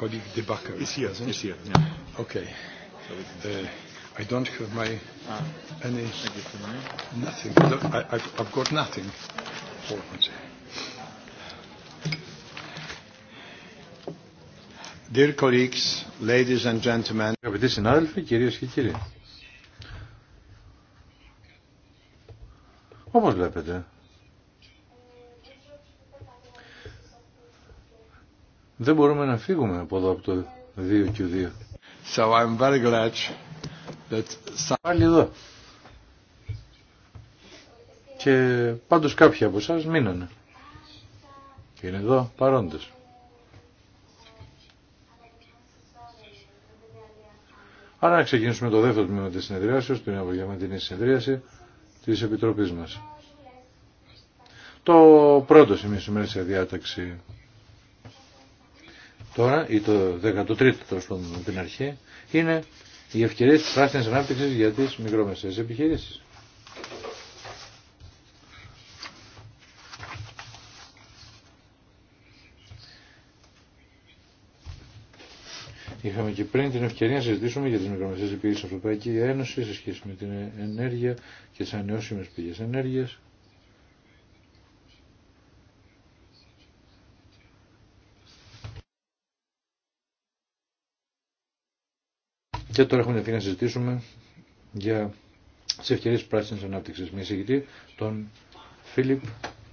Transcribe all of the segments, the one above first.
colleague De Bakker. is here, isn't is here, yeah. Okay. Uh, I don't have my Ah, any nothing. I, I've, I've got nothing. Dear colleagues, ladies and gentlemen. Αγαπητοί συνάδελφοι, κυρίες και κύριοι. Όπως βλέπετε, Δεν μπορούμε να φύγουμε από εδώ από το 2Q2. So I'm very glad that... Πάλι εδώ. Και πάντως κάποιοι από εσά μείνανε. Και είναι εδώ παρόντες. Άρα να ξεκινήσουμε το δεύτερο τμήμα της συνεδριάσεως, την απογευματινή συνεδρίαση της Επιτροπής μας. Το πρώτο σημείο σήμερα σε διάταξη τώρα, ή το 13ο τέλο πάντων από την αρχή, είναι οι ευκαιρίε τη πράσινη ανάπτυξη για τι μικρομεσαίε επιχειρήσει. Είχαμε και πριν την ευκαιρία να συζητήσουμε για τι μικρομεσαίε επιχειρήσει στην Ευρωπαϊκή Ένωση σε σχέση με την ενέργεια και τι ανανεώσιμε πηγέ ενέργεια. Και τώρα έχουμε την να συζητήσουμε για τι ευκαιρίε πράσινη ανάπτυξη. Με εισηγητή τον Φίλιπ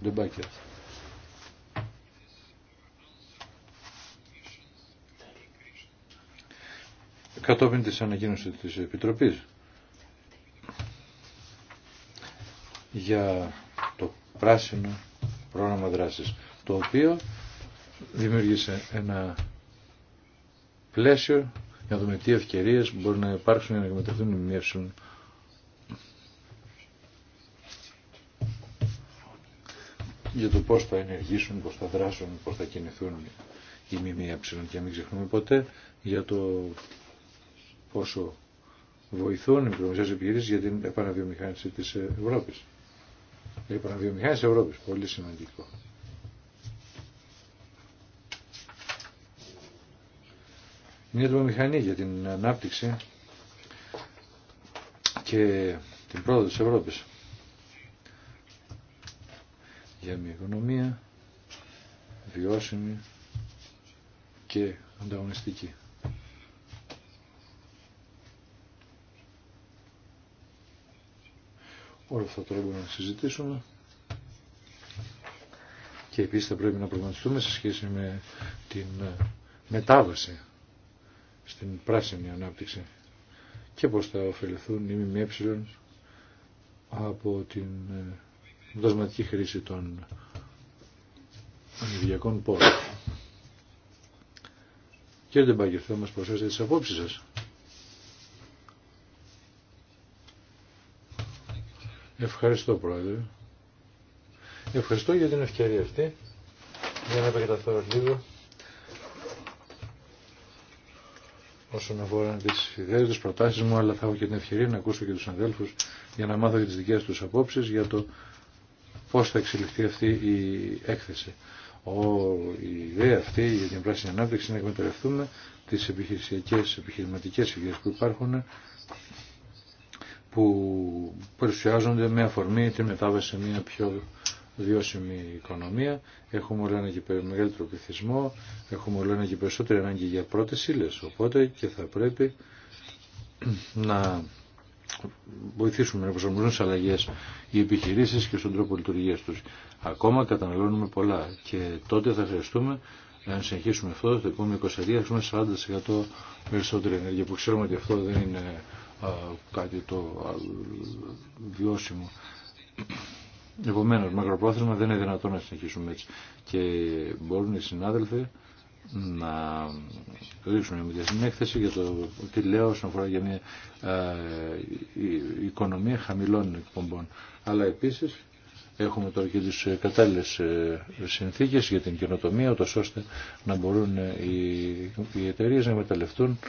Ντεμπάκερ. Κατόπιν της ανακοίνωσης της Επιτροπής για το πράσινο πρόγραμμα δράσης, το οποίο δημιούργησε ένα πλαίσιο για να δούμε τι ευκαιρίε μπορεί να υπάρξουν για να εκμεταλλευτούν να ΜΜΕ. Για το πώ θα ενεργήσουν, πώ θα δράσουν, πώ θα κινηθούν οι ΜΜΕ και μην ξεχνούμε ποτέ για το πόσο βοηθούν οι μικρομεσαίες επιχειρήσει για την επαναβιομηχάνηση τη Ευρώπης. Η επαναβιομηχάνηση της Ευρώπης, πολύ σημαντικό. μια τρομομηχανή για την ανάπτυξη και την πρόοδο της Ευρώπης. Για μια οικονομία βιώσιμη και ανταγωνιστική. Όλα αυτά τώρα να συζητήσουμε και επίσης θα πρέπει να προγραμματιστούμε σε σχέση με την μετάβαση στην πράσινη ανάπτυξη και πώς θα ωφεληθούν οι ΜΜΕ από την ε, δοσματική χρήση των ανηδιακών πόρων. Κύριε θέλω θα μας προσθέσετε τις απόψεις σας. Ευχαριστώ Πρόεδρε. Ευχαριστώ για την ευκαιρία αυτή για να επεκταθώ λίγο όσον αφορά τι ιδέε, τι προτάσει μου, αλλά θα έχω και την ευκαιρία να ακούσω και του αδέλφου για να μάθω και τι δικέ του απόψει για το πώ θα εξελιχθεί αυτή η έκθεση. Ο, η ιδέα αυτή για την πράσινη ανάπτυξη είναι να εκμεταλλευτούμε τι επιχειρησιακές, επιχειρηματικές ιδέε που υπάρχουν που παρουσιάζονται με αφορμή τη μετάβαση σε μια πιο βιώσιμη οικονομία, έχουμε όλο ένα και μεγαλύτερο πληθυσμό, έχουμε όλο ένα και περισσότερη ανάγκη για πρώτες ύλε. οπότε και θα πρέπει να βοηθήσουμε να προσαρμοζούν σε αλλαγέ οι επιχειρήσει και στον τρόπο λειτουργία του. Ακόμα καταναλώνουμε πολλά και τότε θα χρειαστούμε, αν συνεχίσουμε αυτό, το επόμενο 20 ετία έχουμε 40% περισσότερη ενέργεια που ξέρουμε ότι αυτό δεν είναι α, κάτι το α, βιώσιμο. Επομένως, μακροπρόθεσμα δεν είναι δυνατόν να συνεχίσουμε έτσι. Και μπορούν οι συνάδελφοι να δείξουν μια την για το τι λέω όσον αφορά για μια οικονομία χαμηλών εκπομπών. Αλλά επίσης έχουμε τώρα και τις κατάλληλες ε, συνθήκες για την καινοτομία, ώστε να μπορούν οι εταιρείε να μεταλλευτούν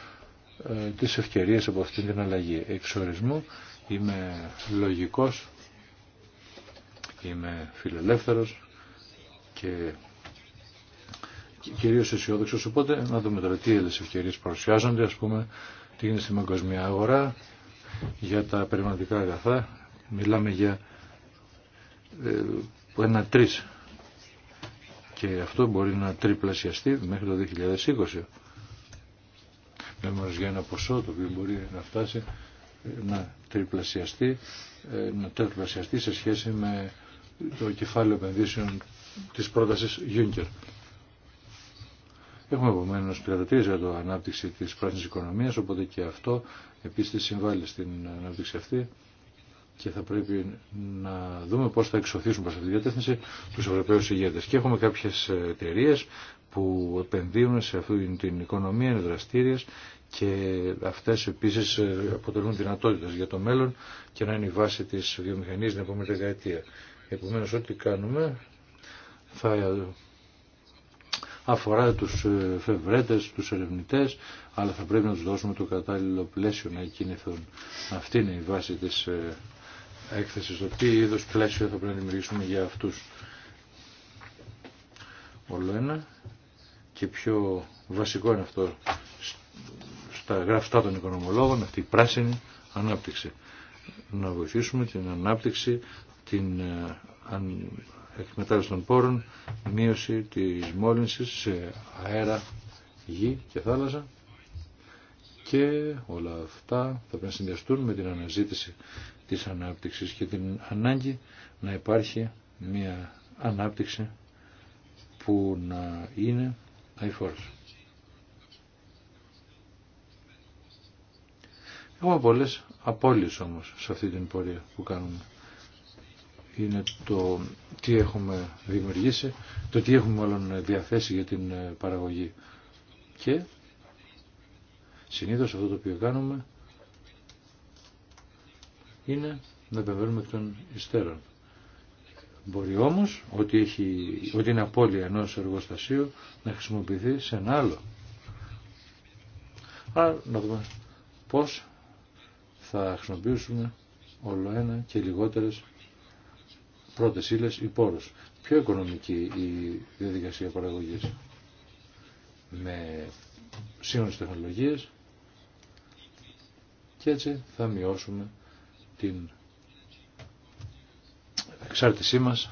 ε, τις ευκαιρίες από αυτήν την αλλαγή. Εξορισμού είμαι λογικός είμαι φιλελεύθερος και κυρίως αισιόδοξο. Οπότε να δούμε τώρα τι ευκαιρίες παρουσιάζονται, ας πούμε, τι γίνεται στην παγκοσμία αγορά, για τα περιβαλλοντικά αγαθά. Μιλάμε για ε, ένα τρεις και αυτό μπορεί να τριπλασιαστεί μέχρι το 2020. Μιλάμε για ένα ποσό το οποίο μπορεί να φτάσει ε, να τριπλασιαστεί, ε, να τριπλασιαστεί σε σχέση με το κεφάλαιο επενδύσεων της πρότασης Juncker. Έχουμε επομένω το ανάπτυξη τη πράσινη οικονομία, οπότε και αυτό επίση συμβάλλει στην ανάπτυξη αυτή και θα πρέπει να δούμε πώ θα εξωθήσουν προ αυτή τη κατεύθυνση του Ευρωπαίου ηγέτε. Και έχουμε κάποιε εταιρείε που επενδύουν σε αυτή την οικονομία, είναι δραστηριε και αυτέ επίση αποτελούν δυνατότητε για το μέλλον και να είναι η βάση τη βιομηχανία την επόμενη δεκαετία. Επομένως ό,τι κάνουμε θα αφορά τους ε, φευρέτες, τους ερευνητές, αλλά θα πρέπει να τους δώσουμε το κατάλληλο πλαίσιο να εκκίνηθουν. Αυτή είναι η βάση της ε, έκθεσης, το τι είδος πλαίσιο θα πρέπει να δημιουργήσουμε για αυτούς. Όλο ένα και πιο βασικό είναι αυτό στα γραφτά των οικονομολόγων, αυτή η πράσινη ανάπτυξη. Να βοηθήσουμε την ανάπτυξη την ε, εκμετάλλευση των πόρων, μείωση της μόλυνσης σε αέρα, γη και θάλασσα και όλα αυτά θα πρέπει να συνδυαστούν με την αναζήτηση της ανάπτυξης και την ανάγκη να υπάρχει μια ανάπτυξη που να είναι αηφόρος. Έχουμε πολλές απώλειες όμως σε αυτή την πορεία που κάνουμε είναι το τι έχουμε δημιουργήσει, το τι έχουμε μάλλον διαθέσει για την ε, παραγωγή. Και συνήθως αυτό το οποίο κάνουμε είναι να επεμβαίνουμε εκ των υστέρων. Μπορεί όμως ότι, έχει, ότι είναι απώλεια ενός εργοστασίου να χρησιμοποιηθεί σε ένα άλλο. Άρα να δούμε πώς θα χρησιμοποιήσουμε όλο ένα και λιγότερες πρώτες ύλες ή πόρους. Πιο οικονομική η πορου πιο οικονομικη παραγωγής με σύγχρονες τεχνολογίες και έτσι θα μειώσουμε την εξάρτησή μας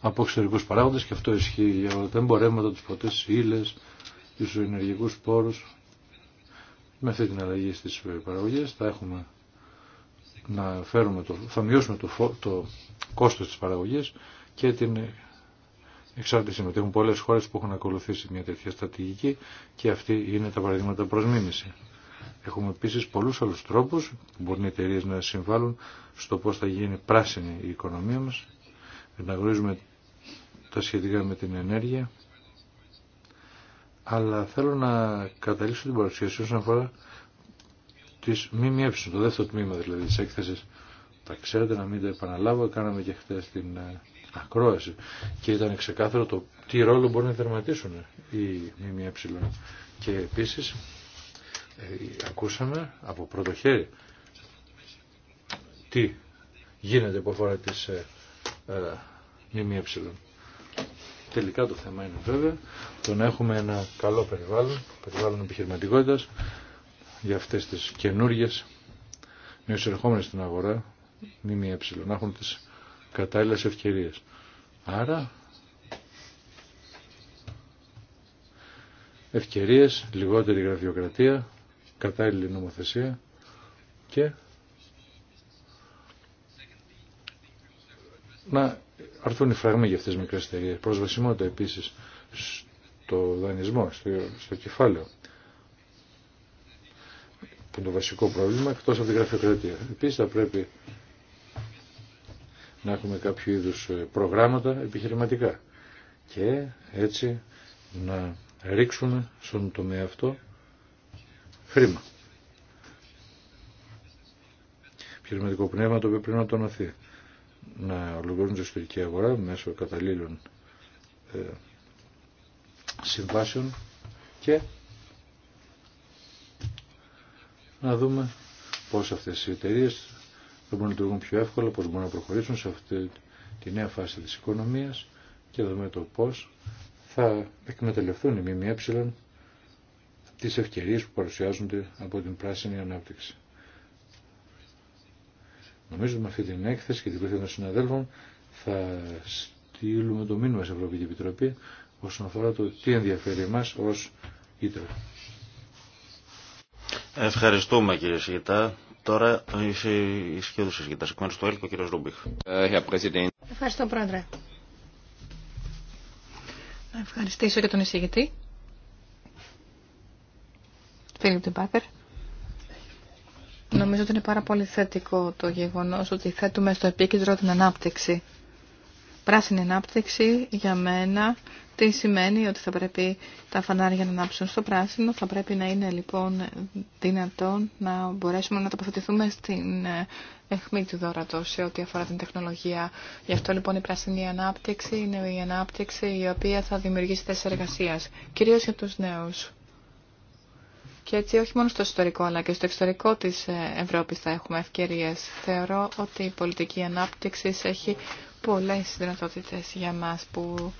από εξωτερικούς παράγοντες και αυτό ισχύει για όλα τα εμπορεύματα, τις πρώτες ύλες, τους ενεργικούς πόρους. Με αυτή την αλλαγή στις παραγωγές θα έχουμε να φέρουμε το, θα μειώσουμε το, το κόστος της παραγωγής και την εξάρτηση με. Έχουν πολλές χώρες που έχουν ακολουθήσει μια τέτοια στρατηγική και αυτή είναι τα παραδείγματα προς μίμηση. Έχουμε επίσης πολλούς άλλους τρόπους που μπορούν οι εταιρείε να συμβάλλουν στο πώς θα γίνει πράσινη η οικονομία μας. Να γνωρίζουμε τα σχετικά με την ενέργεια. Αλλά θέλω να καταλήξω την παρουσίαση όσον αφορά της ΜΜΕ, το δεύτερο τμήμα δηλαδή της έκθεσης. Τα ξέρετε να μην τα επαναλάβω, κάναμε και χθε ε, την ακρόαση και ήταν ξεκάθαρο το τι ρόλο μπορεί να θερματίσουν οι ΜΜΕ. Και επίσης ε, ακούσαμε από πρώτο χέρι τι γίνεται που αφορά τις ε, ε, ΜΜΕ. Τελικά το θέμα είναι βέβαια το να έχουμε ένα καλό περιβάλλον, περιβάλλον επιχειρηματικότητας, για αυτές τις καινούργιες μειωσερχόμενες στην αγορά έψιλο, να έχουν τις κατάλληλες ευκαιρίες. Άρα ευκαιρίες, λιγότερη γραφειοκρατία, κατάλληλη νομοθεσία και να αρθούν οι φραγμοί για αυτές τις μικρές εταιρείες. Προσβασιμότητα επίσης στο δανεισμό, στο κεφάλαιο που το βασικό πρόβλημα, εκτός από την γραφειοκρατία. Επίσης θα πρέπει να έχουμε κάποιο είδους ε, προγράμματα επιχειρηματικά και έτσι να ρίξουμε στον τομέα αυτό χρήμα. Επιχειρηματικό πνεύμα το οποίο πρέπει να τονωθεί. Να ολοκληρώνει την ιστορική αγορά μέσω καταλήλων ε, συμβάσεων και να δούμε πώς αυτές οι εταιρείε μπορούν να λειτουργούν πιο εύκολα, πώς μπορούν να προχωρήσουν σε αυτή τη νέα φάση της οικονομίας και να δούμε το πώς θα εκμεταλλευτούν οι ΜΜΕ τις ευκαιρίες που παρουσιάζονται από την πράσινη ανάπτυξη. Νομίζω ότι με αυτή την έκθεση και την πλήθεια των συναδέλφων θα στείλουμε το μήνυμα σε Ευρωπαϊκή Επιτροπή όσον αφορά το τι ενδιαφέρει εμάς ως Ήτρα. Ευχαριστούμε κύριε Σιγητά. Τώρα είσαι σχεδόν Σιγητά. Εκ του ΕΛΚΟ, κύριο Ρούμπιχ. Ευχαριστώ πρόεδρε. Να ευχαριστήσω και τον εισηγητή. Φίλιπ Τιμπάκερ. Νομίζω ότι είναι πάρα πολύ θετικό το γεγονός ότι θέτουμε στο επίκεντρο την ανάπτυξη Πράσινη ανάπτυξη για μένα τι σημαίνει ότι θα πρέπει τα φανάρια να ανάψουν στο πράσινο. Θα πρέπει να είναι λοιπόν δυνατόν να μπορέσουμε να τοποθετηθούμε στην ε, αιχμή του δόρατο σε ό,τι αφορά την τεχνολογία. Γι' αυτό λοιπόν η πράσινη ανάπτυξη είναι η ανάπτυξη η οποία θα δημιουργήσει θέσει εργασία, κυρίω για του νέου. Και έτσι όχι μόνο στο ιστορικό αλλά και στο εξωτερικό της ε, Ευρώπης θα έχουμε ευκαιρίες. Θεωρώ ότι η πολιτική ανάπτυξη έχει πολλές δυνατότητες για μας που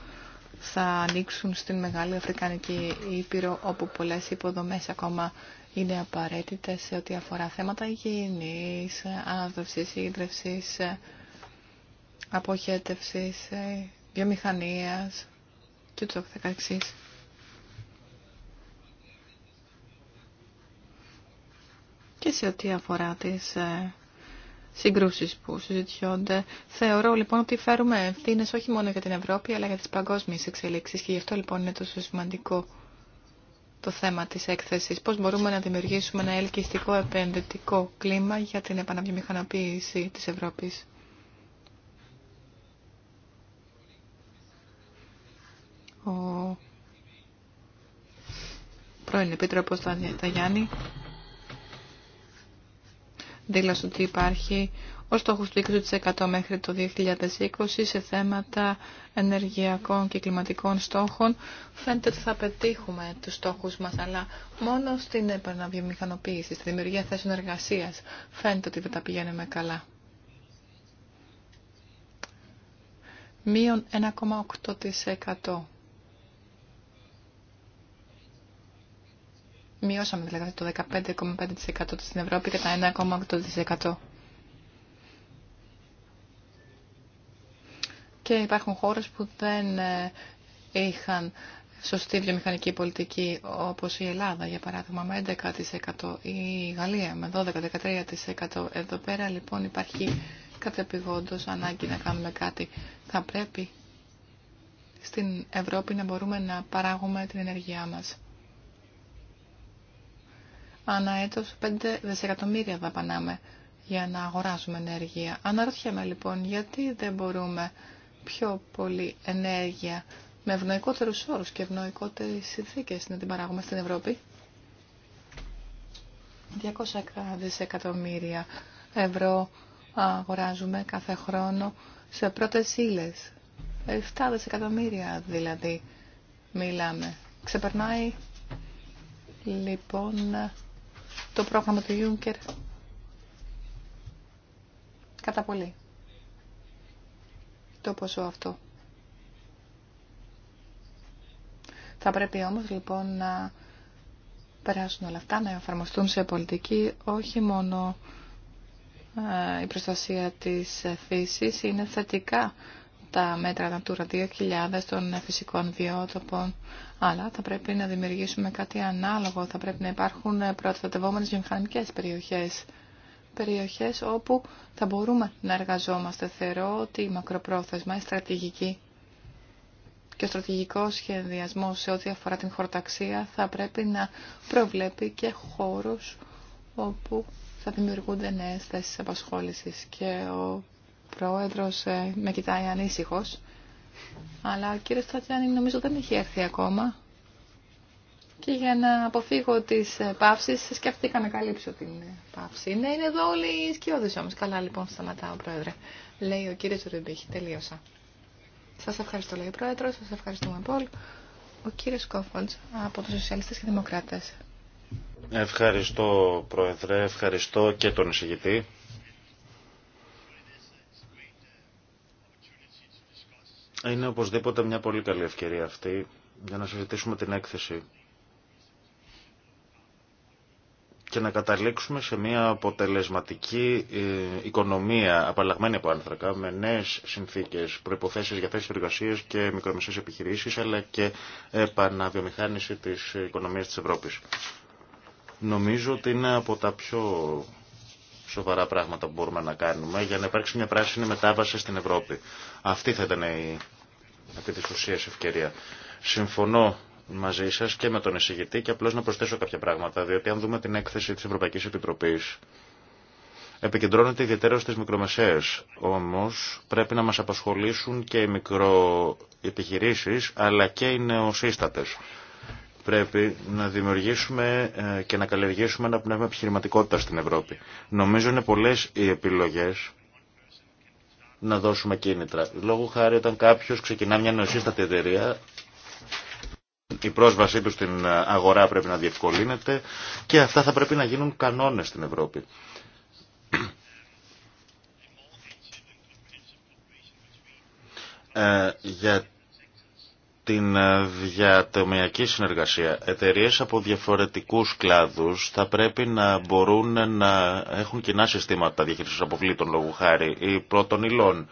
θα ανοίξουν στην Μεγάλη Αφρικανική Ήπειρο όπου πολλές υποδομές ακόμα είναι απαραίτητες σε ό,τι αφορά θέματα υγιεινής, άδευσης, ίδρευσης, αποχέτευσης, βιομηχανίας και το καθεξής. Και σε ό,τι αφορά τις ε, συγκρούσεις που συζητιώνται. Θεωρώ λοιπόν ότι φέρουμε ευθύνε όχι μόνο για την Ευρώπη αλλά για τις παγκόσμιες εξελίξεις και γι' αυτό λοιπόν είναι τόσο σημαντικό το θέμα της έκθεσης. Πώς μπορούμε να δημιουργήσουμε ένα ελκυστικό επενδυτικό κλίμα για την επαναβιομηχανοποίηση της Ευρώπης. Ο πρώην Επίτροπος Ταγιάννη δήλωσε ότι υπάρχει ο στόχος του 20% μέχρι το 2020 σε θέματα ενεργειακών και κλιματικών στόχων. Φαίνεται ότι θα πετύχουμε τους στόχους μας, αλλά μόνο στην επαναβιομηχανοποίηση, στη δημιουργία θέσεων εργασίας φαίνεται ότι δεν τα πηγαίνουμε καλά. Μείον 1,8% Μειώσαμε δηλαδή το 15,5% στην Ευρώπη και τα 1,8%. Και υπάρχουν χώρες που δεν ε, είχαν σωστή βιομηχανική πολιτική όπως η Ελλάδα για παράδειγμα με 11% ή η Γαλλία με 12-13%. Εδώ πέρα λοιπόν υπάρχει κατεπηγόντως ανάγκη να κάνουμε κάτι. Θα πρέπει στην Ευρώπη να μπορούμε να παράγουμε την ενεργειά μας ανά έτος 5 δισεκατομμύρια δαπανάμε για να αγοράζουμε ενέργεια. Αναρωτιέμαι λοιπόν γιατί δεν μπορούμε πιο πολύ ενέργεια με ευνοϊκότερους όρους και ευνοϊκότερες συνθήκες να την παράγουμε στην Ευρώπη. 200 δισεκατομμύρια ευρώ αγοράζουμε κάθε χρόνο σε πρώτες ύλες. 7 δισεκατομμύρια δηλαδή μιλάμε. Ξεπερνάει λοιπόν το πρόγραμμα του Ιούνκερ κατά πολύ το ποσό αυτό. Θα πρέπει όμως λοιπόν να περάσουν όλα αυτά, να εφαρμοστούν σε πολιτική όχι μόνο ε, η προστασία της φύσης, είναι θετικά τα μέτρα Natura 2000 των φυσικών βιότοπων, αλλά θα πρέπει να δημιουργήσουμε κάτι ανάλογο. Θα πρέπει να υπάρχουν προστατευόμενες βιομηχανικές περιοχές. Περιοχές όπου θα μπορούμε να εργαζόμαστε. Θεωρώ ότι η μακροπρόθεσμα, η στρατηγική και ο στρατηγικός σχεδιασμός σε ό,τι αφορά την χορταξία θα πρέπει να προβλέπει και χώρους όπου θα δημιουργούνται νέες θέσεις απασχόλησης και ο πρόεδρος ε, με κοιτάει ανήσυχο. Αλλά ο κύριος Τατζάνη νομίζω δεν έχει έρθει ακόμα. Και για να αποφύγω τις ε, παύσεις, σκεφτήκα να καλύψω την ε, παύση. Ναι, είναι εδώ όλοι οι σκιώδες όμως. Καλά λοιπόν, σταματάω, πρόεδρε. Λέει ο κύριος Ρουμπίχη. τελείωσα. Σας ευχαριστώ, λέει ο πρόεδρος, σας ευχαριστούμε πολύ. Ο κύριος Κόφοντς, από τους Σοσιαλιστές και Δημοκράτες. Ευχαριστώ, πρόεδρε, ευχαριστώ και τον εισηγητή Είναι οπωσδήποτε μια πολύ καλή ευκαιρία αυτή για να συζητήσουμε την έκθεση και να καταλήξουμε σε μια αποτελεσματική ε, οικονομία απαλλαγμένη από άνθρακα με νέες συνθήκες, προϋποθέσεις για θέσεις εργασίες και μικρομεσαίες επιχειρήσεις αλλά και επαναβιομηχάνηση της οικονομίας της Ευρώπης. Νομίζω ότι είναι από τα πιο σοβαρά πράγματα που μπορούμε να κάνουμε για να υπάρξει μια πράσινη μετάβαση στην Ευρώπη. Αυτή θα ήταν η επί της ουσίας ευκαιρία. Συμφωνώ μαζί σας και με τον εισηγητή και απλώς να προσθέσω κάποια πράγματα, διότι αν δούμε την έκθεση της Ευρωπαϊκής Επιτροπής, επικεντρώνεται ιδιαίτερα στις μικρομεσαίες. Όμως πρέπει να μας απασχολήσουν και οι μικροεπιχειρήσεις, αλλά και οι νεοσύστατες. Πρέπει να δημιουργήσουμε ε, και να καλλιεργήσουμε ένα πνεύμα επιχειρηματικότητα στην Ευρώπη. Νομίζω είναι πολλές οι επιλογές να δώσουμε κίνητρα. Λόγω χάρη όταν κάποιο ξεκινά μια νεοσύστατη εταιρεία, η πρόσβασή του στην αγορά πρέπει να διευκολύνεται και αυτά θα πρέπει να γίνουν κανόνες στην Ευρώπη. Ε, Γιατί την ε, διατομιακή συνεργασία. Εταιρείε από διαφορετικούς κλάδους θα πρέπει να μπορούν να έχουν κοινά συστήματα διαχείρισης αποβλήτων λόγου χάρη ή πρώτων υλών.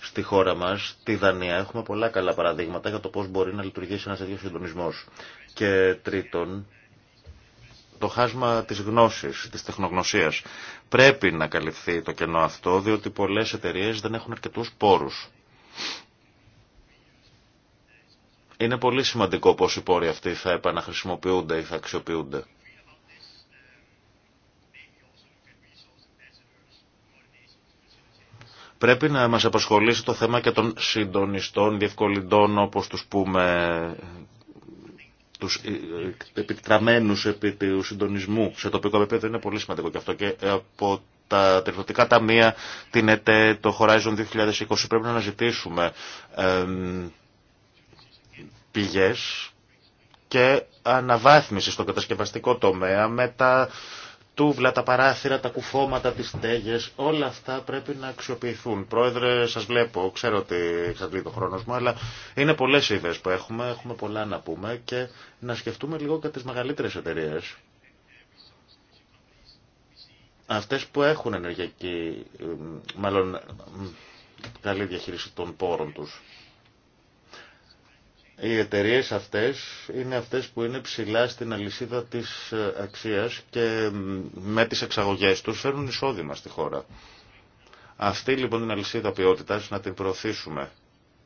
Στη χώρα μας, Τη Δανία, έχουμε πολλά καλά παραδείγματα για το πώς μπορεί να λειτουργήσει ένας τέτοιο συντονισμός. Και τρίτον, το χάσμα της γνώσης, της τεχνογνωσίας. Πρέπει να καλυφθεί το κενό αυτό, διότι πολλές εταιρείε δεν έχουν αρκετούς πόρους Είναι πολύ σημαντικό πώς οι πόροι αυτοί θα επαναχρησιμοποιούνται ή θα αξιοποιούνται. Πρέπει να μας απασχολήσει το θέμα και των συντονιστών, διευκολυντών, όπως τους πούμε, τους ε, ε, επιτραμμένους επί του συντονισμού σε τοπικό επίπεδο είναι πολύ σημαντικό και αυτό και από τα τελευταία ταμεία, την ΕΤΕ, το Horizon 2020 πρέπει να αναζητήσουμε πηγές και αναβάθμιση στο κατασκευαστικό τομέα με τα τούβλα, τα παράθυρα, τα κουφώματα, τις στέγες, όλα αυτά πρέπει να αξιοποιηθούν. Πρόεδρε, σας βλέπω, ξέρω ότι εξαντλεί το χρόνος μου, αλλά είναι πολλές ιδέες που έχουμε, έχουμε πολλά να πούμε και να σκεφτούμε λίγο και τις μεγαλύτερες εταιρείε. Αυτές που έχουν ενεργειακή, μάλλον καλή διαχείριση των πόρων τους. Οι εταιρείε αυτές είναι αυτές που είναι ψηλά στην αλυσίδα της ε, αξίας και με τις εξαγωγές τους φέρνουν εισόδημα στη χώρα. Αυτή λοιπόν την αλυσίδα ποιότητας να την προωθήσουμε,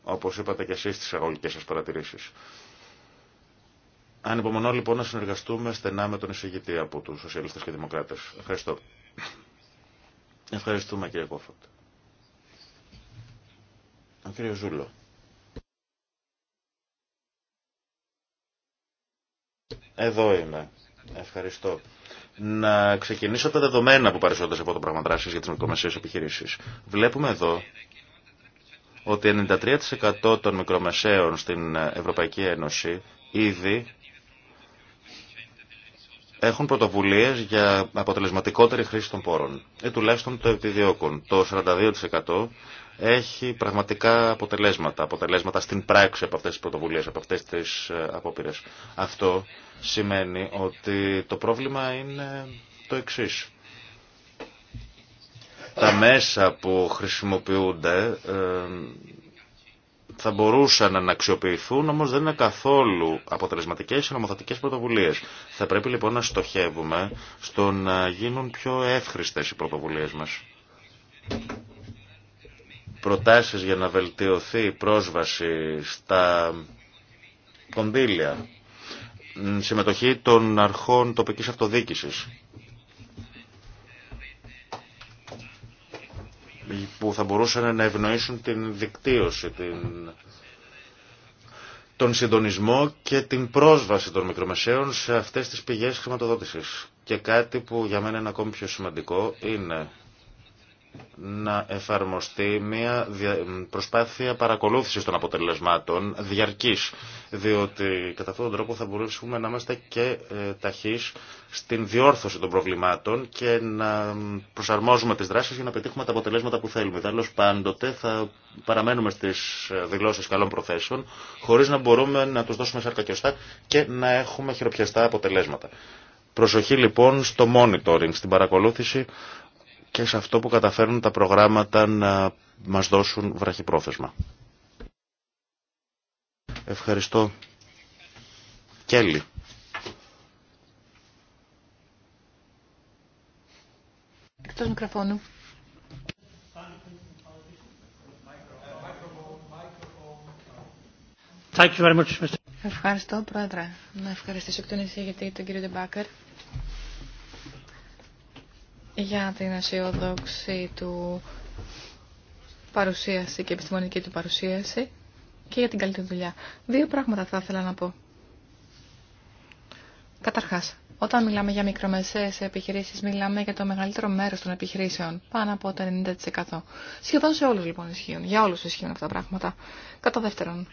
όπως είπατε και εσείς στις αγωγικές σας παρατηρήσεις. Ανυπομονώ λοιπόν να συνεργαστούμε στενά με τον εισηγητή από τους Σοσιαλιστές και Δημοκράτες. Ευχαριστώ. Ευχαριστούμε κύριε Κόφωτ. Κύριε Ζούλο. Εδώ είμαι. Ευχαριστώ. Να ξεκινήσω τα δεδομένα που παρουσιάζονται από το πράγμα δράση για τι μικρομεσαίε επιχειρήσει. Βλέπουμε εδώ ότι 93% των μικρομεσαίων στην Ευρωπαϊκή Ένωση ήδη έχουν πρωτοβουλίε για αποτελεσματικότερη χρήση των πόρων ή τουλάχιστον το επιδιώκουν. Το 42% έχει πραγματικά αποτελέσματα. Αποτελέσματα στην πράξη από αυτές τις πρωτοβουλίες, από αυτές τις ε, απόπειρες. Αυτό σημαίνει ότι το πρόβλημα είναι το εξής. Τα μέσα που χρησιμοποιούνται ε, θα μπορούσαν να αξιοποιηθούν, όμως δεν είναι καθόλου αποτελεσματικές ή νομοθετικές πρωτοβουλίες. Θα πρέπει λοιπόν να στοχεύουμε στο να γίνουν πιο εύχριστες οι πρωτοβουλίες μας προτάσεις για να βελτιωθεί η πρόσβαση στα κονδύλια, συμμετοχή των αρχών τοπικής αυτοδίκησης, που θα μπορούσαν να ευνοήσουν την δικτύωση, την... τον συντονισμό και την πρόσβαση των μικρομεσαίων σε αυτές τις πηγές χρηματοδότησης. Και κάτι που για μένα είναι ακόμη πιο σημαντικό είναι να εφαρμοστεί μια προσπάθεια παρακολούθησης των αποτελεσμάτων διαρκής, διότι κατά αυτόν τον τρόπο θα μπορούσαμε να είμαστε και ε, ταχείς στην διόρθωση των προβλημάτων και να προσαρμόζουμε τις δράσεις για να πετύχουμε τα αποτελέσματα που θέλουμε. Τέλος πάντοτε θα παραμένουμε στις ε, δηλώσεις καλών προθέσεων χωρίς να μπορούμε να τους δώσουμε σάρκα και και να έχουμε χειροπιαστά αποτελέσματα. Προσοχή λοιπόν στο monitoring, στην παρακολούθηση και σε αυτό που καταφέρνουν τα προγράμματα να μας δώσουν βραχυπρόθεσμα. Ευχαριστώ. Κέλλη. Εκτός μικροφώνου. Ευχαριστώ, Πρόεδρε. Να ευχαριστήσω εκ των εισηγητή, τον κύριο Ντεμπάκερ για την ασιοδόξη του παρουσίαση και επιστημονική του παρουσίαση και για την καλή του δουλειά. Δύο πράγματα θα ήθελα να πω. Καταρχάς, όταν μιλάμε για μικρομεσαίες επιχειρήσεις, μιλάμε για το μεγαλύτερο μέρος των επιχειρήσεων, πάνω από το 90%. Σχεδόν σε όλους λοιπόν ισχύουν, για όλους ισχύουν αυτά τα πράγματα. Κατά δεύτερον,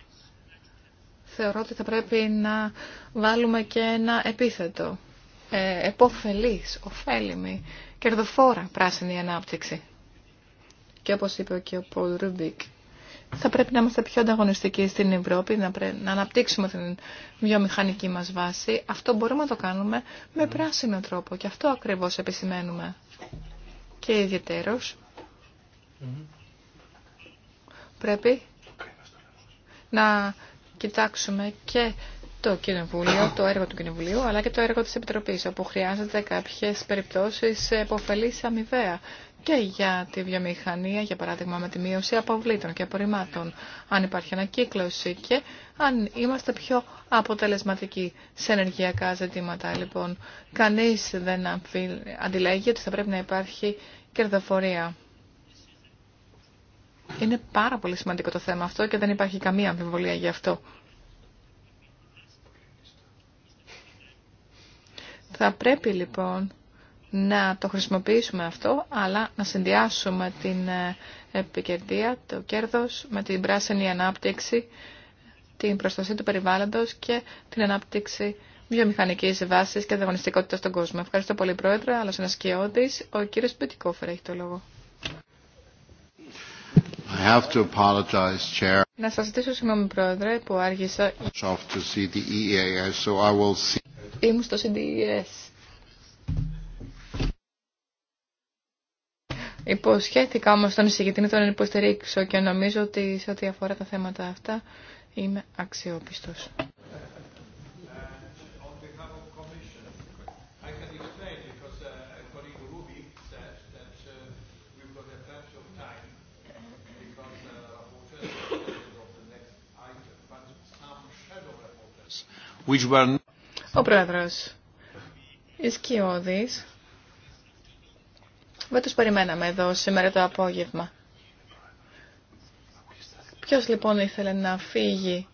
θεωρώ ότι θα πρέπει να βάλουμε και ένα επίθετο, ε, εποφελής, ωφέλιμη κερδοφόρα πράσινη ανάπτυξη. Και όπως είπε και ο Πολ Ρουμπίκ, θα πρέπει να είμαστε πιο ανταγωνιστικοί στην Ευρώπη, να, να αναπτύξουμε την βιομηχανική μας βάση. Αυτό μπορούμε να το κάνουμε με πράσινο τρόπο και αυτό ακριβώς επισημαίνουμε. Και ιδιαίτερος πρέπει να κοιτάξουμε και το Κοινοβούλιο, το έργο του Κοινοβουλίου, αλλά και το έργο της Επιτροπής, όπου χρειάζεται κάποιες περιπτώσεις υποφελής αμοιβαία και για τη βιομηχανία, για παράδειγμα με τη μείωση αποβλήτων και απορριμμάτων, αν υπάρχει ανακύκλωση και αν είμαστε πιο αποτελεσματικοί σε ενεργειακά ζητήματα. Λοιπόν, κανείς δεν αντιλέγει ότι θα πρέπει να υπάρχει κερδοφορία. Είναι πάρα πολύ σημαντικό το θέμα αυτό και δεν υπάρχει καμία αμφιβολία γι' αυτό. Θα πρέπει λοιπόν να το χρησιμοποιήσουμε αυτό, αλλά να συνδυάσουμε την ε, επικερδία, το κέρδος με την πράσινη ανάπτυξη, την προστασία του περιβάλλοντος και την ανάπτυξη βιομηχανικής βάσης και ανταγωνιστικότητα στον κόσμο. Ευχαριστώ πολύ Πρόεδρε, αλλά ένα σκιώδης, ο κύριος Πιτικόφερ έχει το λόγο. Να σας ζητήσω συγγνώμη Πρόεδρε που άργησα. Ήμουν στο CDS. E Υποσχέθηκα όμως τον εισηγητή να τον υποστηρίξω και νομίζω ότι σε ό,τι αφορά τα θέματα αυτά είμαι αξιόπιστος. Which were... Ο Πρόεδρος, Ισκιώδης δεν τους περιμέναμε εδώ σήμερα το απόγευμα. Ποιος λοιπόν ήθελε να φύγει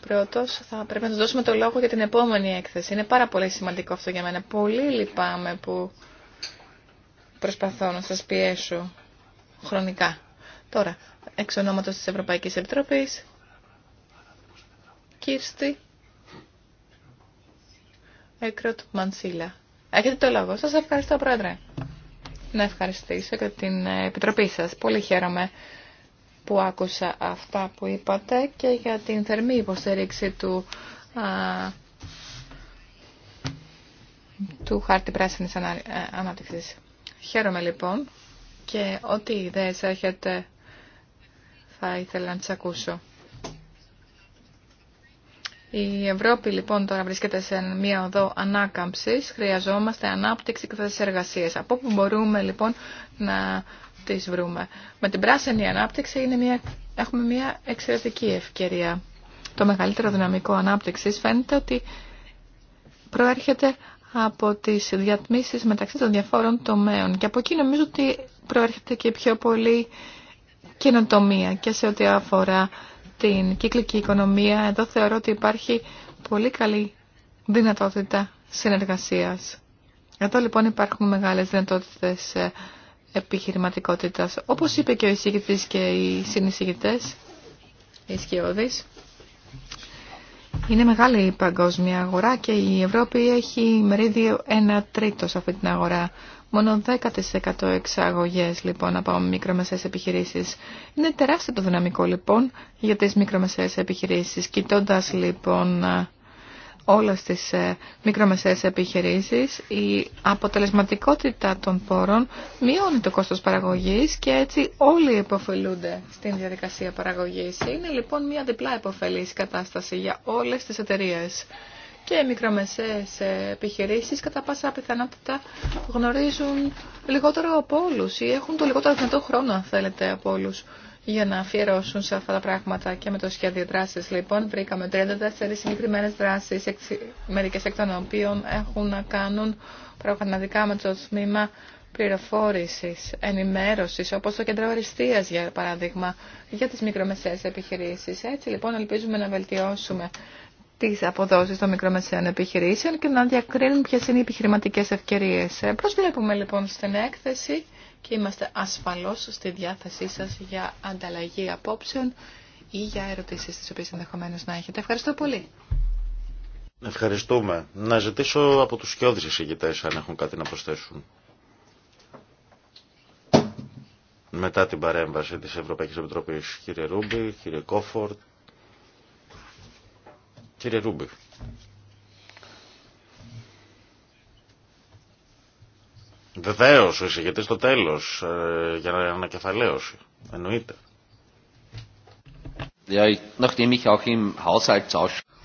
πρώτος, θα πρέπει να του δώσουμε το λόγο για την επόμενη έκθεση. Είναι πάρα πολύ σημαντικό αυτό για μένα. Πολύ λυπάμαι που προσπαθώ να σας πιέσω χρονικά. Τώρα, εξ ονόματος της Ευρωπαϊκής Επιτροπής, Κίρστη Έκροτ Μανσίλα. Έχετε το λόγο. Σας ευχαριστώ, Πρόεδρε. Να ευχαριστήσω και την ε, Επιτροπή σας. Πολύ χαίρομαι που άκουσα αυτά που είπατε και για την θερμή υποστήριξη του, του χάρτη πράσινης ανα, ε, ανάπτυξης. Χαίρομαι λοιπόν και ό,τι ιδέες έχετε θα ήθελα να τις ακούσω. Η Ευρώπη λοιπόν τώρα βρίσκεται σε μία οδό ανάκαμψης, χρειαζόμαστε ανάπτυξη και θέσεις εργασίες. Από που μπορούμε λοιπόν να τις βρούμε. Με την πράσινη ανάπτυξη είναι μια, έχουμε μία εξαιρετική ευκαιρία. Το μεγαλύτερο δυναμικό ανάπτυξης φαίνεται ότι προέρχεται από τις διατμήσεις μεταξύ των διαφόρων τομέων και από εκεί νομίζω ότι προέρχεται και πιο πολύ καινοτομία και σε ό,τι αφορά την κύκλικη οικονομία, εδώ θεωρώ ότι υπάρχει πολύ καλή δυνατότητα συνεργασίας. Εδώ λοιπόν υπάρχουν μεγάλες δυνατότητες ε, επιχειρηματικότητας. Όπως είπε και ο εισηγητής και οι συνεισηγητές, οι σκιώδεις, είναι μεγάλη η παγκόσμια αγορά και η Ευρώπη έχει μερίδιο 1 τρίτο σε αυτή την αγορά. Μόνο 10% εξαγωγές λοιπόν από μικρομεσαίες επιχειρήσεις. Είναι τεράστιο το δυναμικό λοιπόν για τις μικρομεσαίες επιχειρήσεις. κοιτώντα λοιπόν όλες τις ε, μικρομεσαίες επιχειρήσεις, η αποτελεσματικότητα των πόρων μειώνει το κόστος παραγωγής και έτσι όλοι υποφελούνται στην διαδικασία παραγωγής. Είναι λοιπόν μια διπλά υποφελής κατάσταση για όλες τις εταιρείες και μικρομεσαίες επιχειρήσεις κατά πάσα πιθανότητα γνωρίζουν λιγότερο από όλους ή έχουν το λιγότερο δυνατό χρόνο αν θέλετε από όλους για να αφιερώσουν σε αυτά τα πράγματα και με το σχέδιο δράσης. Λοιπόν, βρήκαμε 34 συγκεκριμένες δράσεις, μερικές εκ των οποίων έχουν να κάνουν πραγματικά με το τμήμα πληροφόρησης, ενημέρωσης, όπως το κέντρο αριστείας, για παράδειγμα, για τις μικρομεσαίες επιχειρήσεις. Έτσι, λοιπόν, ελπίζουμε να βελτιώσουμε τι αποδόσει των μικρομεσαίων επιχειρήσεων και να διακρίνουν ποιε είναι οι επιχειρηματικές ευκαιρίες. Ε, προσβλέπουμε λοιπόν στην έκθεση και είμαστε ασφαλώ στη διάθεσή σα για ανταλλαγή απόψεων ή για ερωτήσει τι οποίε ενδεχομένω να έχετε. Ευχαριστώ πολύ. Ευχαριστούμε. Να ζητήσω από του σκιώδει εισηγητέ αν έχουν κάτι να προσθέσουν. Μετά την παρέμβαση της Ευρωπαϊκής Επιτροπής, κύριε Ρούμπι, κύριε Κόφορτ, Κύριε Ρούμπιχ. Βεβαίω, ο εισηγητή στο τέλο ε, για να ανακεφαλαίωση. Εννοείται.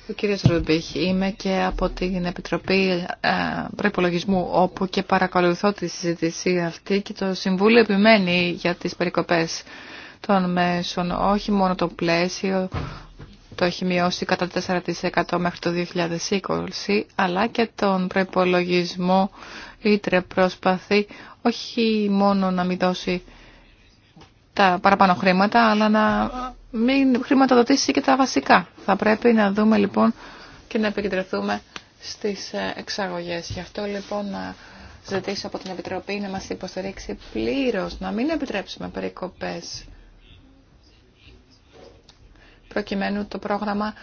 Ο κύριος Ρουμπίχ, είμαι και από την Επιτροπή ε, Προπολογισμού όπου και παρακολουθώ τη συζήτηση αυτή και το Συμβούλιο επιμένει για τις περικοπές των μέσων, όχι μόνο το πλαίσιο το έχει μειώσει κατά 4% μέχρι το 2020, αλλά και τον προπολογισμό ήτρε προσπαθεί όχι μόνο να μην δώσει τα παραπάνω χρήματα, αλλά να μην χρηματοδοτήσει και τα βασικά. Θα πρέπει να δούμε λοιπόν και να επικεντρωθούμε στις ε, εξαγωγές. Γι' αυτό λοιπόν να ζητήσω από την Επιτροπή να μας υποστηρίξει πλήρως, να μην επιτρέψουμε περικοπές προκειμένου το πρόγραμμα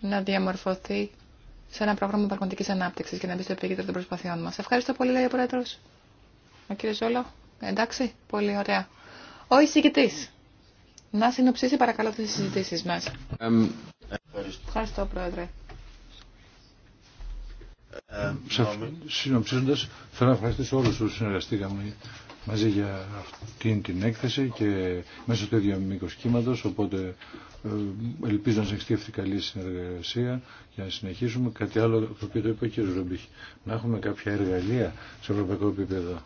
να διαμορφωθεί σε ένα πρόγραμμα πραγματική ανάπτυξη και να μπει στο επίκεντρο των προσπαθειών μα. Ευχαριστώ πολύ, λέει ο Πρόεδρο. Ο κύριο Ζόλο, εντάξει, πολύ ωραία. Ο εισηγητή. Να συνοψίσει παρακαλώ τι συζητήσει μα. Ε, Ευχαριστώ. Πρόεδρε. Ε, Συνοψίζοντα, θέλω να ευχαριστήσω όλου τους συνεργαστήκαμε μαζί για αυτήν την έκθεση και μέσα στο ίδιο μήκο κύματο, οπότε ε, ελπίζω να συνεχιστεί αυτή η καλή συνεργασία για να συνεχίσουμε. Κάτι άλλο το οποίο το είπε ο κ. Ρομπίχη. Να έχουμε κάποια εργαλεία σε ευρωπαϊκό επίπεδο.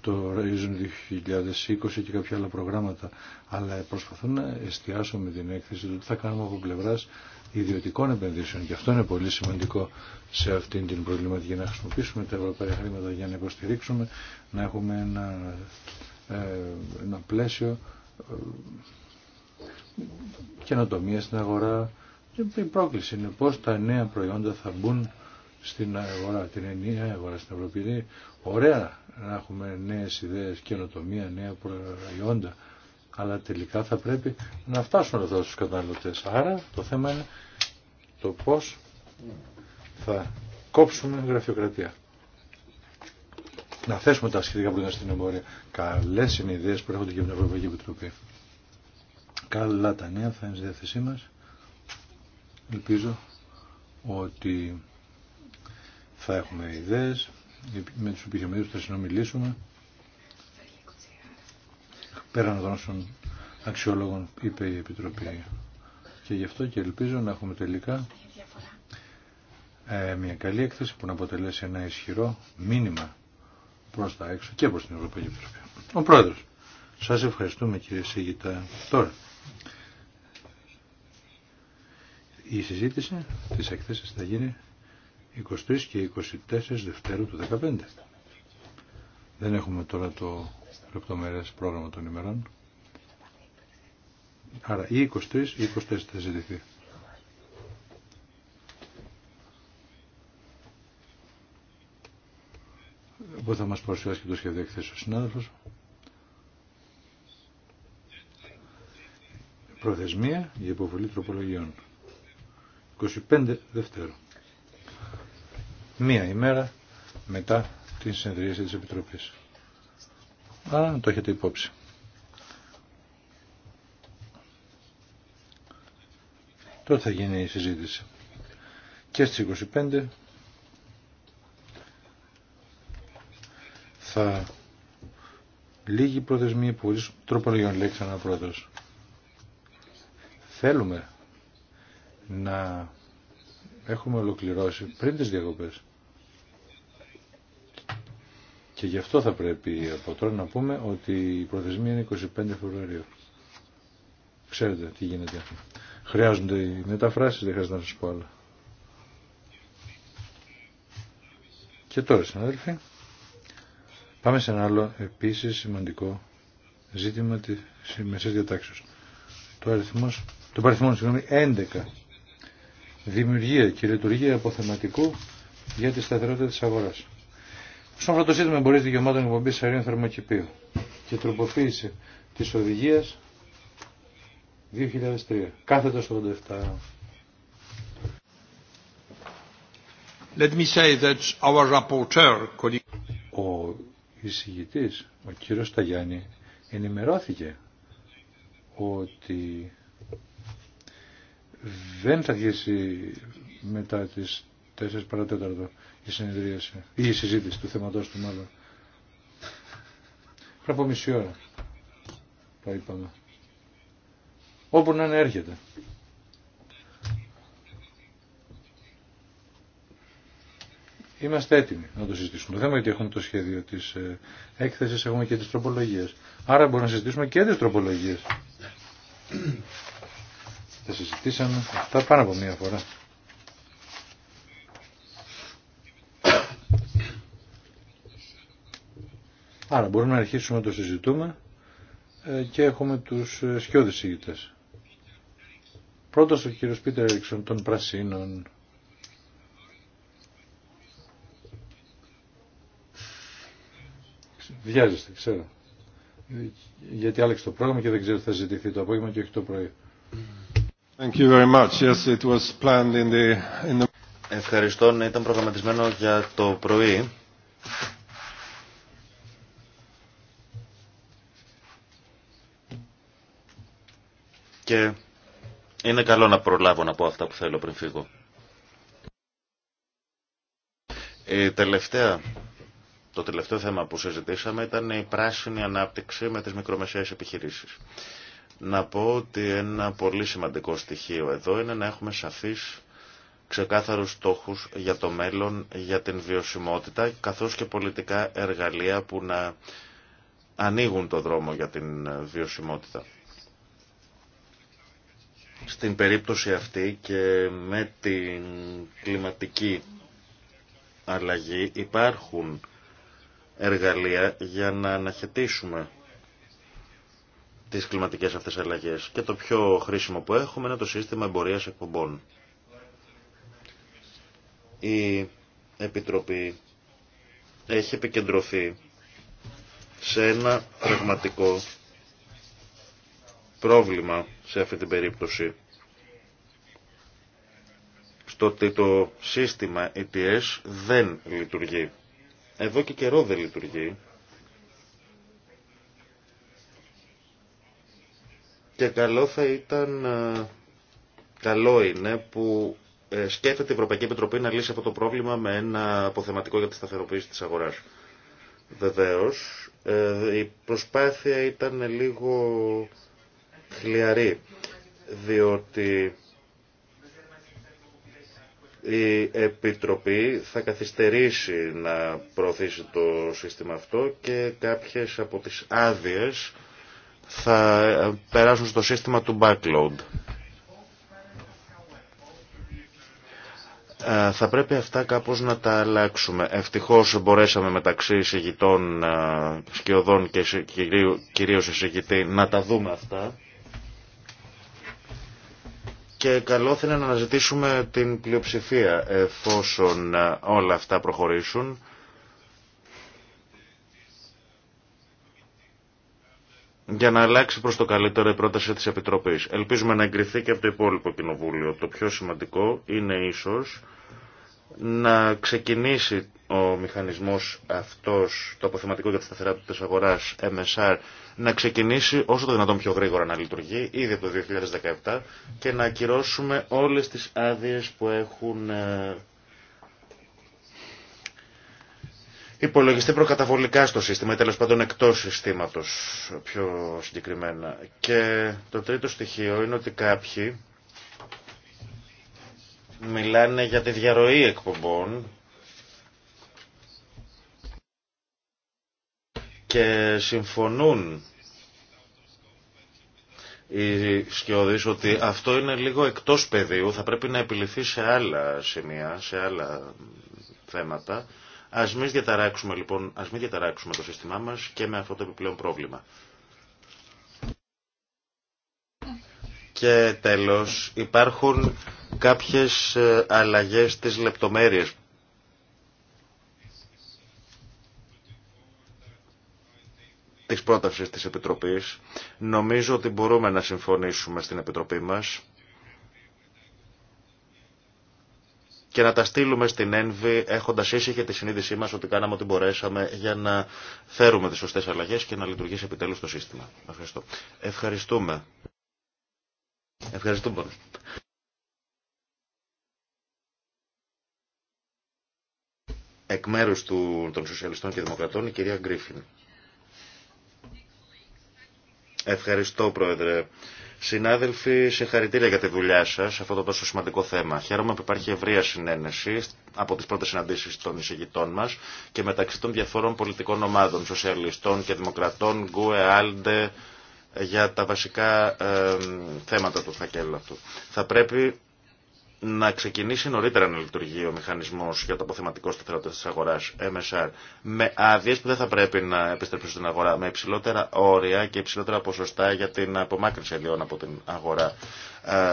Το Horizon 2020 και κάποια άλλα προγράμματα. Αλλά προσπαθώ να εστιάσω με την έκθεση το τι θα κάνουμε από πλευρά ιδιωτικών επενδύσεων. Και αυτό είναι πολύ σημαντικό σε αυτήν την προβληματική. Να χρησιμοποιήσουμε τα ευρωπαϊκά χρήματα για να υποστηρίξουμε, να έχουμε ένα, ε, ένα πλαίσιο ε, καινοτομία στην αγορά. Η πρόκληση είναι πώς τα νέα προϊόντα θα μπουν στην αγορά, την ενιαία αγορά στην Ευρωπαϊκή. Ωραία να έχουμε νέες ιδέες, καινοτομία, νέα προϊόντα, αλλά τελικά θα πρέπει να φτάσουν εδώ στους καταναλωτέ. Άρα το θέμα είναι το πώς θα κόψουμε γραφειοκρατία. Να θέσουμε τα σχετικά προϊόντα στην εμπορία. Καλές είναι οι ιδέες που έρχονται και από την Ευρωπαϊκή Επιτροπή. Καλά τα νέα θα είναι στη διάθεσή μας. Ελπίζω ότι θα έχουμε ιδέες με τους επιχειρηματίες που θα συνομιλήσουμε πέραν των όσων αξιόλογων είπε η Επιτροπή. Και γι' αυτό και ελπίζω να έχουμε τελικά ε, μια καλή έκθεση που να αποτελέσει ένα ισχυρό μήνυμα προς τα έξω και προς την Ευρωπαϊκή Επιτροπή. Ο Πρόεδρος, σας ευχαριστούμε κύριε Σίγητα. Τώρα η συζήτηση της εκθέση θα γίνει 23 και 24 Δευτέρου του 2015. Δεν έχουμε τώρα το λεπτομερές πρόγραμμα των ημερών. Άρα ή 23 ή 24 θα ζητηθεί. Οπότε θα μας παρουσιάσει και το σχέδιο εκθέσεω ο συνάδελφος. Προθεσμία για υποβολή τροπολογιών. 25 Δευτέρου. Μία ημέρα μετά την συνεδρίαση της Επιτροπής. Αν το έχετε υπόψη. Τότε θα γίνει η συζήτηση. Και στις 25 θα λίγη προθεσμία που τροπολογιών Λέξανα πρώτος. Θέλουμε να έχουμε ολοκληρώσει πριν τις διακοπές. Και γι' αυτό θα πρέπει από τώρα να πούμε ότι η προθεσμία είναι 25 Φεβρουαρίου. Ξέρετε τι γίνεται. Χρειάζονται οι μεταφράσεις, δεν χρειάζεται να σας πω άλλα. Και τώρα συνάδελφοι, πάμε σε ένα άλλο επίσης σημαντικό ζήτημα της μεσής διατάξεως. Το αριθμός το παριθμό συγγνώμη, 11. Δημιουργία και λειτουργία αποθεματικού για τη σταθερότητα της αγοράς. Στον το σύστημα δικαιωμάτων εκπομπής αερίων θερμοκηπίου και τροποποίηση της οδηγίας 2003. Κάθετο 87. Let me say that our rapporteur... Ο εισηγητής, ο κύριος Σταγιάννη, ενημερώθηκε ότι δεν θα αρχίσει μετά τις 4 παρατέταρτο η συνεδρίαση ή η συζήτηση του θέματός του μάλλον. Πριν από μισή ώρα το είπαμε. Όπου να είναι έρχεται. Είμαστε έτοιμοι να το συζητήσουμε. Το θέμα γιατί έχουμε το σχέδιο της ε, έκθεσης, έχουμε και τις τροπολογίες. Άρα μπορούμε να συζητήσουμε και τις τροπολογίες. Τα συζητήσαμε αυτά πάνω από μία φορά. Άρα μπορούμε να αρχίσουμε να το συζητούμε ε, και έχουμε τους ε, σκιώδεις ηγητές. Πρώτος ο κύριος Πίτερ Έριξον των Πρασίνων. Βιάζεστε, ξέρω. Ε, γιατί άλλαξε το πρόγραμμα και δεν ξέρω τι θα ζητηθεί το απόγευμα και όχι το πρωί. Ευχαριστώ. ήταν προγραμματισμένο για το πρωί. Και είναι καλό να προλάβω να πω αυτά που θέλω πριν φύγω. Η τελευταία, το τελευταίο θέμα που συζητήσαμε ήταν η πράσινη ανάπτυξη με τις μικρομεσαίες επιχειρήσεις να πω ότι ένα πολύ σημαντικό στοιχείο εδώ είναι να έχουμε σαφείς ξεκάθαρους στόχους για το μέλλον, για την βιωσιμότητα, καθώς και πολιτικά εργαλεία που να ανοίγουν το δρόμο για την βιωσιμότητα. Στην περίπτωση αυτή και με την κλιματική αλλαγή υπάρχουν εργαλεία για να αναχαιτήσουμε τις κλιματικές αυτές αλλαγές. Και το πιο χρήσιμο που έχουμε είναι το σύστημα εμπορίας εκπομπών. Η Επιτροπή έχει επικεντρωθεί σε ένα πραγματικό πρόβλημα σε αυτή την περίπτωση. Στο ότι το σύστημα ETS ε δεν λειτουργεί. Εδώ και καιρό δεν λειτουργεί Και καλό θα ήταν, ε, καλό είναι που ε, σκέφτεται η Ευρωπαϊκή Επιτροπή να λύσει αυτό το πρόβλημα με ένα αποθεματικό για τη σταθεροποίηση της αγοράς. Βεβαίως, ε, η προσπάθεια ήταν λίγο χλιαρή, διότι η Επιτροπή θα καθυστερήσει να προωθήσει το σύστημα αυτό και κάποιες από τις άδειες θα ε, περάσουν στο σύστημα του backload. Ε, θα πρέπει αυτά κάπως να τα αλλάξουμε. Ευτυχώς μπορέσαμε μεταξύ εισηγητών, ε, σκιωδών και κυρίως εισηγητή να τα δούμε αυτά. Και καλό θα να αναζητήσουμε την πλειοψηφία εφόσον όλα αυτά προχωρήσουν για να αλλάξει προς το καλύτερο η πρόταση της Επιτροπής. Ελπίζουμε να εγκριθεί και από το υπόλοιπο Κοινοβούλιο. Το πιο σημαντικό είναι ίσως να ξεκινήσει ο μηχανισμός αυτός, το αποθεματικό για τη του της αγοράς, MSR, να ξεκινήσει όσο το δυνατόν πιο γρήγορα να λειτουργεί, ήδη από το 2017, και να ακυρώσουμε όλες τις άδειες που έχουν ε, υπολογιστεί προκαταβολικά στο σύστημα ή τέλο πάντων εκτό συστήματο πιο συγκεκριμένα. Και το τρίτο στοιχείο είναι ότι κάποιοι μιλάνε για τη διαρροή εκπομπών και συμφωνούν οι σκιώδεις ότι αυτό είναι λίγο εκτός πεδίου, θα πρέπει να επιληθεί σε άλλα σημεία, σε άλλα θέματα Α μην διαταράξουμε λοιπόν, ας διαταράξουμε το σύστημά μας και με αυτό το επιπλέον πρόβλημα. Και τέλος, υπάρχουν κάποιες ε, αλλαγές στις λεπτομέρειες. της πρόταση της Επιτροπής. Νομίζω ότι μπορούμε να συμφωνήσουμε στην Επιτροπή μας και να τα στείλουμε στην Ένβη έχοντας ήσυχη τη συνείδησή μας ότι κάναμε ό,τι μπορέσαμε για να φέρουμε τις σωστές αλλαγές και να λειτουργήσει επιτέλους το σύστημα. Ευχαριστώ. Ευχαριστούμε. Ευχαριστούμε Εκ μέρους του, των Σοσιαλιστών και Δημοκρατών, η κυρία Γκρίφιν. Ευχαριστώ, Πρόεδρε. Συνάδελφοι, συγχαρητήρια για τη δουλειά σα σε αυτό το τόσο σημαντικό θέμα. Χαίρομαι που υπάρχει ευρεία συνένεση από τι πρώτε συναντήσει των εισηγητών μα και μεταξύ των διαφόρων πολιτικών ομάδων, σοσιαλιστών και δημοκρατών, γκουε, άλντε, για τα βασικά ε, θέματα του φακέλου αυτού. Θα πρέπει να ξεκινήσει νωρίτερα να λειτουργεί ο μηχανισμό για το αποθεματικό σταθερότητα τη αγορά, MSR, με άδειε που δεν θα πρέπει να επιστρέψουν στην αγορά, με υψηλότερα όρια και υψηλότερα ποσοστά για την απομάκρυνση αλλιών από την αγορά.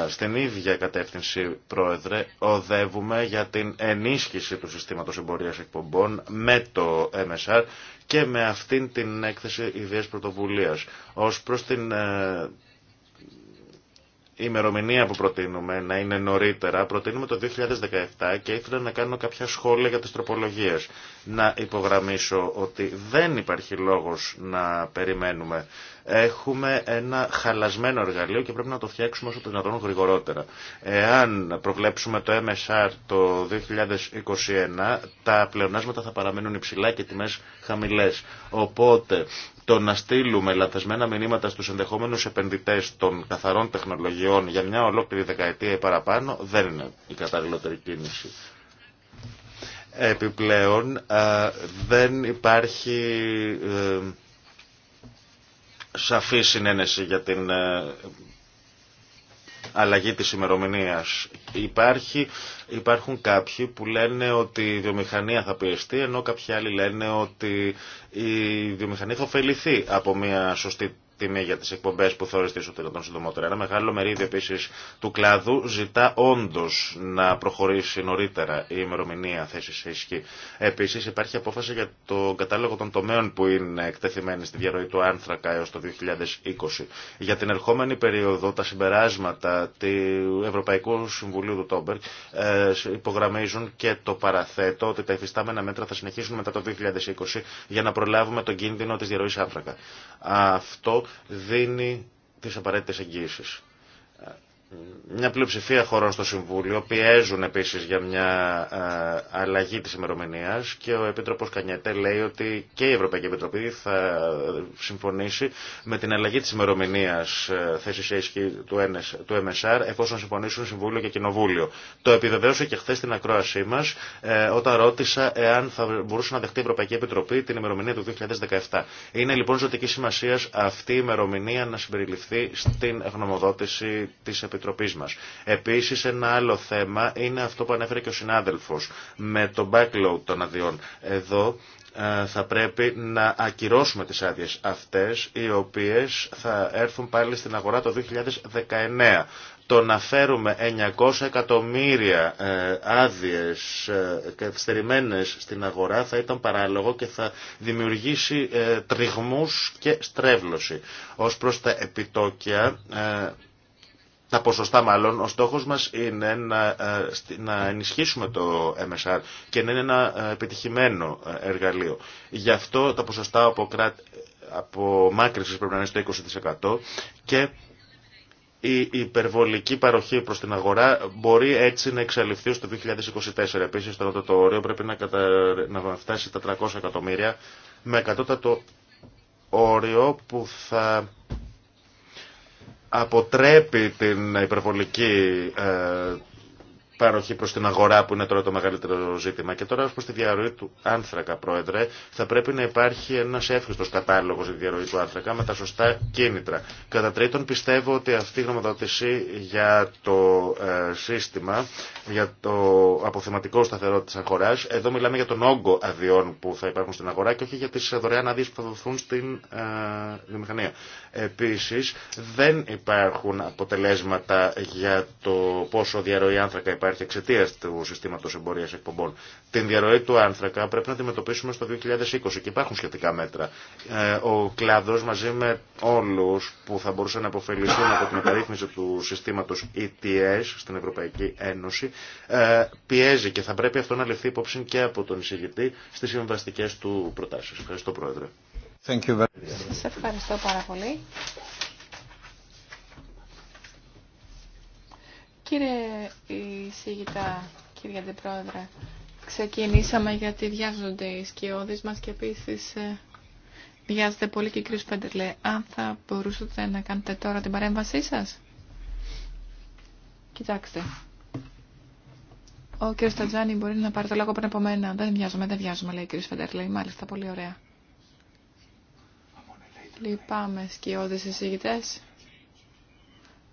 Στην ίδια κατεύθυνση, Πρόεδρε, οδεύουμε για την ενίσχυση του συστήματο εμπορία εκπομπών με το MSR και με αυτήν την έκθεση ιδέα πρωτοβουλία. ως προς την ε, η ημερομηνία που προτείνουμε να είναι νωρίτερα, προτείνουμε το 2017 και ήθελα να κάνω κάποια σχόλια για τις τροπολογίες. Να υπογραμμίσω ότι δεν υπάρχει λόγος να περιμένουμε. Έχουμε ένα χαλασμένο εργαλείο και πρέπει να το φτιάξουμε όσο το δυνατόν γρηγορότερα. Εάν προβλέψουμε το MSR το 2021, τα πλεονάσματα θα παραμείνουν υψηλά και τιμές χαμηλές. Οπότε το να στείλουμε λαθασμένα μηνύματα στους ενδεχόμενους επενδυτές των καθαρών τεχνολογιών για μια ολόκληρη δεκαετία ή παραπάνω δεν είναι η καταλληλότερη κίνηση. Επιπλέον δεν υπάρχει ε, σαφή συνένεση για την ε, αλλαγή της ημερομηνία. Υπάρχει, υπάρχουν κάποιοι που λένε ότι η βιομηχανία θα πιεστεί, ενώ κάποιοι άλλοι λένε ότι η βιομηχανία θα ωφεληθεί από μια σωστή τιμή για τις εκπομπές που θα οριστεί το Ένα μεγάλο μερίδιο επίσης του κλάδου ζητά όντως να προχωρήσει νωρίτερα η ημερομηνία θέση σε ισχύ. Επίσης υπάρχει απόφαση για το κατάλογο των τομέων που είναι εκτεθειμένοι στη διαρροή του άνθρακα έως το 2020. Για την ερχόμενη περίοδο τα συμπεράσματα του Ευρωπαϊκού Συμβουλίου του Τόμπερ ε, υπογραμμίζουν και το παραθέτω ότι τα υφιστάμενα μέτρα θα συνεχίσουν μετά το 2020 για να προλάβουμε τον κίνδυνο της διαρροής άνθρακα. Αυτό δίνει τις απαραίτητες εγγύησεις μια πλειοψηφία χωρών στο Συμβούλιο πιέζουν επίσης για μια ε, αλλαγή της ημερομηνία και ο Επίτροπος Κανιέτε λέει ότι και η Ευρωπαϊκή Επιτροπή θα συμφωνήσει με την αλλαγή της ημερομηνία ε, θέση ίσχυ του MSR εφόσον συμφωνήσουν Συμβούλιο και Κοινοβούλιο. Το επιβεβαίωσε και χθε στην ακρόασή μας ε, όταν ρώτησα εάν θα μπορούσε να δεχτεί η Ευρωπαϊκή Επιτροπή την ημερομηνία του 2017. Είναι λοιπόν ζωτική σημασία αυτή η ημερομηνία να συμπεριληφθεί στην γνωμοδότηση τη Επιτροπής μας. Επίσης ένα άλλο θέμα είναι αυτό που ανέφερε και ο συνάδελφος με το backload των αδειών. Εδώ ε, θα πρέπει να ακυρώσουμε τις άδειες αυτές οι οποίες θα έρθουν πάλι στην αγορά το 2019. Το να φέρουμε 900 εκατομμύρια ε, άδειες ε, καθυστερημένες στην αγορά θα ήταν παράλογο και θα δημιουργήσει τριγμούς και στρέβλωση. Ως προς τα επιτόκια τα ποσοστά μάλλον, ο στόχος μας είναι να, ε, να ενισχύσουμε το MSR και να είναι ένα ε, επιτυχημένο ε, εργαλείο. Γι' αυτό τα ποσοστά από, κράτη, από μάκρυσης πρέπει να είναι στο 20% και η υπερβολική παροχή προς την αγορά μπορεί έτσι να εξαλειφθεί στο 2024. Επίσης το το όριο πρέπει να, κατα... να φτάσει τα 300 εκατομμύρια με εκατότατο όριο που θα αποτρέπει την υπερβολική ε, πάροχη προς την αγορά που είναι τώρα το μεγαλύτερο ζήτημα. Και τώρα προς τη διαρροή του άνθρακα, Πρόεδρε, θα πρέπει να υπάρχει ένας εύχριστος κατάλογος για τη διαρροή του άνθρακα με τα σωστά κίνητρα. Κατά τρίτον, πιστεύω ότι αυτή η γνωμοδότηση για το ε, σύστημα, για το αποθεματικό σταθερό της αγοράς, εδώ μιλάμε για τον όγκο αδειών που θα υπάρχουν στην αγορά και όχι για τις δωρεάν αδειές που θα δοθούν στην ε, βιομηχανία. Επίσης δεν υπάρχουν αποτελέσματα για το πόσο διαρροή άνθρακα υπάρχει εξαιτία του συστήματος εμπορίας εκπομπών. Την διαρροή του άνθρακα πρέπει να αντιμετωπίσουμε στο 2020 και υπάρχουν σχετικά μέτρα. Ε, ο κλάδος μαζί με όλους που θα μπορούσαν να αποφεληθούν από την μεταρρύθμιση του συστήματος ETS στην Ευρωπαϊκή Ένωση ε, πιέζει και θα πρέπει αυτό να ληφθεί υπόψη και από τον εισηγητή στις συμβαστικές του προτάσεις. Ευχαριστώ Πρόεδρε. Σας ευχαριστώ πάρα πολύ. Κύριε Ισηγητά, κύριε Αντιπρόεδρε, ξεκινήσαμε γιατί βιάζονται οι σκιώδεις μας και επίσης ε, βιάζεται πολύ και κύριο Πέντελε. Αν θα μπορούσατε να κάνετε τώρα την παρέμβασή σας. Κοιτάξτε. Ο κύριος Τατζάνη μπορεί να πάρει το λόγο πριν από μένα. Δεν βιάζομαι, δεν βιάζομαι, λέει ο κύριος Μάλιστα, πολύ ωραία. Λυπάμαι σκιώδες εισηγητές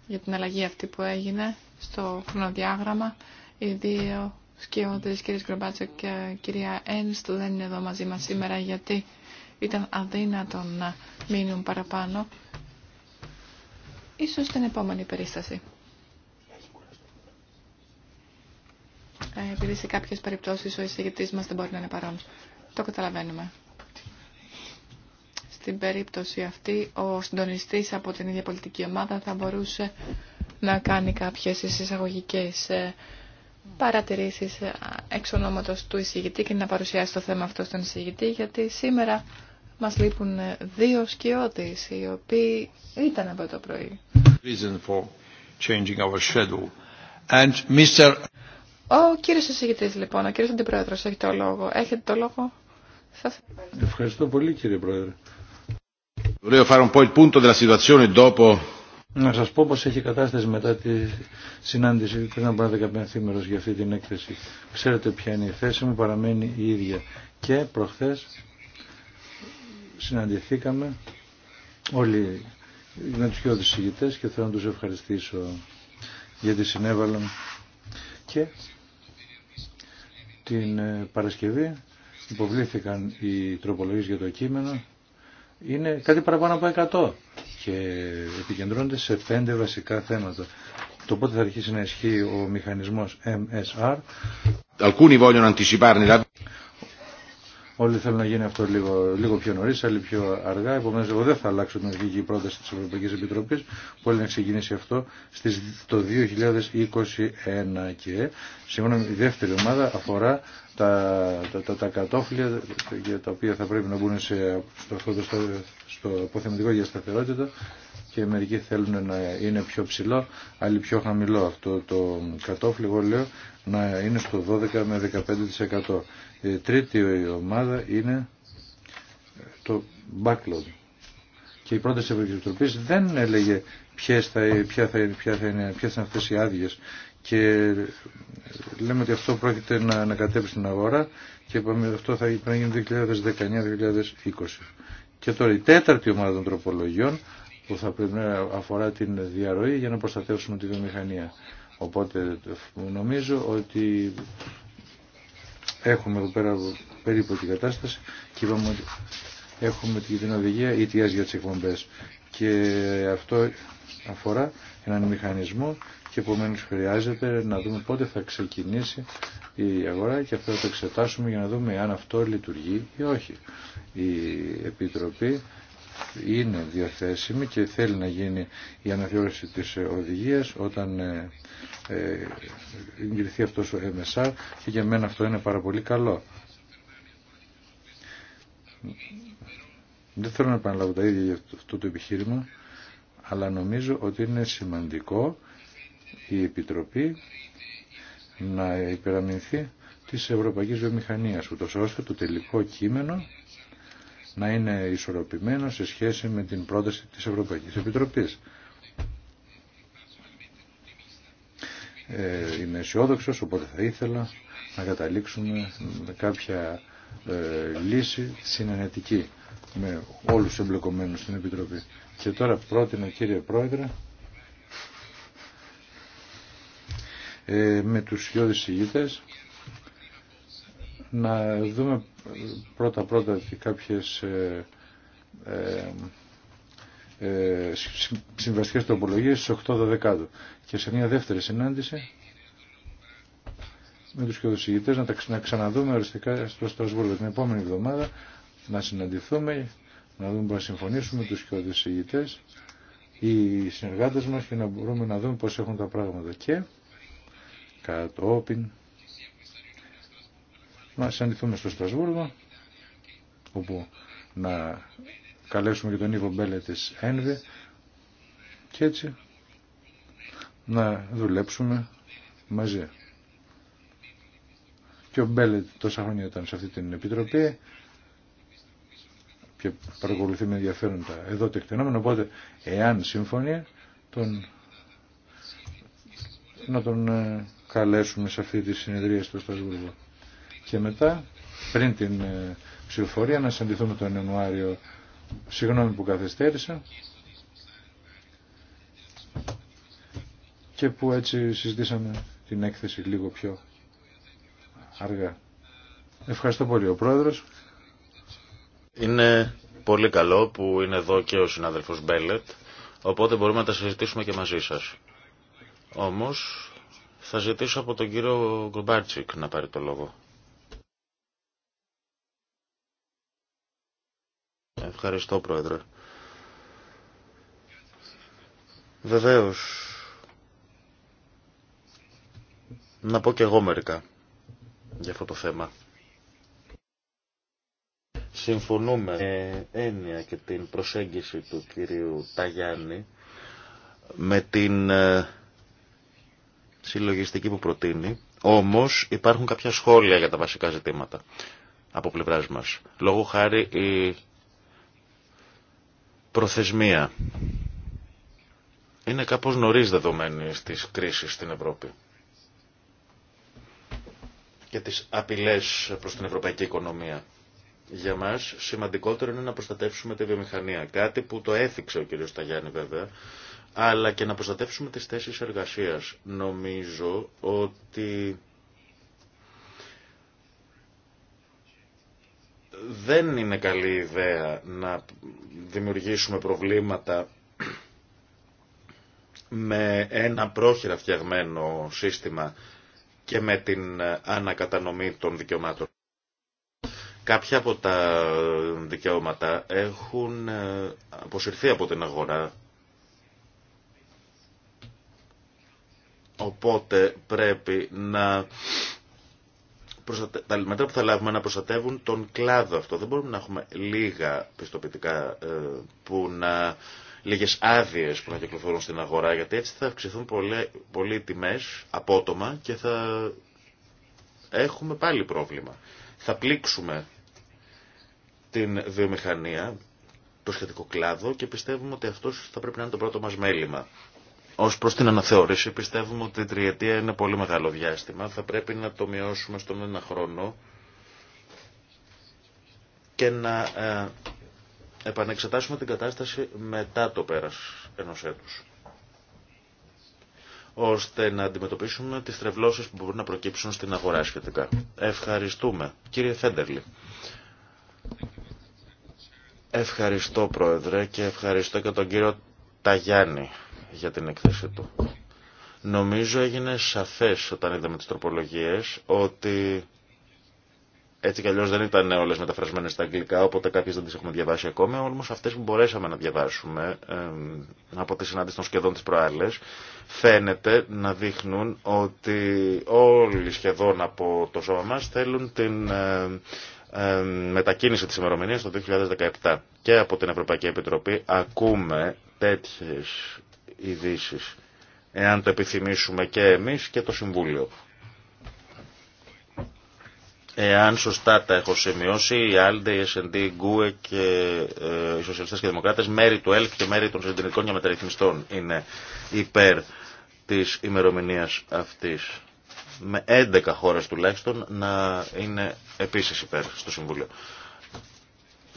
για την αλλαγή αυτή που έγινε στο χρονοδιάγραμμα. Οι δύο σκιώδες, κύριε Σκρομπάτσο και κυρία Ένστου, δεν είναι εδώ μαζί μας σήμερα γιατί ήταν αδύνατο να μείνουν παραπάνω. Ίσως την επόμενη περίσταση. Ε, επειδή σε κάποιες περιπτώσεις ο εισηγητής μας δεν μπορεί να είναι παρόν. Το καταλαβαίνουμε στην περίπτωση αυτή ο συντονιστής από την ίδια πολιτική ομάδα θα μπορούσε να κάνει κάποιες εισαγωγικές ε, παρατηρήσεις ε, εξ ονόματος του εισηγητή και να παρουσιάσει το θέμα αυτό στον εισηγητή γιατί σήμερα μας λείπουν ε, δύο σκιώτες οι οποίοι ήταν από το πρωί. And Mr. Ο κύριος εισηγητής λοιπόν, ο κύριος αντιπρόεδρος έχει το λόγο. Έχετε το λόγο. Σας... Ευχαριστώ πολύ κύριε Πρόεδρε. Να σας πω πως έχει κατάσταση μετά τη συνάντηση πριν από ένα 15 θήμερος για αυτή την έκθεση. Ξέρετε ποια είναι η θέση μου, παραμένει η ίδια. Και προχθές συναντηθήκαμε όλοι με τους πιο δυσηγητές και θέλω να τους ευχαριστήσω γιατί συνέβαλαν και την ε, Παρασκευή υποβλήθηκαν οι τροπολογίες για το κείμενο είναι κάτι παραπάνω από 100 και επικεντρώνεται σε πέντε βασικά θέματα. Το πότε θα αρχίσει να ισχύει ο μηχανισμός MSR. Όλοι θέλουν να γίνει αυτό λίγο, λίγο πιο νωρί, άλλοι πιο αργά. Επομένω, εγώ δεν θα αλλάξω την αρχική πρόταση τη Ευρωπαϊκή Επιτροπή που έλεγε να ξεκινήσει αυτό στις, το 2021. Και σύμφωνα η δεύτερη ομάδα αφορά τα, τα, τα, τα κατόφλια για τα οποία θα πρέπει να μπουν στο, αυτό στο, στο αποθεματικό για σταθερότητα και μερικοί θέλουν να είναι πιο ψηλό, άλλοι πιο χαμηλό. Αυτό το κατόφλι, εγώ λέω, να είναι στο 12 με 15% τρίτη ομάδα είναι το backlog. Και η πρόταση της Ευρωπαϊκής δεν έλεγε ποιες θα, θα, είναι, αυτές οι άδειε. Και λέμε ότι αυτό πρόκειται να ανακατέψει την αγορά και είπαμε ότι αυτό θα γίνει 2019-2020. Και τώρα η τέταρτη ομάδα των τροπολογιών που θα πρέπει να αφορά την διαρροή για να προστατεύσουμε τη βιομηχανία. Οπότε νομίζω ότι Έχουμε εδώ πέρα περίπου την κατάσταση και είπαμε ότι έχουμε την οδηγία ETS για τις εκπομπέ. και αυτό αφορά έναν μηχανισμό και επομένω χρειάζεται να δούμε πότε θα ξεκινήσει η αγορά και αυτό θα το εξετάσουμε για να δούμε αν αυτό λειτουργεί ή όχι. Η Επιτροπή είναι διαθέσιμη και θέλει να γίνει η αναθεώρηση της οδηγίας όταν ε, ε, εγκριθεί αυτός ο MSR και για μένα αυτό είναι πάρα πολύ καλό. Δεν θέλω να επαναλάβω τα ίδια για αυτό το επιχείρημα, αλλά νομίζω ότι είναι σημαντικό η Επιτροπή να υπεραμεινθεί της Ευρωπαϊκής Βιομηχανίας, ούτως ώστε το τελικό κείμενο να είναι ισορροπημένο σε σχέση με την πρόταση της Ευρωπαϊκής Επιτροπής. ε, είμαι αισιόδοξο, οπότε θα ήθελα να καταλήξουμε με κάποια ε, λύση συνενετική με όλους εμπλεκομένους στην Επιτροπή. Και τώρα πρότεινα κύριε Πρόεδρε ε, με τους δύο συγγητές να δούμε πρώτα-πρώτα κάποιες ε, ε, ε, συμβαστικέ τοπολογίε στι 8 12 και σε μια δεύτερη συνάντηση με του κοινοδοσηγητές να τα να ξαναδούμε οριστικά στο Στρασβούργο την επόμενη εβδομάδα να συναντηθούμε να δούμε πώς συμφωνήσουμε με τους οι συνεργάτες μας και να μπορούμε να δούμε πώς έχουν τα πράγματα και κατόπιν να συναντηθούμε στο Στρασβούργο όπου να καλέσουμε και τον Ιβο Μπέλε της Ένβη και έτσι να δουλέψουμε μαζί. Και ο μπέλετ τόσα χρόνια ήταν σε αυτή την επιτροπή και παρακολουθεί με ενδιαφέροντα Εδώ εδώ τεκτενόμενα, οπότε εάν σύμφωνη τον... να τον ε, καλέσουμε σε αυτή τη συνεδρία στο Στασβούργο. Και μετά, πριν την ε, ψηφοφορία, να συναντηθούμε τον Ιανουάριο Συγγνώμη που καθυστέρησα και που έτσι συζητήσαμε την έκθεση λίγο πιο αργά. Ευχαριστώ πολύ ο Πρόεδρος. Είναι πολύ καλό που είναι εδώ και ο συνάδελφος Μπέλετ, οπότε μπορούμε να τα συζητήσουμε και μαζί σας. Όμως θα ζητήσω από τον κύριο Γκουμπάρτσικ να πάρει το λόγο. Ευχαριστώ, Πρόεδρε. Βεβαίως, να πω και εγώ μερικά για αυτό το θέμα. Συμφωνούμε με έννοια και την προσέγγιση του κυρίου Ταγιάννη με την ε, συλλογιστική που προτείνει, όμως υπάρχουν κάποια σχόλια για τα βασικά ζητήματα από πλευράς μας. Λόγω χάρη η Προθεσμία. Είναι κάπως νωρίς δεδομένη στις κρίσεις στην Ευρώπη και τις απειλές προς την ευρωπαϊκή οικονομία. Για μας σημαντικότερο είναι να προστατεύσουμε τη βιομηχανία, κάτι που το έθιξε ο κ. Σταγιάννη βέβαια, αλλά και να προστατεύσουμε τις θέσεις εργασίας. Νομίζω ότι δεν είναι καλή ιδέα να δημιουργήσουμε προβλήματα με ένα πρόχειρα φτιαγμένο σύστημα και με την ανακατανομή των δικαιωμάτων. Κάποια από τα δικαιώματα έχουν ε, αποσυρθεί από την αγορά. Οπότε πρέπει να τα μέτρα που θα λάβουμε να προστατεύουν τον κλάδο αυτό. Δεν μπορούμε να έχουμε λίγα πιστοποιητικά ε, που να λίγες άδειες που να κυκλοφορούν στην αγορά, γιατί έτσι θα αυξηθούν πολλοί τιμέ απότομα και θα έχουμε πάλι πρόβλημα. Θα πλήξουμε την βιομηχανία, το σχετικό κλάδο και πιστεύουμε ότι αυτός θα πρέπει να είναι το πρώτο μα μέλημα. Ω προ την αναθεώρηση, πιστεύουμε ότι η τριετία είναι πολύ μεγάλο διάστημα. Θα πρέπει να το μειώσουμε στον ένα χρόνο και να ε, επανεξετάσουμε την κατάσταση μετά το πέρας ενός έτους ώστε να αντιμετωπίσουμε τις τρευλώσει που μπορούν να προκύψουν στην αγορά σχετικά. Ευχαριστούμε. Κύριε Φέντερλι. Ευχαριστώ Πρόεδρε και ευχαριστώ και τον κύριο Ταγιάννη για την έκθεση του. Νομίζω έγινε σαφές όταν είδαμε τις τροπολογίες ότι έτσι κι αλλιώς δεν ήταν όλες μεταφρασμένες στα αγγλικά, οπότε κάποιες δεν τις έχουμε διαβάσει ακόμα, όμως αυτές που μπορέσαμε να διαβάσουμε από τη συνάντηση των σχεδόν της προάλλες, φαίνεται να δείχνουν ότι όλοι σχεδόν από το σώμα μας θέλουν την μετακίνηση της ημερομηνία το 2017. Και από την Ευρωπαϊκή Επιτροπή ακούμε τέτοιες ειδήσει, εάν το επιθυμήσουμε και εμείς και το Συμβούλιο. Εάν σωστά τα έχω σημειώσει, η ALDE, η ΣΝΤ, η GUE και ε, οι Σοσιαλιστές και οι Δημοκράτες, μέρη του ΕΛΚ και μέρη των συντηρητικών και μεταρρυθμιστών είναι υπέρ της ημερομηνία αυτής. Με 11 χώρες τουλάχιστον να είναι επίσης υπέρ στο Συμβούλιο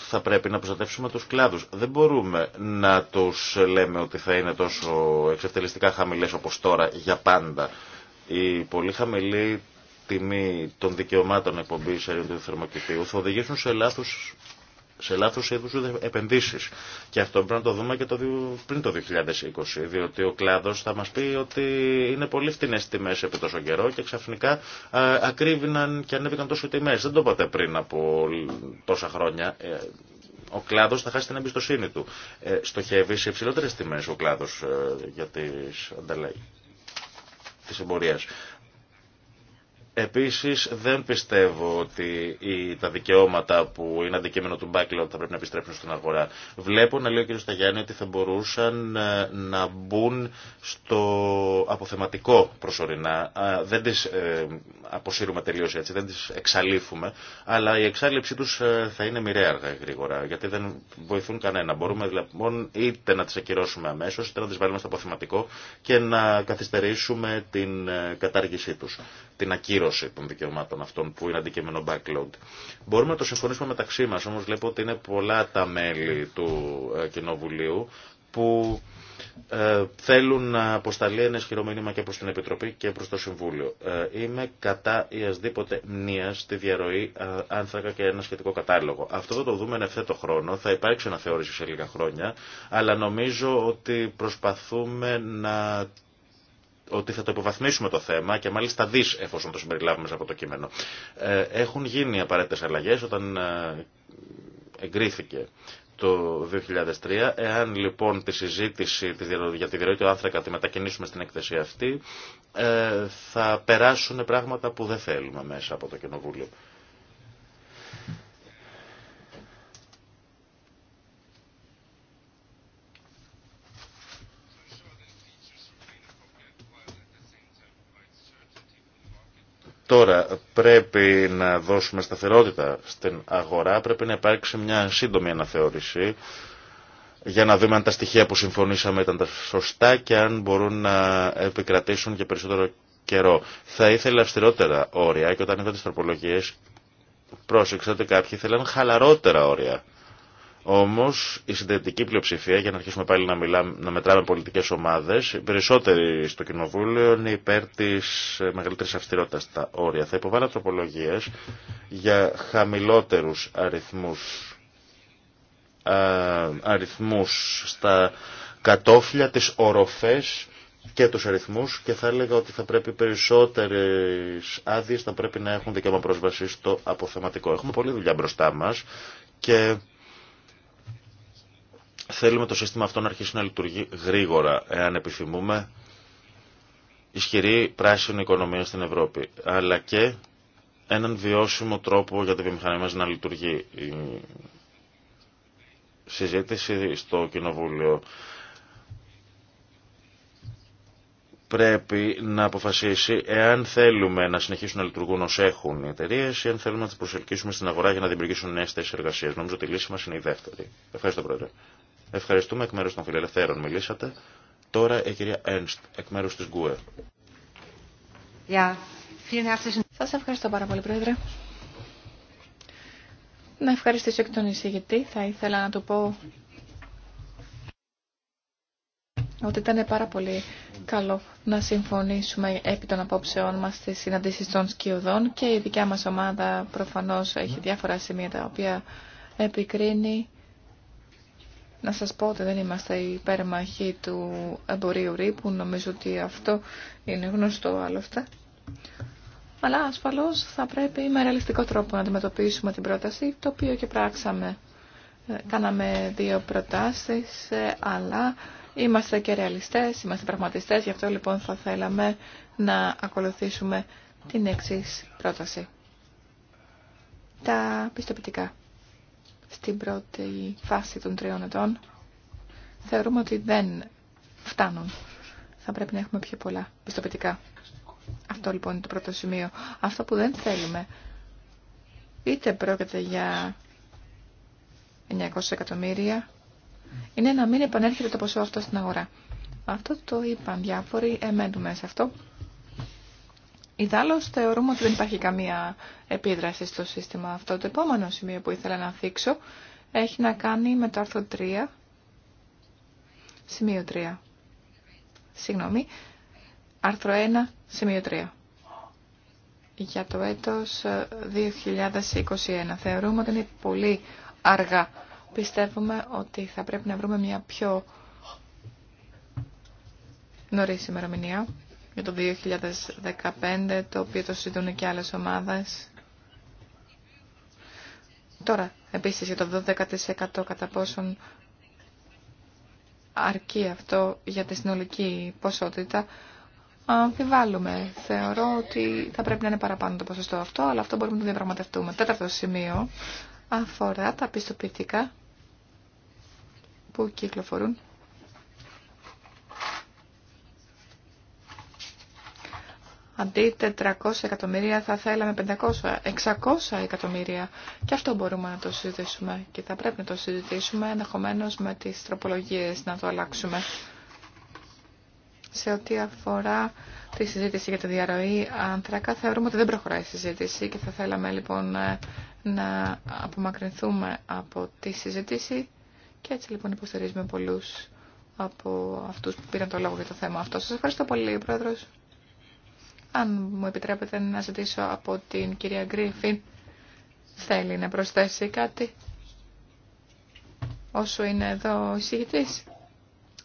θα πρέπει να προστατεύσουμε τους κλάδους. Δεν μπορούμε να τους λέμε ότι θα είναι τόσο εξευτελιστικά χαμηλές όπως τώρα για πάντα. Η πολύ χαμηλή τιμή των δικαιωμάτων εκπομπής αερίων του θερμοκηπίου θα οδηγήσουν σε λάθος σε λάθο είδου επενδύσεις. Και αυτό πρέπει να το δούμε και το, πριν το 2020, διότι ο κλάδος θα μας πει ότι είναι πολύ φτηνέ τιμέ επί τόσο καιρό και ξαφνικά ε, ακρίβηναν και ανέβηκαν τόσο τιμέ. Δεν το είπατε πριν από τόσα χρόνια ε, ο κλάδος θα χάσει την εμπιστοσύνη του. Ε, στοχεύει σε υψηλότερε τιμέ ο κλάδο ε, για τις ανταλλαγέ. Επίσης δεν πιστεύω ότι τα δικαιώματα που είναι αντικείμενο του backlog θα πρέπει να επιστρέψουν στην αγορά. Βλέπω να λέει ο κ. Σταγιάννη ότι θα μπορούσαν ε, να μπουν στο αποθεματικό προσωρινά. Δεν τις ε, αποσύρουμε τελείως έτσι, δεν τις εξαλείφουμε, αλλά η εξάλληψή τους ε, θα είναι μοιραία αργά γρήγορα, γιατί δεν βοηθούν κανένα. Μπορούμε λοιπόν είτε να τις ακυρώσουμε αμέσως, είτε να τις βάλουμε στο αποθεματικό και να καθυστερήσουμε την κατάργησή τους, την ακύρωση ολοκλήρωση των δικαιωμάτων αυτών που είναι αντικείμενο backlog. Μπορούμε να το συμφωνήσουμε μεταξύ μα. Όμω βλέπω ότι είναι πολλά τα μέλη του ε, Κοινοβουλίου που ε, θέλουν να αποσταλεί ένα ισχυρό μήνυμα και προ την Επιτροπή και προ το Συμβούλιο. Ε, είμαι κατά ιασδήποτε μνήμα στη διαρροή άνθρακα και ένα σχετικό κατάλογο. Αυτό θα το δούμε εν ευθέτω χρόνο, θα υπάρξει αναθεώρηση σε λίγα χρόνια, αλλά νομίζω ότι προσπαθούμε να ότι θα το υποβαθμίσουμε το θέμα και μάλιστα δει εφόσον το συμπεριλάβουμε από το κείμενο. Ε, έχουν γίνει απαραίτητε αλλαγέ όταν ε, εγκρίθηκε το 2003. Εάν λοιπόν τη συζήτηση για τη διαρροή του άνθρακα τη μετακινήσουμε στην έκθεση αυτή, ε, θα περάσουν πράγματα που δεν θέλουμε μέσα από το Κοινοβούλιο. Τώρα πρέπει να δώσουμε σταθερότητα στην αγορά, πρέπει να υπάρξει μια σύντομη αναθεώρηση για να δούμε αν τα στοιχεία που συμφωνήσαμε ήταν τα σωστά και αν μπορούν να επικρατήσουν για περισσότερο καιρό. Θα ήθελα αυστηρότερα όρια και όταν είδα τις τροπολογίες πρόσεξα ότι κάποιοι θέλαν χαλαρότερα όρια. Όμω η συντριπτική πλειοψηφία, για να αρχίσουμε πάλι να, μιλά να μετράμε πολιτικέ ομάδε, οι περισσότεροι στο Κοινοβούλιο είναι υπέρ τη μεγαλύτερη αυστηρότητα στα όρια. Θα υποβάλλω τροπολογίε για χαμηλότερου αριθμού αριθμούς στα κατόφλια, τις οροφές και τους αριθμούς και θα έλεγα ότι θα πρέπει περισσότερες άδειες θα πρέπει να έχουν δικαίωμα πρόσβαση στο αποθεματικό. Έχουμε πολλή δουλειά μπροστά μας και Θέλουμε το σύστημα αυτό να αρχίσει να λειτουργεί γρήγορα, εάν επιθυμούμε ισχυρή πράσινη οικονομία στην Ευρώπη, αλλά και έναν βιώσιμο τρόπο για τη βιομηχανία μας να λειτουργεί. Η συζήτηση στο Κοινοβούλιο πρέπει να αποφασίσει εάν θέλουμε να συνεχίσουν να λειτουργούν ως έχουν οι εταιρείε ή αν θέλουμε να τι προσελκύσουμε στην αγορά για να δημιουργήσουν νέες θέσει εργασία. Νομίζω ότι η λύση μα είναι η δεύτερη. Ευχαριστώ, Πρόεδρε. Ευχαριστούμε εκ μέρους των φιλελευθέρων. Μιλήσατε. Τώρα η κυρία Ένστ, εκ μέρους της Γκουε. Σα ευχαριστώ πάρα πολύ, Πρόεδρε. Να ευχαριστήσω και τον εισηγητή. Θα ήθελα να του πω ότι ήταν πάρα πολύ καλό να συμφωνήσουμε επί των απόψεών μας στις συναντήσεις των σκιωδών και η δικιά μας ομάδα προφανώς έχει διάφορα σημεία τα οποία επικρίνει να σας πω ότι δεν είμαστε υπέρμαχοι του εμπορίου ρήπου. Νομίζω ότι αυτό είναι γνωστό άλλωστε. Αλλά ασφαλώς θα πρέπει με ρεαλιστικό τρόπο να αντιμετωπίσουμε την πρόταση, το οποίο και πράξαμε. Ε, κάναμε δύο προτάσεις, ε, αλλά είμαστε και ρεαλιστές, είμαστε πραγματιστές, γι' αυτό λοιπόν θα θέλαμε να ακολουθήσουμε την εξής πρόταση. Τα πιστοποιητικά στην πρώτη φάση των τριών ετών θεωρούμε ότι δεν φτάνουν. Θα πρέπει να έχουμε πιο πολλά πιστοποιητικά. Αυτό λοιπόν είναι το πρώτο σημείο. Αυτό που δεν θέλουμε, είτε πρόκειται για 900 εκατομμύρια, είναι να μην επανέρχεται το ποσό αυτό στην αγορά. Αυτό το είπαν διάφοροι, εμένουμε σε αυτό. Ιδάλλως θεωρούμε ότι δεν υπάρχει καμία επίδραση στο σύστημα αυτό. Το επόμενο σημείο που ήθελα να θίξω έχει να κάνει με το άρθρο 3, σημείο 3. Συγγνώμη, άρθρο 1, σημείο 3. Για το έτος 2021 ε, θεωρούμε ότι είναι πολύ αργά. Πιστεύουμε ότι θα πρέπει να βρούμε μια πιο νωρίς ημερομηνία για το 2015, το οποίο το συζητούν και άλλες ομάδες. Τώρα, επίσης για το 12% κατά πόσον αρκεί αυτό για τη συνολική ποσότητα, αμφιβάλλουμε. Θεωρώ ότι θα πρέπει να είναι παραπάνω το ποσοστό αυτό, αλλά αυτό μπορούμε να το διαπραγματευτούμε. Τέταρτο σημείο αφορά τα πιστοποιητικά που κυκλοφορούν Αντί 400 εκατομμύρια θα θέλαμε 500, 600 εκατομμύρια. Και αυτό μπορούμε να το συζητήσουμε και θα πρέπει να το συζητήσουμε ενδεχομένω με τις τροπολογίες να το αλλάξουμε. Σε ό,τι αφορά τη συζήτηση για τη διαρροή άνθρακα, θεωρούμε ότι δεν προχωράει η συζήτηση και θα θέλαμε λοιπόν ε, να απομακρυνθούμε από τη συζήτηση και έτσι λοιπόν υποστηρίζουμε πολλούς από αυτούς που πήραν το λόγο για το θέμα αυτό. Σας ευχαριστώ πολύ, Πρόεδρος. Αν μου επιτρέπετε να ζητήσω από την κυρία Γκρίφιν, θέλει να προσθέσει κάτι όσο είναι εδώ ο εισηγητής.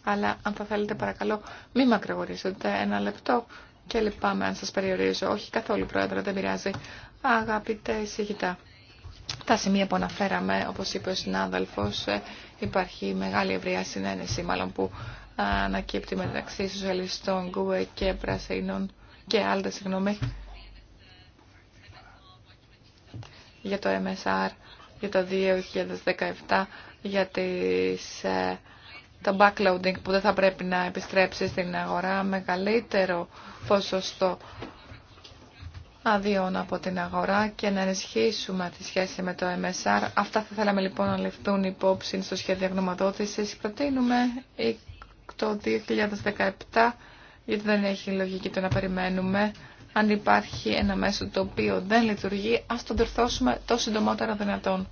Αλλά αν θα θέλετε παρακαλώ μη μακρηγορήσετε ένα λεπτό και λυπάμαι αν σας περιορίζω. Όχι καθόλου πρόεδρε, δεν πειράζει. Αγαπητέ εισηγητά. Τα σημεία που αναφέραμε, όπως είπε ο συνάδελφος, ε, υπάρχει μεγάλη ευρεία συνένεση, μάλλον που ε, ανακύπτει μεταξύ σοσιαλιστών, γκουε και πρασίνων και άλλα συγγνώμη για το MSR για το 2017 για τις, ε, το backloading που δεν θα πρέπει να επιστρέψει στην αγορά μεγαλύτερο ποσοστό αδειών από την αγορά και να ενισχύσουμε τη σχέση με το MSR. Αυτά θα θέλαμε λοιπόν να ληφθούν υπόψη στο σχέδιο γνωματότησης. Προτείνουμε το 2017 γιατί δεν έχει λογική το να περιμένουμε. Αν υπάρχει ένα μέσο το οποίο δεν λειτουργεί, ας το διορθώσουμε το συντομότερα δυνατόν.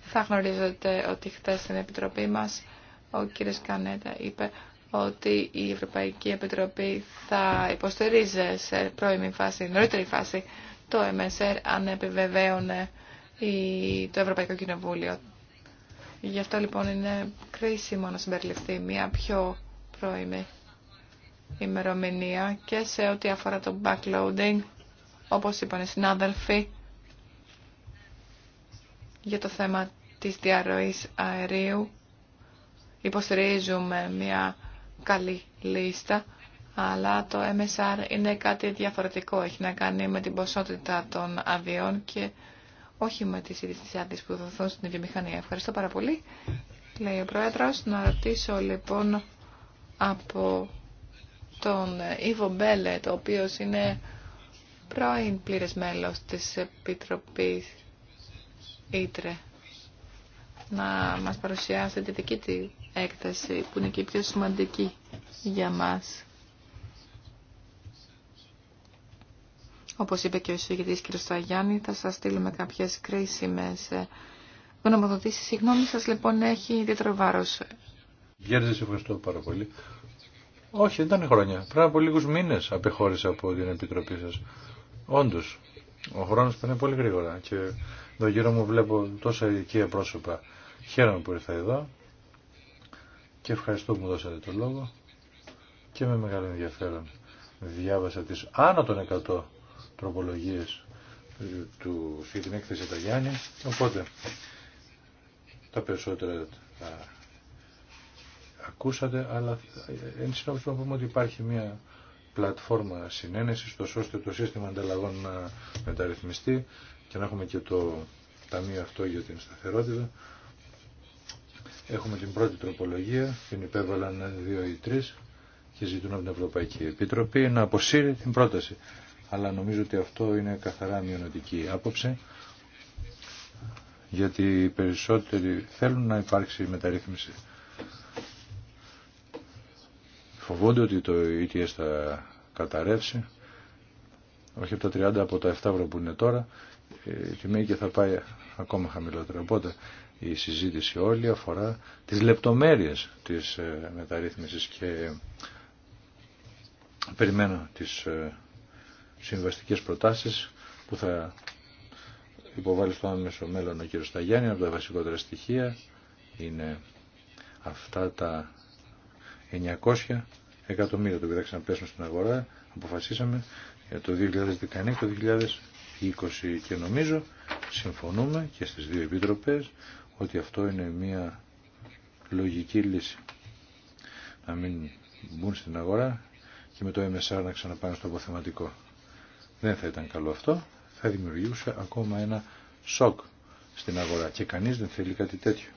Θα γνωρίζετε ότι χθε στην Επιτροπή μας ο κ. Κανέτα είπε ότι η Ευρωπαϊκή Επιτροπή θα υποστηρίζει σε πρώιμη φάση, νωρίτερη φάση, το MSR αν επιβεβαίωνε το Ευρωπαϊκό Κοινοβούλιο. Γι' αυτό λοιπόν είναι κρίσιμο να συμπεριληφθεί μια πιο πρώιμη ημερομηνία και σε ό,τι αφορά το backloading, όπως είπαν οι συνάδελφοι, για το θέμα της διαρροής αερίου. Υποστηρίζουμε μια καλή λίστα, αλλά το MSR είναι κάτι διαφορετικό. Έχει να κάνει με την ποσότητα των αδειών και όχι με τις ίδιες άδειες που δοθούν στην βιομηχανία. Ευχαριστώ πάρα πολύ. Λέει ο Πρόεδρος, να ρωτήσω λοιπόν από τον Ιβο ε, Μπέλε, το οποίο είναι πρώην πλήρες μέλος της Επιτροπής Ήτρε, να μας παρουσιάσει τη δική του έκταση, που είναι και η πιο σημαντική για μας. Όπως είπε και ο συγγητής κ. Σταγιάννη, θα σας στείλουμε κάποιες κρίσιμες ε, γνωμοδοτήσεις. Συγγνώμη σας, λοιπόν, έχει ιδιαίτερο βάρος. Γιάννη, σας ευχαριστώ πάρα πολύ. Όχι, δεν ήταν χρόνια. Πριν από λίγους μήνες απεχώρησα από την Επιτροπή σας. Όντως, ο χρόνος περνάει πολύ γρήγορα και εδώ γύρω μου βλέπω τόσα ειδική πρόσωπα. Χαίρομαι που ήρθα εδώ και ευχαριστώ που μου δώσατε το λόγο και με μεγάλο ενδιαφέρον διάβασα τις άνω των 100 τροπολογίες του, για την οπότε τα περισσότερα τα ακούσατε, αλλά εν συνόψη να πούμε ότι υπάρχει μια πλατφόρμα συνένεσης, ώστε το σύστημα ανταλλαγών να μεταρρυθμιστεί και να έχουμε και το ταμείο αυτό για την σταθερότητα. Έχουμε την πρώτη τροπολογία, την υπέβαλαν δύο ή τρεις και ζητούν από την Ευρωπαϊκή Επιτροπή να αποσύρει την πρόταση. Αλλά νομίζω ότι αυτό είναι καθαρά μειονοτική άποψη, γιατί οι περισσότεροι θέλουν να υπάρξει μεταρρύθμιση φοβούνται ότι το ETS θα καταρρεύσει. Όχι από τα 30, από τα 7 ευρώ που είναι τώρα. Ε, η τιμή και θα πάει ακόμα χαμηλότερα. Οπότε η συζήτηση όλη αφορά τις λεπτομέρειες της ε, μεταρρύθμισης και περιμένω τις ε, συμβαστικές προτάσεις που θα υποβάλει στο άμεσο μέλλον ο κ. Σταγιάννη από τα βασικότερα στοιχεία είναι αυτά τα 900 εκατομμύρια το πειράξαν να πέσουν στην αγορά. Αποφασίσαμε για το 2019 και το 2020 και νομίζω συμφωνούμε και στις δύο επιτροπές ότι αυτό είναι μια λογική λύση. Να μην μπουν στην αγορά και με το MSR να ξαναπάνε στο αποθεματικό. Δεν θα ήταν καλό αυτό, θα δημιουργούσε ακόμα ένα σοκ στην αγορά και κανείς δεν θέλει κάτι τέτοιο.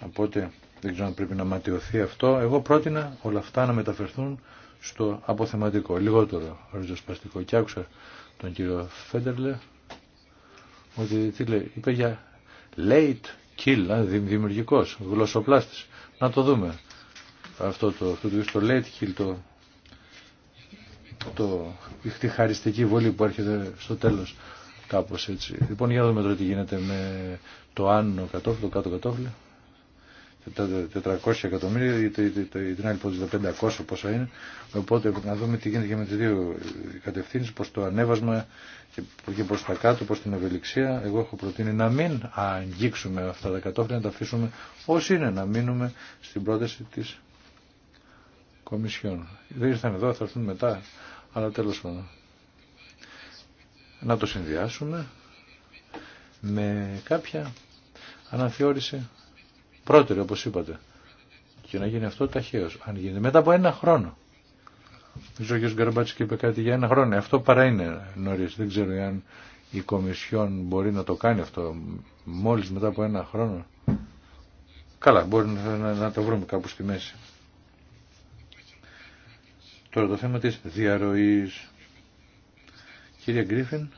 Οπότε δεν ξέρω αν πρέπει να ματιωθεί αυτό. Εγώ πρότεινα όλα αυτά να μεταφερθούν στο αποθεματικό, λιγότερο ριζοσπαστικό. Και άκουσα τον κύριο Φέντερλε ότι τι λέει, είπε για late kill, δημιουργικός, γλωσσοπλάστης. Να το δούμε. Αυτό το, αυτό το, το late kill, το, το, βολή που έρχεται στο τέλος. Κάπως έτσι. Λοιπόν, για να δούμε τώρα τι γίνεται με το άνω κατόφλι, το κάτω κατόφλι τα 400 εκατομμύρια ή την άλλη πόλη τα 500 πόσα είναι. Οπότε να δούμε τι γίνεται και με τις δύο κατευθύνσεις, προς το ανέβασμα και προς τα κάτω, προς την ευελιξία. Εγώ έχω προτείνει να μην αγγίξουμε αυτά τα κατόφλια, να τα αφήσουμε όσοι είναι, να μείνουμε στην πρόταση της Κομισιόν. Δεν ήρθαν εδώ, θα έρθουν μετά, αλλά τέλος πάντων. Να το συνδυάσουμε με κάποια αναθεώρηση πρώτερη όπως είπατε και να γίνει αυτό ταχαίως αν γίνεται μετά από ένα χρόνο ο κ. Γκαρμπάτσης και είπε κάτι για ένα χρόνο ε, αυτό παρά είναι νωρίς δεν ξέρω αν η Κομισιόν μπορεί να το κάνει αυτό μόλις μετά από ένα χρόνο καλά μπορεί να, το βρούμε κάπου στη μέση Τώρα το θέμα της διαρροής. Κύριε Γκρίφιν,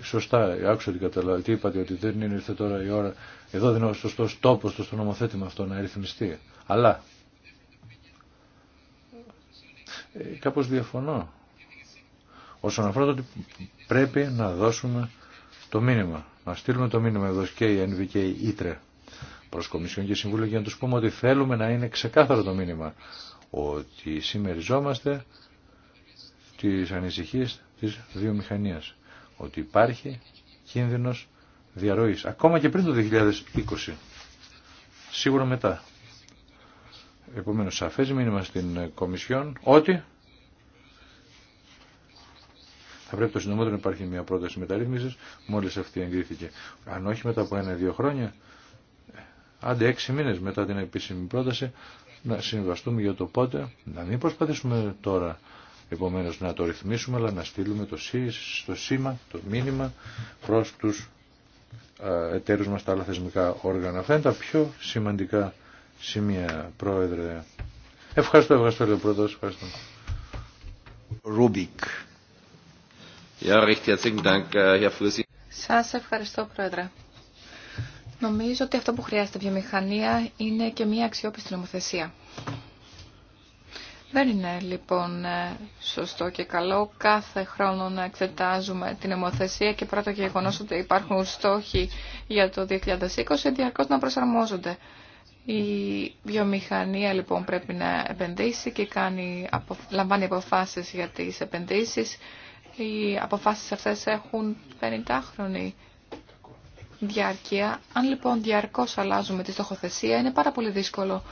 σωστά άκουσα την καταλαβαίνω. Τι είπατε ότι δεν είναι ήρθε τώρα η ώρα εδώ δεν είναι ο σωστό τόπος στο νομοθέτημα αυτό να ρυθμιστεί. Αλλά ε, κάπως διαφωνώ όσον αφορά το ότι πρέπει να δώσουμε το μήνυμα. Να στείλουμε το μήνυμα εδώ και η NVK Ήτρε προς Κομισιόν και Συμβούλιο για να του πούμε ότι θέλουμε να είναι ξεκάθαρο το μήνυμα ότι συμμεριζόμαστε τις ανησυχίες της βιομηχανίας ότι υπάρχει κίνδυνος διαρροής, ακόμα και πριν το 2020, σίγουρα μετά. Επομένως, σαφές μήνυμα στην Κομισιόν ότι θα πρέπει το συντομότερο να υπάρχει μια πρόταση μεταρρύθμισης, μόλις αυτή εγκρίθηκε. Αν όχι μετά από ένα-δύο χρόνια, άντε έξι μήνες μετά την επίσημη πρόταση, να συμβαστούμε για το πότε, να μην προσπαθήσουμε τώρα επομένως να το ρυθμίσουμε, αλλά να στείλουμε το, σήμα, το μήνυμα προς τους ε, εταίρους μας τα άλλα θεσμικά όργανα. Αυτά είναι τα πιο σημαντικά σημεία, Πρόεδρε. Ευχαριστώ, ευχαριστώ, λέει Ευχαριστώ. Ρούμπικ. Äh, Σας ευχαριστώ, Πρόεδρε. Νομίζω ότι αυτό που χρειάζεται βιομηχανία είναι και μια αξιόπιστη νομοθεσία. Δεν είναι λοιπόν ε, σωστό και καλό κάθε χρόνο να εξετάζουμε την ομοθεσία και πρώτα και γεγονός ότι υπάρχουν στόχοι για το 2020 διαρκώς να προσαρμόζονται. Η βιομηχανία λοιπόν πρέπει να επενδύσει και κάνει, λαμβάνει αποφάσεις για τις επενδύσεις. Οι αποφάσεις αυτές έχουν 50 χρόνια διάρκεια. Αν λοιπόν διαρκώς αλλάζουμε τη στοχοθεσία είναι πάρα πολύ δύσκολο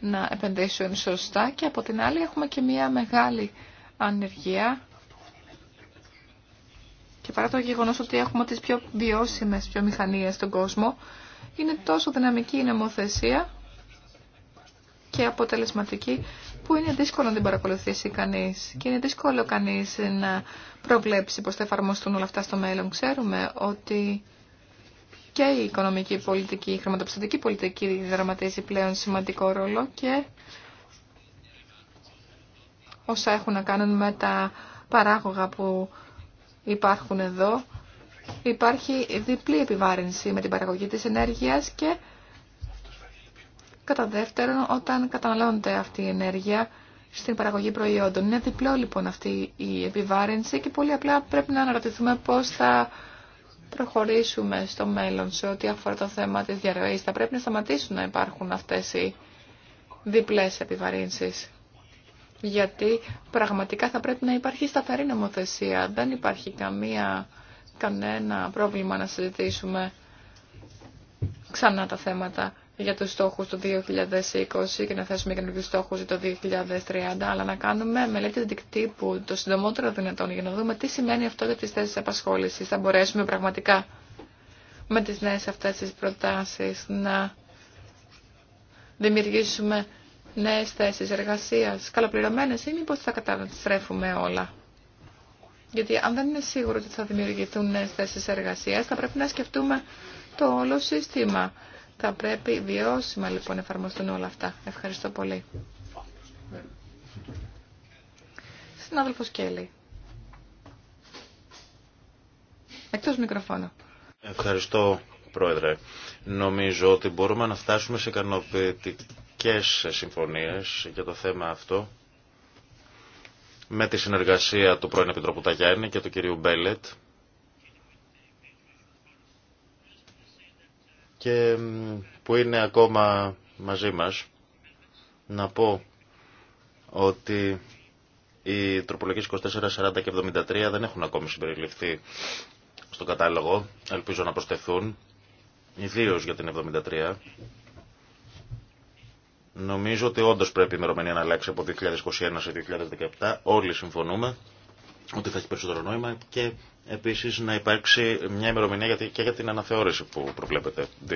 να επενδύσουν σωστά και από την άλλη έχουμε και μια μεγάλη ανεργία και παρά το γεγονός ότι έχουμε τις πιο βιώσιμες μηχανίες στον κόσμο είναι τόσο δυναμική η νομοθεσία και αποτελεσματική που είναι δύσκολο να την παρακολουθήσει κανείς και είναι δύσκολο κανείς να προβλέψει πώς θα εφαρμοστούν όλα αυτά στο μέλλον. Ξέρουμε ότι και η οικονομική πολιτική, η χρηματοπιστωτική πολιτική δραματίζει πλέον σημαντικό ρόλο και όσα έχουν να κάνουν με τα παράγωγα που υπάρχουν εδώ. Υπάρχει διπλή επιβάρυνση με την παραγωγή της ενέργειας και κατά δεύτερον όταν καταναλώνεται αυτή η ενέργεια στην παραγωγή προϊόντων. Είναι διπλό λοιπόν αυτή η επιβάρυνση και πολύ απλά πρέπει να αναρωτηθούμε πώς θα προχωρήσουμε στο μέλλον σε ό,τι αφορά το θέμα της διαρροής. Θα πρέπει να σταματήσουν να υπάρχουν αυτές οι διπλές επιβαρύνσεις. Γιατί πραγματικά θα πρέπει να υπάρχει σταθερή νομοθεσία. Δεν υπάρχει καμία, κανένα πρόβλημα να συζητήσουμε ξανά τα θέματα για τους στόχους του 2020 και να θέσουμε καινούργιους στόχους για το 2030, αλλά να κάνουμε μελέτη αντικτύπου το συντομότερο δυνατόν για να δούμε τι σημαίνει αυτό για τις θέσεις απασχόλησης. Θα μπορέσουμε πραγματικά με τις νέες αυτές τις προτάσεις να δημιουργήσουμε νέες θέσεις εργασίας, καλοπληρωμένες ή μήπως θα καταστρέφουμε όλα. Γιατί αν δεν είναι σίγουρο ότι θα δημιουργηθούν νέες θέσεις εργασίας, θα πρέπει να σκεφτούμε το όλο σύστημα. Θα πρέπει βιώσιμα λοιπόν εφαρμοστούν όλα αυτά. Ευχαριστώ πολύ. Συνάδελφο Κέλλη. Εκτός μικροφώνου. Ευχαριστώ Πρόεδρε. Νομίζω ότι μπορούμε να φτάσουμε σε ικανοποιητικές συμφωνίες για το θέμα αυτό με τη συνεργασία του πρώην Επιτροπού Ταγιάννη και του κυρίου Μπέλετ και που είναι ακόμα μαζί μας να πω ότι οι τροπολογίες 24, 40 και 73 δεν έχουν ακόμη συμπεριληφθεί στο κατάλογο. Ελπίζω να προσθεθούν, ιδίω για την 73. Νομίζω ότι όντω πρέπει η ημερομηνία να αλλάξει από 2021 σε 2017. Όλοι συμφωνούμε ότι θα έχει περισσότερο νόημα και επίσης να υπάρξει μια ημερομηνία και για την αναθεώρηση που προβλέπεται 2022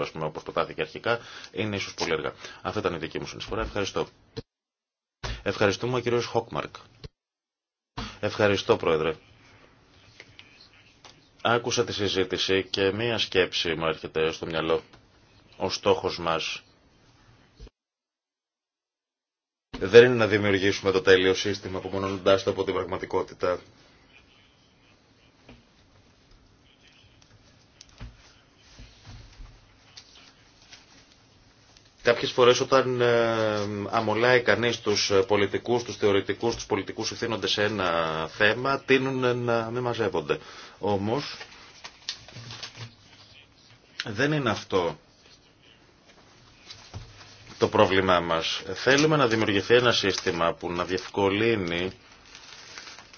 ας πούμε όπως προτάθηκε αρχικά είναι ίσως πολύ αργά. Αυτή ήταν η δική μου συνεισφορά. Ευχαριστώ. Ευχαριστούμε ο Χόκμαρκ. Ευχαριστώ πρόεδρε. Άκουσα τη συζήτηση και μία σκέψη μου έρχεται στο μυαλό. Ο στόχος μας δεν είναι να δημιουργήσουμε το τέλειο σύστημα απομονώνοντάς το από την πραγματικότητα. Κάποιες φορές όταν ε, αμολάει κανείς τους πολιτικούς, τους θεωρητικούς, τους πολιτικούς ευθύνονται σε ένα θέμα, τείνουν να μην μαζεύονται. Όμως δεν είναι αυτό το πρόβλημά μας. Θέλουμε να δημιουργηθεί ένα σύστημα που να διευκολύνει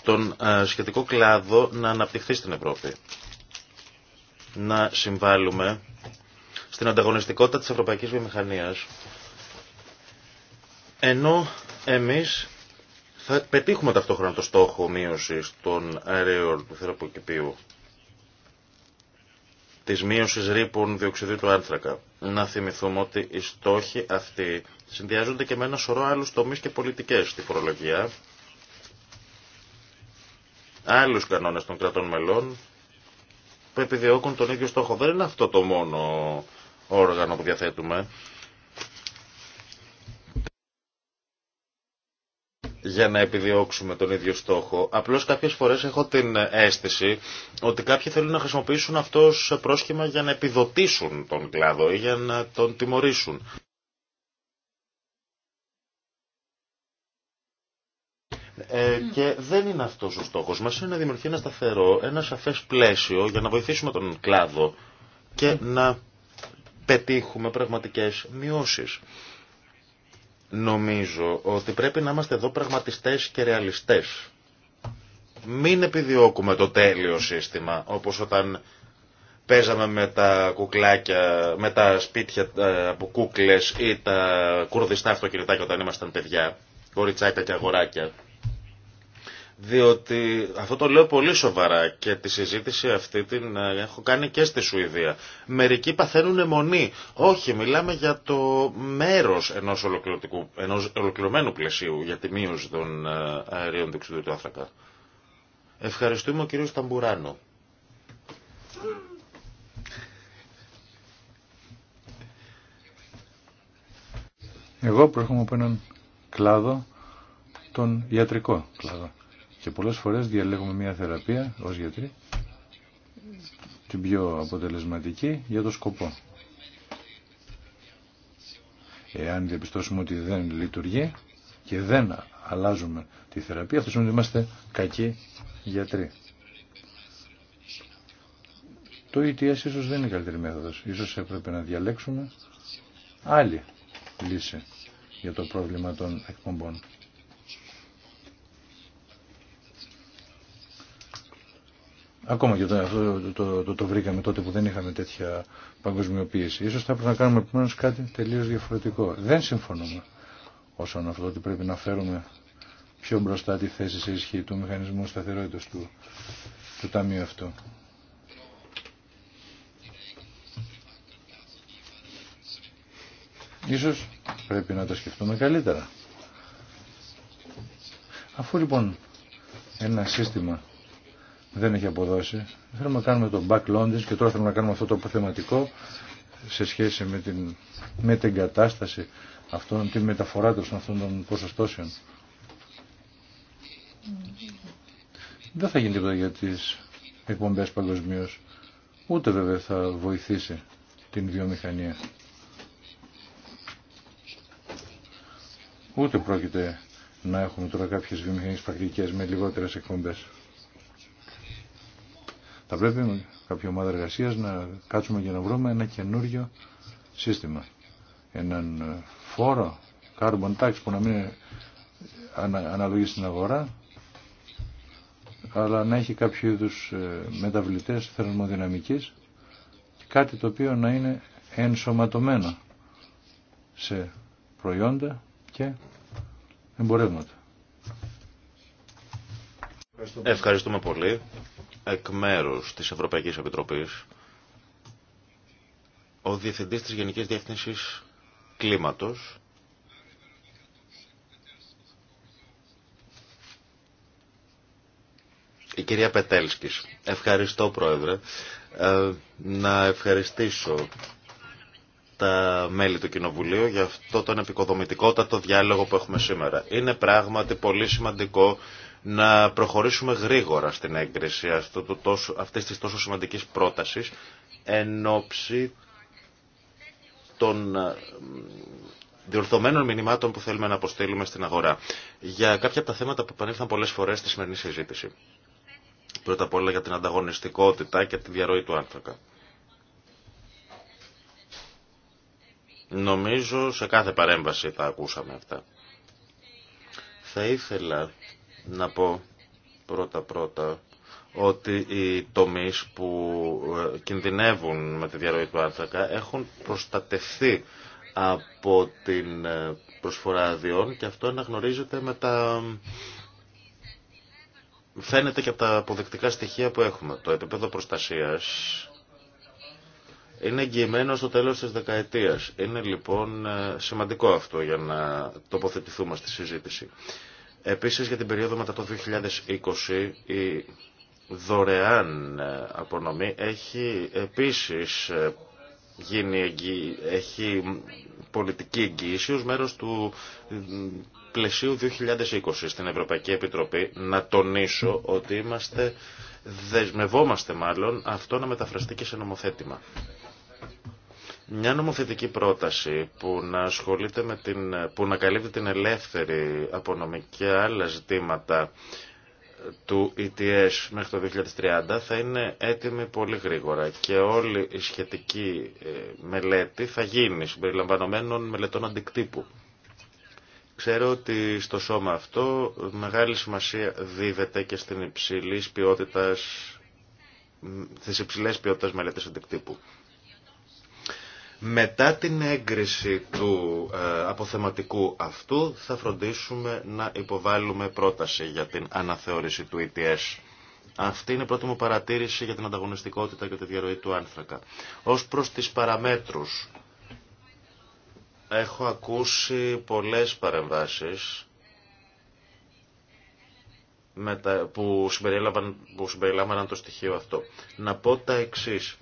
τον ε, σχετικό κλάδο να αναπτυχθεί στην Ευρώπη. Να συμβάλλουμε στην ανταγωνιστικότητα της ευρωπαϊκής βιομηχανίας ενώ εμείς θα πετύχουμε ταυτόχρονα το στόχο μείωσης των αερίων του θεραποκηπίου της μείωσης ρήπων διοξιδίου του άνθρακα να θυμηθούμε ότι οι στόχοι αυτοί συνδυάζονται και με ένα σωρό άλλους τομείς και πολιτικές στη φορολογία, άλλους κανόνες των κρατών μελών που επιδιώκουν τον ίδιο στόχο. Δεν είναι αυτό το μόνο όργανο που διαθέτουμε. για να επιδιώξουμε τον ίδιο στόχο. Απλώς κάποιες φορές έχω την αίσθηση ότι κάποιοι θέλουν να χρησιμοποιήσουν αυτό σε πρόσχημα για να επιδοτήσουν τον κλάδο ή για να τον τιμωρήσουν. Ε, και δεν είναι αυτός ο στόχος μας, είναι να δημιουργεί ένα σταθερό, ένα σαφές πλαίσιο για να βοηθήσουμε τον κλάδο και να πετύχουμε πραγματικές μειώσεις. Νομίζω ότι πρέπει να είμαστε εδώ πραγματιστές και ρεαλιστές. Μην επιδιώκουμε το τέλειο σύστημα, όπως όταν παίζαμε με τα κουκλάκια, με τα σπίτια ε, από κούκλες ή τα κουρδιστά αυτοκινητάκια όταν ήμασταν παιδιά, κοριτσάκια και αγοράκια διότι αυτό το λέω πολύ σοβαρά και τη συζήτηση αυτή την ε, έχω κάνει και στη Σουηδία. Μερικοί παθαίνουν αιμονή. Όχι, μιλάμε για το μέρος ενός, ενός ολοκληρωμένου πλαισίου για τη μείωση των ε, αερίων διοξιδίου του άνθρακα. Ευχαριστούμε ο κύριος Ταμπουράνο. Εγώ προέρχομαι από έναν κλάδο, τον ιατρικό κλάδο. Και πολλές φορές διαλέγουμε μια θεραπεία ως γιατρή, την πιο αποτελεσματική για το σκοπό. Εάν διαπιστώσουμε ότι δεν λειτουργεί και δεν αλλάζουμε τη θεραπεία, αυτό σημαίνει ότι είμαστε κακοί γιατροί. Το ETS ίσως δεν είναι η καλύτερη μέθοδος. Ίσως έπρεπε να διαλέξουμε άλλη λύση για το πρόβλημα των εκπομπών. Ακόμα και αυτό το, το, το, βρήκαμε τότε που δεν είχαμε τέτοια παγκοσμιοποίηση. Ίσως θα πρέπει να κάνουμε επιμένως κάτι τελείως διαφορετικό. Δεν συμφωνούμε όσον αυτό ότι πρέπει να φέρουμε πιο μπροστά τη θέση σε ισχύ του μηχανισμού σταθερότητας του, ταμείου αυτού. Ίσως πρέπει να το σκεφτούμε καλύτερα. Αφού λοιπόν ένα σύστημα δεν έχει αποδώσει. Θέλουμε να κάνουμε το back London και τώρα θέλουμε να κάνουμε αυτό το αποθεματικό σε σχέση με την, με κατάσταση αυτών, τη μεταφορά τους αυτών των ποσοστώσεων. Δεν θα γίνει τίποτα για τις εκπομπές παγκοσμίω. Ούτε βέβαια θα βοηθήσει την βιομηχανία. Ούτε πρόκειται να έχουμε τώρα κάποιες βιομηχανικές πρακτικές με λιγότερες εκπομπές. Θα πρέπει κάποια ομάδα εργασίας να κάτσουμε και να βρούμε ένα καινούριο σύστημα. Έναν ε, φόρο carbon tax που να μην αναλογεί στην αγορά αλλά να έχει κάποιο είδου ε, μεταβλητές θερμοδυναμικής και κάτι το οποίο να είναι ενσωματωμένο σε προϊόντα και εμπορεύματα. Ευχαριστούμε πολύ εκ μέρου της Ευρωπαϊκής Επιτροπή, ο διευθυντή τη γενική διεύθυνση Κλίματος η κυρία Πετέλσκης. Ευχαριστώ Πρόεδρε. Ε, να ευχαριστήσω τα μέλη του Κοινοβουλίου για αυτό τον επικοδομητικότατο διάλογο που έχουμε σήμερα. Είναι πράγματι πολύ σημαντικό να προχωρήσουμε γρήγορα στην έγκριση αυτής της τόσο σημαντικής πρότασης εν ώψη των ε, διορθωμένων μηνυμάτων που θέλουμε να αποστείλουμε στην αγορά. Για κάποια από τα θέματα που επανήλθαν πολλές φορές στη σημερινή συζήτηση. Πρώτα απ' όλα για την ανταγωνιστικότητα και τη διαρροή του άνθρακα. Νομίζω σε κάθε παρέμβαση θα ακούσαμε αυτά. Θα ήθελα να πω πρώτα-πρώτα ότι οι τομείς που ε, κινδυνεύουν με τη διαρροή του άνθρακα έχουν προστατευθεί από την ε, προσφορά αδειών και αυτό αναγνωρίζεται με τα... Φαίνεται και από τα αποδεκτικά στοιχεία που έχουμε. Το επίπεδο προστασίας είναι εγγυημένο στο τέλος της δεκαετίας. Είναι λοιπόν ε, σημαντικό αυτό για να τοποθετηθούμε στη συζήτηση. Επίσης για την περίοδο μετά το 2020 η δωρεάν ε, απονομή έχει επίσης ε, γίνει έχει πολιτική εγγύηση ως μέρος του πλαισίου 2020 στην Ευρωπαϊκή Επιτροπή να τονίσω ότι είμαστε δεσμευόμαστε μάλλον αυτό να μεταφραστεί και σε νομοθέτημα. Μια νομοθετική πρόταση που να ασχολείται με την, που να καλύπτει την ελεύθερη απονομή και άλλα ζητήματα του ETS μέχρι το 2030 θα είναι έτοιμη πολύ γρήγορα και όλη η σχετική ε, μελέτη θα γίνει συμπεριλαμβανομένων μελετών αντικτύπου. Ξέρω ότι στο σώμα αυτό μεγάλη σημασία δίδεται και στην υψηλής ποιότητας, στις υψηλές ποιότητας μελέτες αντικτύπου. Μετά την έγκριση του ε, αποθεματικού αυτού θα φροντίσουμε να υποβάλουμε πρόταση για την αναθεώρηση του ETS. Αυτή είναι η πρώτη μου παρατήρηση για την ανταγωνιστικότητα και τη διαρροή του άνθρακα. Ως προς τις παραμέτρους, έχω ακούσει πολλές παρεμβάσεις που, συμπεριλάμβαναν, που συμπεριλάμβαναν το στοιχείο αυτό. Να πω τα εξής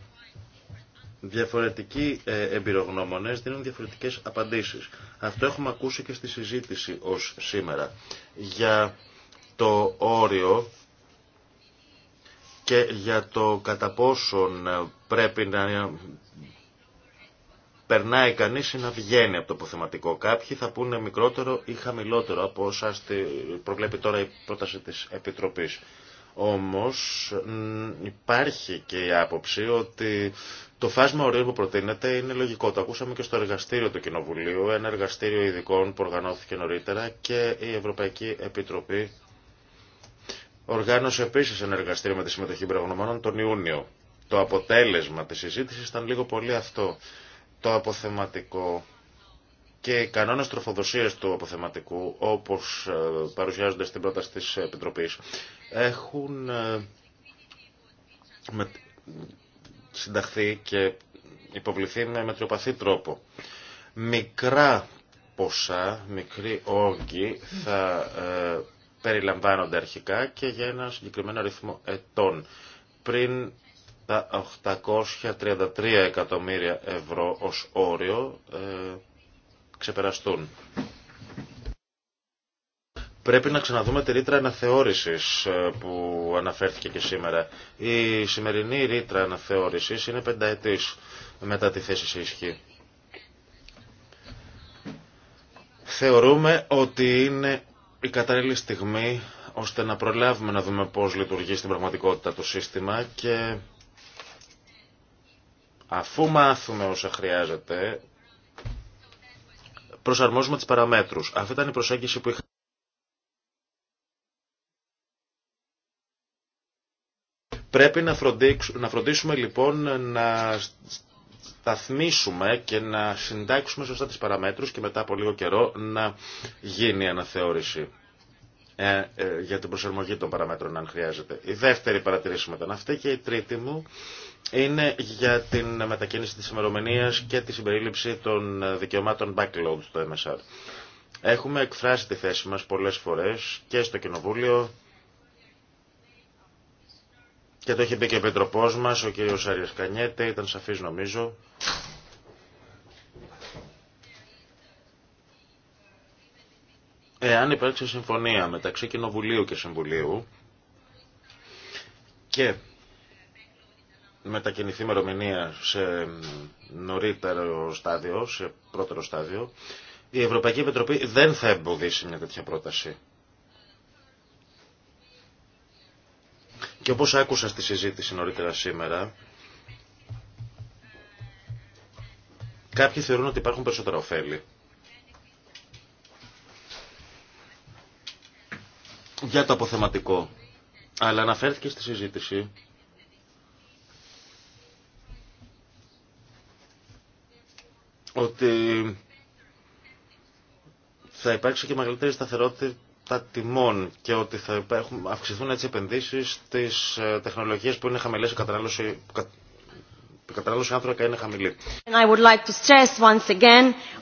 διαφορετικοί ε, εμπειρογνώμονε δίνουν διαφορετικέ απαντήσει. Αυτό έχουμε ακούσει και στη συζήτηση ω σήμερα. Για το όριο και για το κατά πόσον πρέπει να περνάει κανεί ή να βγαίνει από το αποθεματικό. Κάποιοι θα πούνε μικρότερο ή χαμηλότερο από όσα προβλέπει τώρα η πρόταση τη Επιτροπή. Όμως υπάρχει και η άποψη ότι το φάσμα ορίων που προτείνεται είναι λογικό. Το ακούσαμε και στο εργαστήριο του Κοινοβουλίου, ένα εργαστήριο ειδικών που οργανώθηκε νωρίτερα και η Ευρωπαϊκή Επιτροπή οργάνωσε επίση ένα εργαστήριο με τη συμμετοχή πραγματομένων τον Ιούνιο. Το αποτέλεσμα τη συζήτηση ήταν λίγο πολύ αυτό. Το αποθεματικό και οι κανόνε τροφοδοσία του αποθεματικού, όπω ε, παρουσιάζονται στην πρόταση τη Επιτροπή, έχουν ε, συνταχθεί και υποβληθεί με μετριοπαθή τρόπο. Μικρά ποσά, μικροί όγκοι θα ε, περιλαμβάνονται αρχικά και για ένα συγκεκριμένο αριθμό ετών. Πριν τα 833 εκατομμύρια ευρώ ως όριο ε, ξεπεραστούν. Πρέπει να ξαναδούμε τη ρήτρα αναθεώρησης ε, που αναφέρθηκε και σήμερα. Η σημερινή ρήτρα αναθεώρησης είναι πενταετής μετά τη θέση σε ισχύ. Θεωρούμε ότι είναι η κατάλληλη στιγμή ώστε να προλάβουμε να δούμε πώς λειτουργεί στην πραγματικότητα το σύστημα και αφού μάθουμε όσα χρειάζεται, προσαρμόζουμε τις παραμέτρους. Αυτή ήταν η προσέγγιση που είχαμε. Πρέπει να, να φροντίσουμε λοιπόν να σταθμίσουμε και να συντάξουμε σωστά τις παραμέτρους και μετά από λίγο καιρό να γίνει αναθεώρηση ε, ε, για την προσαρμογή των παραμέτρων αν χρειάζεται. Η δεύτερη παρατηρήση μετά αυτή και η τρίτη μου είναι για την μετακίνηση της ημερομηνία και τη συμπερίληψη των δικαιωμάτων backload στο MSR. Έχουμε εκφράσει τη θέση μας πολλές φορές και στο Κοινοβούλιο και το έχει πει και ο Επιτροπός μας, ο κύριος Αρίας ήταν σαφής νομίζω. Εάν υπάρξει συμφωνία μεταξύ Κοινοβουλίου και Συμβουλίου και μετακινηθεί μερομηνία σε νωρίτερο στάδιο, σε πρώτερο στάδιο, η Ευρωπαϊκή Επιτροπή δεν θα εμποδίσει μια τέτοια πρόταση. Και όπως άκουσα στη συζήτηση νωρίτερα σήμερα, κάποιοι θεωρούν ότι υπάρχουν περισσότερα ωφέλη. Για το αποθεματικό. Αλλά αναφέρθηκε στη συζήτηση ότι θα υπάρξει και μεγαλύτερη σταθερότητα τα τιμών και ότι θα έχουν, αυξηθούν έτσι επενδύσεις στις ε, τεχνολογίες που είναι χαμηλές η κατανάλωση, η κατανάλωση άνθρακα είναι χαμηλή. And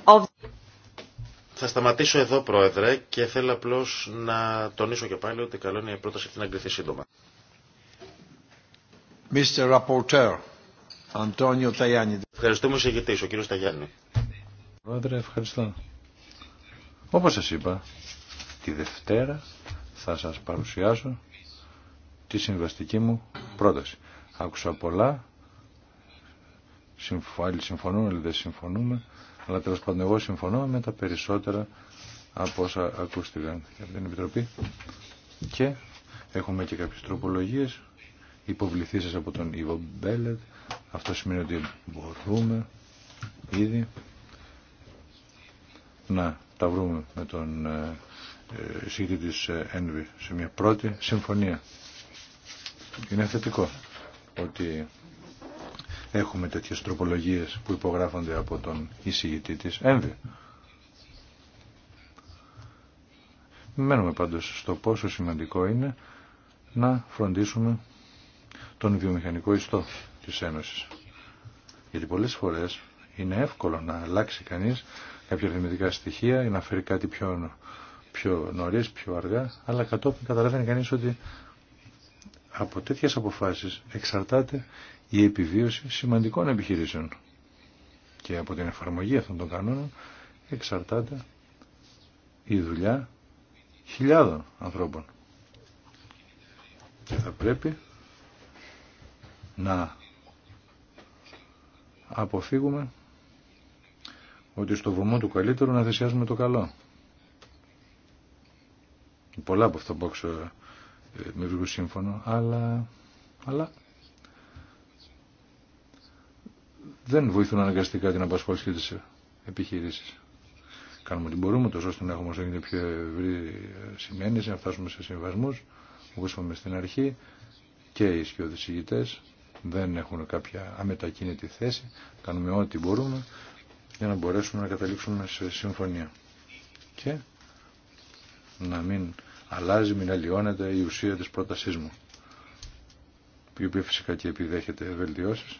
I Θα σταματήσω εδώ, Πρόεδρε, και θέλω απλώ να τονίσω και πάλι ότι καλό είναι η πρόταση αυτή να εγκριθεί σύντομα. Mr. Rapporteur, Antonio Tajani. Ευχαριστούμε, συγγητή, ο κύριο Ταγιάννη. Πρόεδρε, ευχαριστώ. Όπως σας είπα, τη Δευτέρα θα σας παρουσιάσω τη συμβαστική μου πρόταση. Άκουσα πολλά, άλλοι συμφωνούν, άλλοι δεν συμφωνούμε, αλλά τέλος πάντων εγώ συμφωνώ με τα περισσότερα από όσα ακούστηκαν από την Επιτροπή και έχουμε και κάποιες τροπολογίες υποβληθήσεις από τον Ιβο Μπέλετ αυτό σημαίνει ότι μπορούμε ήδη να τα βρούμε με τον ε, εισηγητή της ΕΝΒΗ σε μια πρώτη συμφωνία. Είναι θετικό ότι έχουμε τέτοιες τροπολογίες που υπογράφονται από τον εισηγητή της ΕΝΒΗ. Μένουμε πάντως στο πόσο σημαντικό είναι να φροντίσουμε τον βιομηχανικό ιστό της Ένωσης. Γιατί πολλές φορές είναι εύκολο να αλλάξει κανείς κάποια δημιουργικά στοιχεία ή να φέρει κάτι πιο πιο νωρί πιο αργά, αλλά κατόπιν καταλαβαίνει κανείς ότι από τέτοιε αποφάσεις εξαρτάται η επιβίωση σημαντικών επιχειρήσεων. Και από την εφαρμογή αυτών των κανόνων εξαρτάται η δουλειά χιλιάδων ανθρώπων. Και θα πρέπει να αποφύγουμε ότι στο βωμό του καλύτερου να θυσιάζουμε το καλό. Πολλά από αυτά που άκουσα ε, με βρίσκω σύμφωνο, αλλά, αλλά δεν βοηθούν αναγκαστικά την απασχόληση της επιχειρήσης. Κάνουμε ό,τι μπορούμε, τόσο ώστε να έχουμε όσο γίνεται πιο ευρύ ε, σημαίνηση, να φτάσουμε σε συμβασμούς, όπως είπαμε στην αρχή, και οι σκιώδεις δεν έχουν κάποια αμετακίνητη θέση, κάνουμε ό,τι μπορούμε για να μπορέσουμε να καταλήξουμε σε συμφωνία. Και να μην αλλάζει, μην αλλοιώνεται η ουσία της πρότασής μου η οποία φυσικά και επιδέχεται βελτιώσει.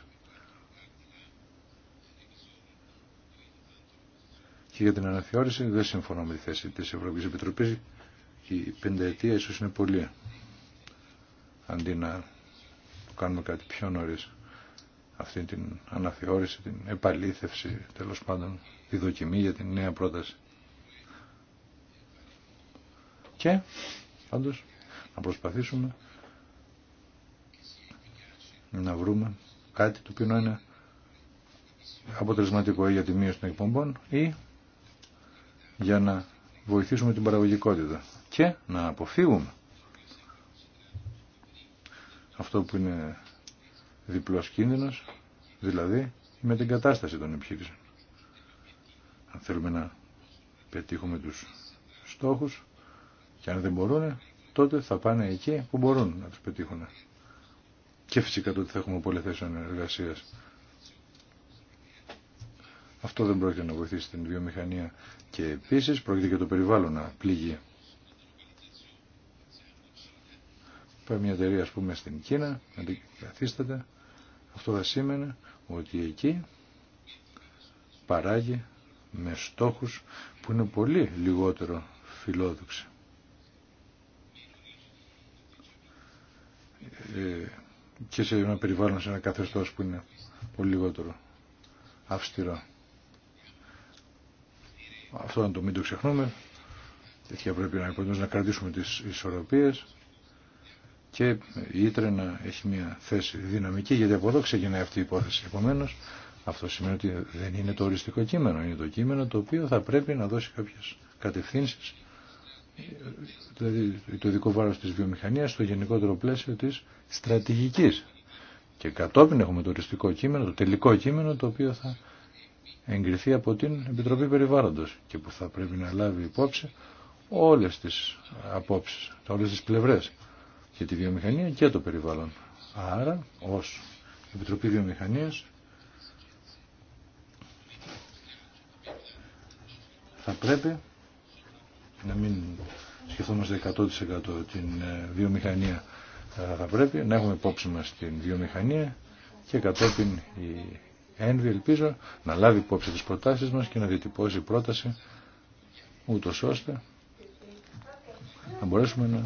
και για την αναθεώρηση δεν συμφωνώ με τη θέση της Ευρωπαϊκής Επιτροπής η πενταετία ίσως είναι πολύ αντί να κάνουμε κάτι πιο νωρίς αυτή την αναθεώρηση, την επαλήθευση τέλος πάντων τη δοκιμή για την νέα πρόταση και πάντως να προσπαθήσουμε να βρούμε κάτι το οποίο να είναι αποτελεσματικό για τη μείωση των εκπομπών ή για να βοηθήσουμε την παραγωγικότητα και να αποφύγουμε αυτό που είναι διπλός κίνδυνος, δηλαδή με την κατάσταση των επιχείρησεων. Αν θέλουμε να πετύχουμε τους στόχους, και αν δεν μπορούν, τότε θα πάνε εκεί που μπορούν να τους πετύχουν. Και φυσικά τότε θα έχουμε πολλές θέσεις εργασίας. Αυτό δεν πρόκειται να βοηθήσει την βιομηχανία και επίσης πρόκειται και το περιβάλλον να πληγεί. Πάει μια εταιρεία ας πούμε στην Κίνα, καθίσταται Αυτό θα σήμαινε ότι εκεί παράγει με στόχους που είναι πολύ λιγότερο φιλόδοξοι. Ε, και σε ένα περιβάλλον, σε ένα καθεστώς που είναι πολύ λιγότερο αυστηρό. Αυτό να το μην το ξεχνούμε. Τέτοια πρέπει να να κρατήσουμε τις ισορροπίες και η Ήτρε να έχει μια θέση δυναμική γιατί από εδώ ξεκινάει αυτή η υπόθεση. Επομένως, αυτό σημαίνει ότι δεν είναι το οριστικό κείμενο, είναι το κείμενο το οποίο θα πρέπει να δώσει κάποιες κατευθύνσεις δηλαδή το ειδικό βάρος της βιομηχανίας στο γενικότερο πλαίσιο της στρατηγικής. Και κατόπιν έχουμε το οριστικό κείμενο, το τελικό κείμενο το οποίο θα εγκριθεί από την Επιτροπή Περιβάλλοντος και που θα πρέπει να λάβει υπόψη όλες τις απόψεις, όλες τις πλευρές για τη βιομηχανία και το περιβάλλον. Άρα, ως Επιτροπή Βιομηχανίας θα πρέπει να μην σκεφτόμαστε 100% την ε, βιομηχανία ε, θα πρέπει να έχουμε υπόψη μας την βιομηχανία και κατόπιν η ένβη ελπίζω να λάβει υπόψη τις προτάσεις μας και να διατυπώσει πρόταση ούτω ώστε να μπορέσουμε να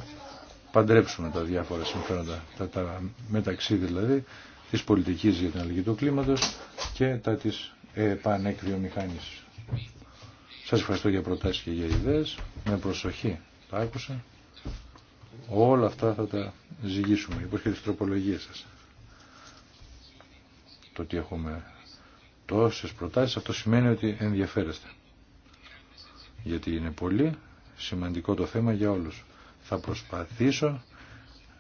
παντρέψουμε τα διάφορα συμφέροντα τα, τα μεταξύ δηλαδή της πολιτικής για την αλληλεγγύη του κλίματος και τα της επανεκβιομηχάνησης. Σας ευχαριστώ για προτάσεις και για ιδέες. Με προσοχή τα άκουσα. Όλα αυτά θα τα ζυγίσουμε υπό και τις τροπολογίες σας. Το ότι έχουμε τόσες προτάσεις αυτό σημαίνει ότι ενδιαφέρεστε. Γιατί είναι πολύ σημαντικό το θέμα για όλους. Θα προσπαθήσω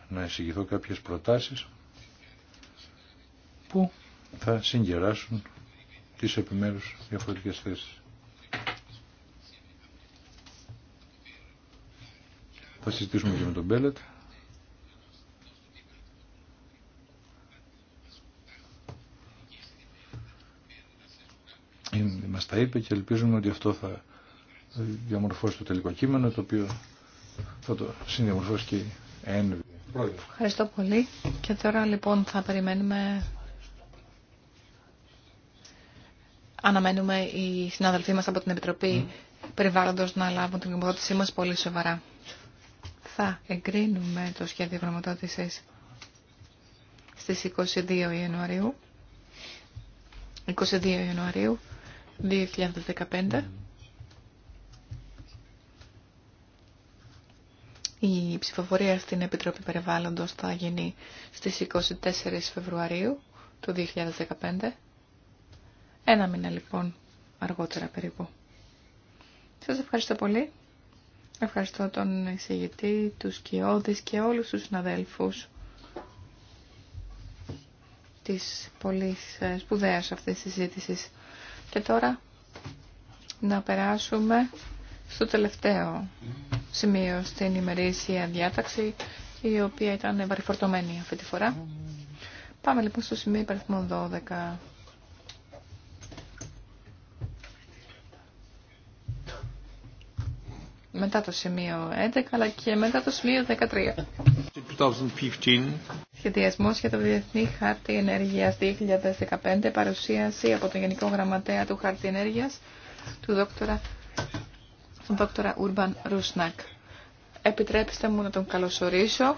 να εισηγηθώ κάποιες προτάσεις που θα συγκεράσουν τις επιμέρους διαφορετικές θέσεις. Θα συζητήσουμε και με τον Μπέλετ. Ε, μας τα είπε και ελπίζουμε ότι αυτό θα διαμορφώσει το τελικό κείμενο, το οποίο θα το συνδιαμορφώσει και η Ευχαριστώ πολύ. Και τώρα λοιπόν θα περιμένουμε... Αναμένουμε οι συναδελφοί μας από την Επιτροπή Περιβάλλοντος να λάβουν την υποδότησή μας πολύ σοβαρά θα εγκρίνουμε το σχέδιο γραμματότησης στις 22 Ιανουαρίου, 22 Ιανουαρίου 2015. Η ψηφοφορία στην Επιτροπή Περιβάλλοντος θα γίνει στις 24 Φεβρουαρίου του 2015. Ένα μήνα λοιπόν αργότερα περίπου. Σας ευχαριστώ πολύ. Ευχαριστώ τον εισηγητή, τους Κιώδης και όλους τους συναδέλφους της πολύ σπουδαίας αυτής της συζήτησης. Και τώρα να περάσουμε στο τελευταίο σημείο στην ημερήσια διάταξη, η οποία ήταν βαρυφορτωμένη αυτή τη φορά. Πάμε λοιπόν στο σημείο υπαριθμό 12. μετά το σημείο 11 αλλά και μετά το σημείο 13. 2015. Σχεδιασμός για το Διεθνή Χάρτη Ενέργειας 2015 παρουσίαση από τον Γενικό Γραμματέα του Χάρτη Ενέργειας του δόκτωρα, τον δόκτωρα Ούρμπαν Ρουσνάκ. Επιτρέψτε μου να τον καλωσορίσω.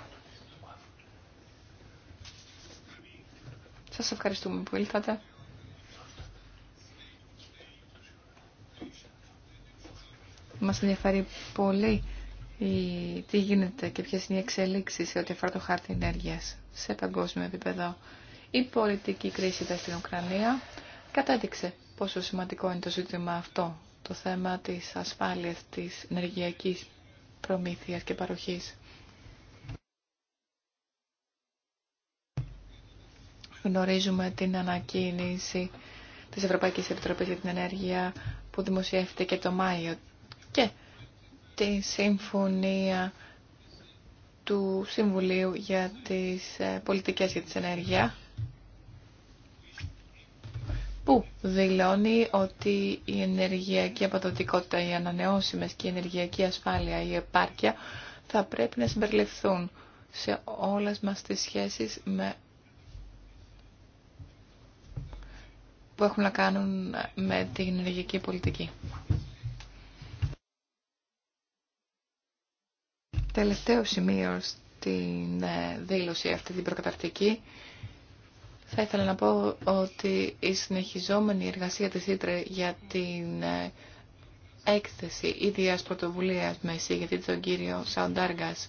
Σας ευχαριστούμε που ήλθατε. Μας ενδιαφέρει πολύ τι γίνεται και ποιες είναι οι εξελίξεις σε ό,τι αφορά το χάρτη ενέργειας σε παγκόσμιο επίπεδο. Η πολιτική κρίση στην Ουκρανία κατέδειξε πόσο σημαντικό είναι το ζήτημα αυτό, το θέμα της ασφάλειας της ενεργειακής προμήθειας και παροχής. Γνωρίζουμε την ανακοίνηση της Ευρωπαϊκής Επιτροπής για την Ενέργεια που δημοσιεύτηκε το Μάιο και τη συμφωνία του Συμβουλίου για τις ε, πολιτικές για τις ενέργεια που δηλώνει ότι η ενεργειακή αποδοτικότητα, οι ανανεώσιμες και η ενεργειακή ασφάλεια, η επάρκεια θα πρέπει να συμπεριληφθούν σε όλες μας τις σχέσεις με... που έχουν να κάνουν με την ενεργειακή πολιτική. Τελευταίο σημείο στην ε, δήλωση αυτή την προκαταρτική. Θα ήθελα να πω ότι η συνεχιζόμενη εργασία της Ήτρε για την ε, έκθεση ίδιας πρωτοβουλίας με εισηγητή τον κύριο Σαοντάργας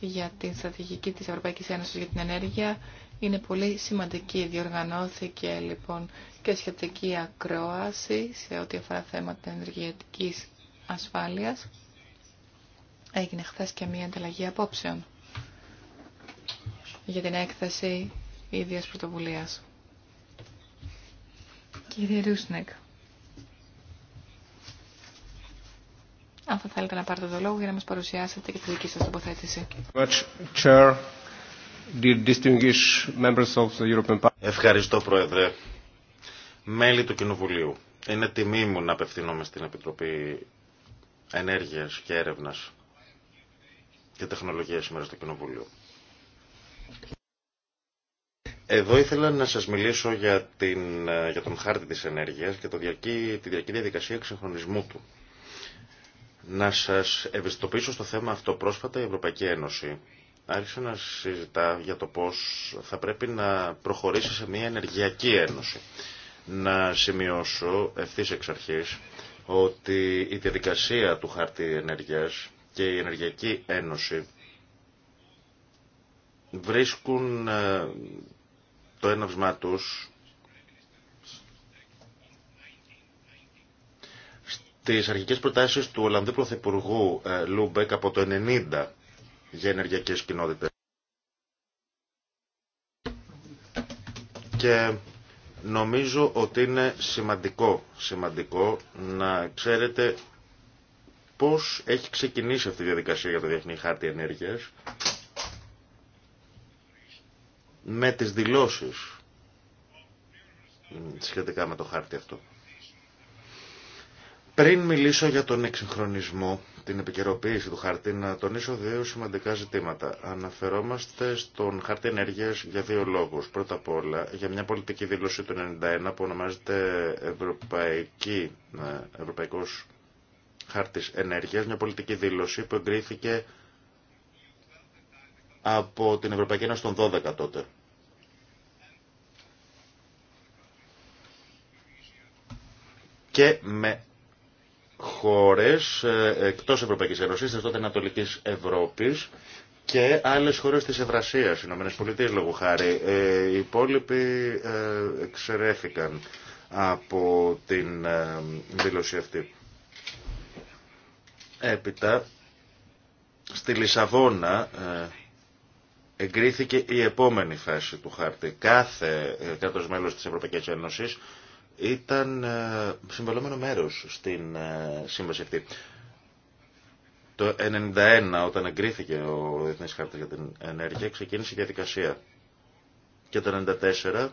για την στρατηγική της Ευρωπαϊκής Ένωσης για την ενέργεια είναι πολύ σημαντική. Διοργανώθηκε λοιπόν και σχετική ακρόαση σε ό,τι αφορά θέματα ενεργειακής ασφάλειας. Έγινε χθε και μία ανταλλαγή απόψεων για την έκθεση ίδιας πρωτοβουλίας. Κύριε Ρούσνεκ, αν θα θέλετε να πάρετε το λόγο για να μα παρουσιάσετε και τη δική σας τοποθέτηση. Ευχαριστώ, Πρόεδρε. Μέλη του Κοινοβουλίου, είναι τιμή μου να απευθυνόμαι στην Επιτροπή Ενέργειας και Έρευνας και τεχνολογία σήμερα στο Κοινοβούλιο. Εδώ ήθελα να σας μιλήσω για, την, ε, για τον χάρτη της ενέργειας και το τη διαρκή διαδικασία εξυγχρονισμού του. Να σας ευαισθητοποιήσω στο θέμα αυτό. Πρόσφατα η Ευρωπαϊκή Ένωση άρχισε να συζητά για το πώς θα πρέπει να προχωρήσει σε μια ενεργειακή ένωση. Να σημειώσω ευθύ εξ αρχής ότι η διαδικασία του χάρτη ενέργειας και η Ενεργειακή Ένωση βρίσκουν ε, το έναυσμά τους στις αρχικές προτάσεις του Ολλανδού Πρωθυπουργού ε, Λούμπεκ από το 1990 για ενεργειακές κοινότητες. Και νομίζω ότι είναι σημαντικό, σημαντικό να ξέρετε πώς έχει ξεκινήσει αυτή η διαδικασία για το Διεθνή Χάρτη Ενέργειας με τις δηλώσεις σχετικά με το χάρτη αυτό. Πριν μιλήσω για τον εξυγχρονισμό, την επικαιροποίηση του χάρτη, να τονίσω δύο σημαντικά ζητήματα. Αναφερόμαστε στον χάρτη ενέργειας για δύο λόγους. Πρώτα απ' όλα, για μια πολιτική δήλωση του 1991 που ονομάζεται Ευρωπαϊκή, ε, Ευρωπαϊκός χάρτης ενέργειας, μια πολιτική δήλωση που εγκρίθηκε από την Ευρωπαϊκή Ένωση των 12 τότε. Και με χώρες ε, εκτός Ευρωπαϊκής Ένωσης, της τότε Ανατολικής Ευρώπης και άλλες χώρες της Ευρασίας, οι Πολιτείε, Πολιτείες λόγω χάρη. Ε, οι υπόλοιποι ε, εξαιρέθηκαν από την δήλωση αυτή. Έπειτα, στη Λισαβόνα ε, εγκρίθηκε η επόμενη φάση του χάρτη. Κάθε ε, κράτος μέλος της Ευρωπαϊκής Ένωσης ήταν ε, συμβαλόμενο μέρος στην σύμβαση αυτή. Το 1991 όταν εγκρίθηκε ο Διεθνής Χάρτης για την Ενέργεια ξεκίνησε η διαδικασία. Και το 1994